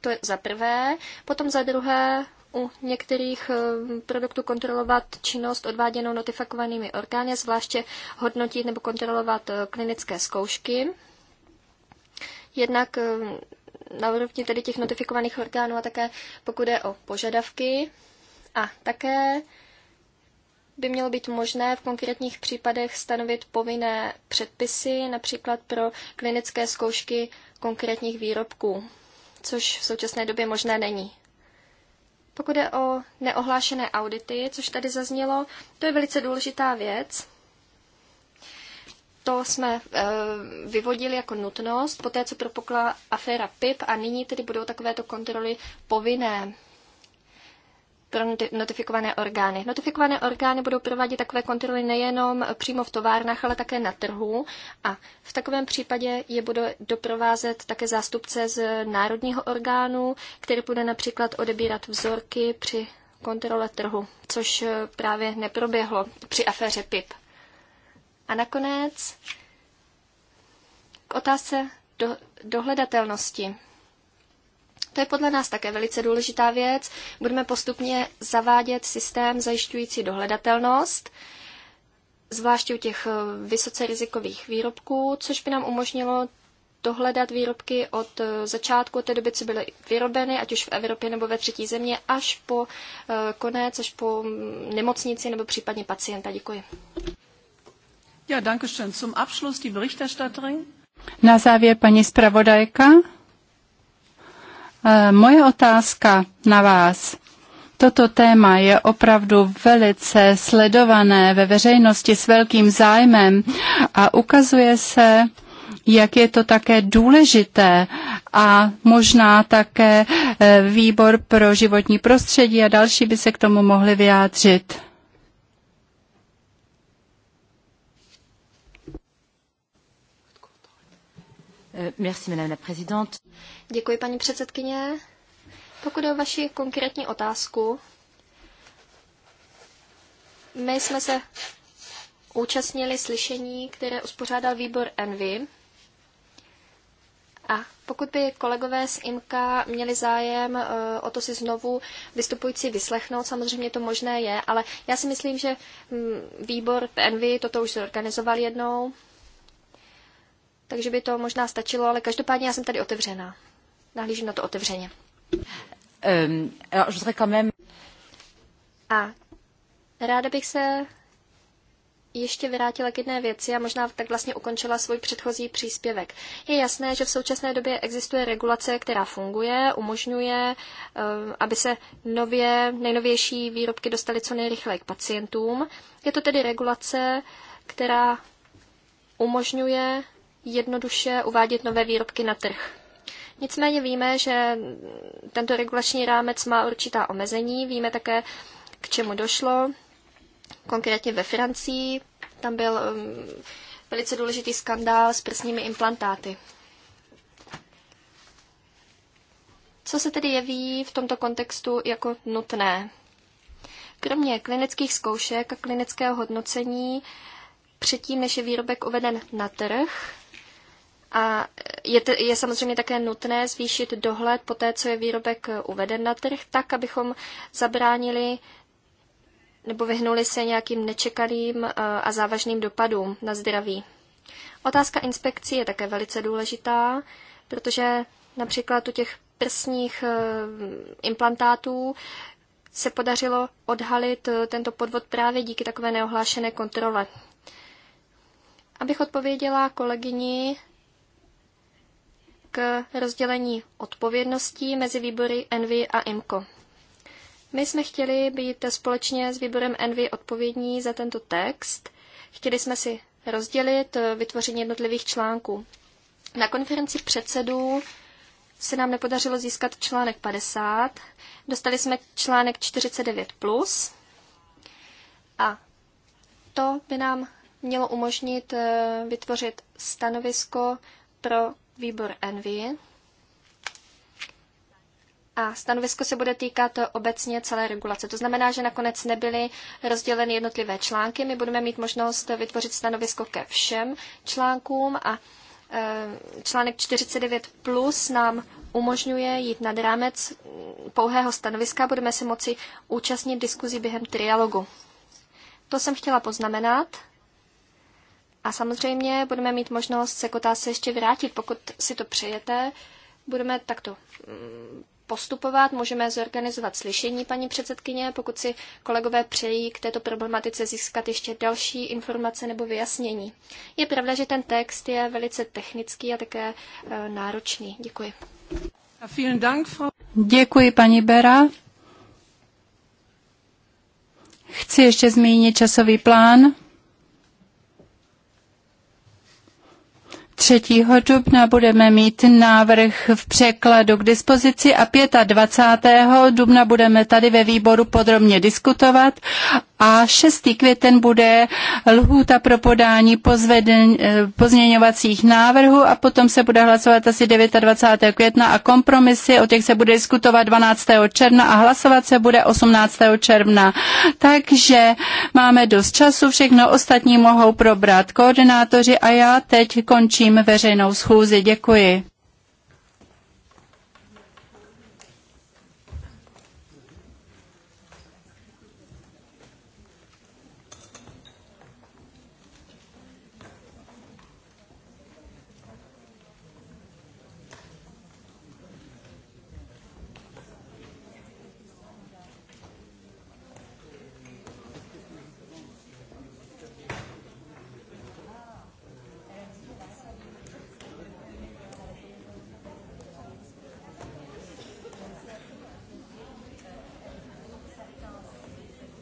to je za prvé, potom za druhé u některých eh, produktů kontrolovat činnost odváděnou notifikovanými orgány, zvláště hodnotit nebo kontrolovat eh, klinické zkoušky. Jednak eh, na úrovni tedy těch notifikovaných orgánů a také pokud je o požadavky. A také by mělo být možné v konkrétních případech stanovit povinné předpisy, například pro klinické zkoušky konkrétních výrobků, což v současné době možné není. Pokud je o neohlášené audity, což tady zaznělo, to je velice důležitá věc. To jsme e, vyvodili jako nutnost, poté co propukla aféra PIP a nyní tedy budou takovéto kontroly povinné pro notifikované orgány. Notifikované orgány budou provádět takové kontroly nejenom přímo v továrnách, ale také na trhu a v takovém případě je bude doprovázet také zástupce z národního orgánu, který bude například odebírat vzorky při kontrole trhu, což eh, právě neproběhlo při aféře PIP. A nakonec k otázce do, dohledatelnosti. To je podle nás také velice důležitá věc. Budeme postupně zavádět systém zajišťující dohledatelnost, zvláště u těch eh, vysoce rizikových výrobků, což by nám umožnilo dohledat výrobky od eh, začátku, od té doby, co byly vyrobeny, ať už v Evropě nebo ve třetí země, až po eh, konec, až po mm, nemocnici nebo případně pacienta. Děkuji. Ja, danke schön. Zum Abschluss die Berichterstatterin. Na závěr paní zpravodajka. Eh, moje otázka na vás. Toto téma je opravdu velice sledované ve veřejnosti s velkým zájmem a ukazuje se, jak je to také důležité a možná také eh, výbor pro životní prostředí a další by se k tomu mohli vyjádřit. Euh, Děkuji, paní předsedkyně. Pokud je o vaši konkrétní otázku, my jsme se účastnili slyšení, které uspořádal výbor Envy. A pokud by kolegové z IMKA měli zájem eh, o to si znovu vystupující vyslechnout, samozřejmě to možné je, ale já si myslím, že mm, výbor Envy toto už zorganizoval jednou, takže by to možná stačilo, ale každopádně já jsem tady otevřená. Nahlížím na to otevřeně. Um, A ráda bych se ještě vrátila k jedné věci a možná tak vlastně ukončila svůj předchozí příspěvek. Je jasné, že v současné době existuje regulace, která funguje, umožňuje, ehm, aby se nově, nejnovější výrobky dostaly co nejrychleji k pacientům. Je to tedy regulace, která umožňuje jednoduše uvádět nové výrobky na trh. Nicméně víme, že tento regulační rámec má určitá omezení. Víme také, k čemu došlo. Konkrétně ve Francii tam byl um, velice důležitý skandál s prsními implantáty. Co se tedy jeví v tomto kontextu jako nutné? Kromě klinických zkoušek a klinického hodnocení, předtím, než je výrobek uveden na trh, a je, t- je samozřejmě také nutné zvýšit dohled po té, co je výrobek eh, uveden na trh, tak, abychom zabránili nebo vyhnuli se nějakým nečekaným eh, a závažným dopadům na zdraví. Otázka inspekcí je také velice důležitá, protože například u těch prsních eh, implantátů se podařilo odhalit tento podvod právě díky takové neohlášené kontrole. Abych odpověděla kolegyni k rozdělení odpovědností mezi výbory Envy a IMCO. My jsme chtěli být společně s výborem Envy odpovědní za tento text. Chtěli jsme si rozdělit vytvoření jednotlivých článků. Na konferenci předsedů se nám nepodařilo získat článek 50. Dostali jsme článek 49 plus a to by nám mělo umožnit eh, vytvořit stanovisko pro výbor Envy. A stanovisko se bude týkat obecně celé regulace. To znamená, že nakonec nebyly rozděleny jednotlivé články. My budeme mít možnost vytvořit stanovisko ke všem článkům a eh, článek 49 plus nám umožňuje jít nad rámec pouhého stanoviska. Budeme se moci účastnit diskuzí během trialogu. To jsem chtěla poznamenat. A samozřejmě budeme mít možnost se k otázce ještě vrátit, pokud si to přejete. Budeme takto mm, postupovat, můžeme zorganizovat slyšení, paní předsedkyně, pokud si kolegové přejí k této problematice získat ještě další informace nebo vyjasnění. Je pravda, že ten text je velice technický a také e, náročný. Děkuji. Děkuji, paní Bera. Chci ještě zmínit časový plán. 3. dubna budeme mít návrh v překladu k dispozici a 25. dubna budeme tady ve výboru podrobně diskutovat a 6. květen bude lhůta pro podání pozveden, eh, pozměňovacích návrhů a potom se bude hlasovat asi 29. května a kompromisy, o těch se bude diskutovat 12. června a hlasovat se bude 18. června. Takže máme dost času, všechno ostatní mohou probrat koordinátoři a já teď končím dalším veřejnou schůzi. Děkuji.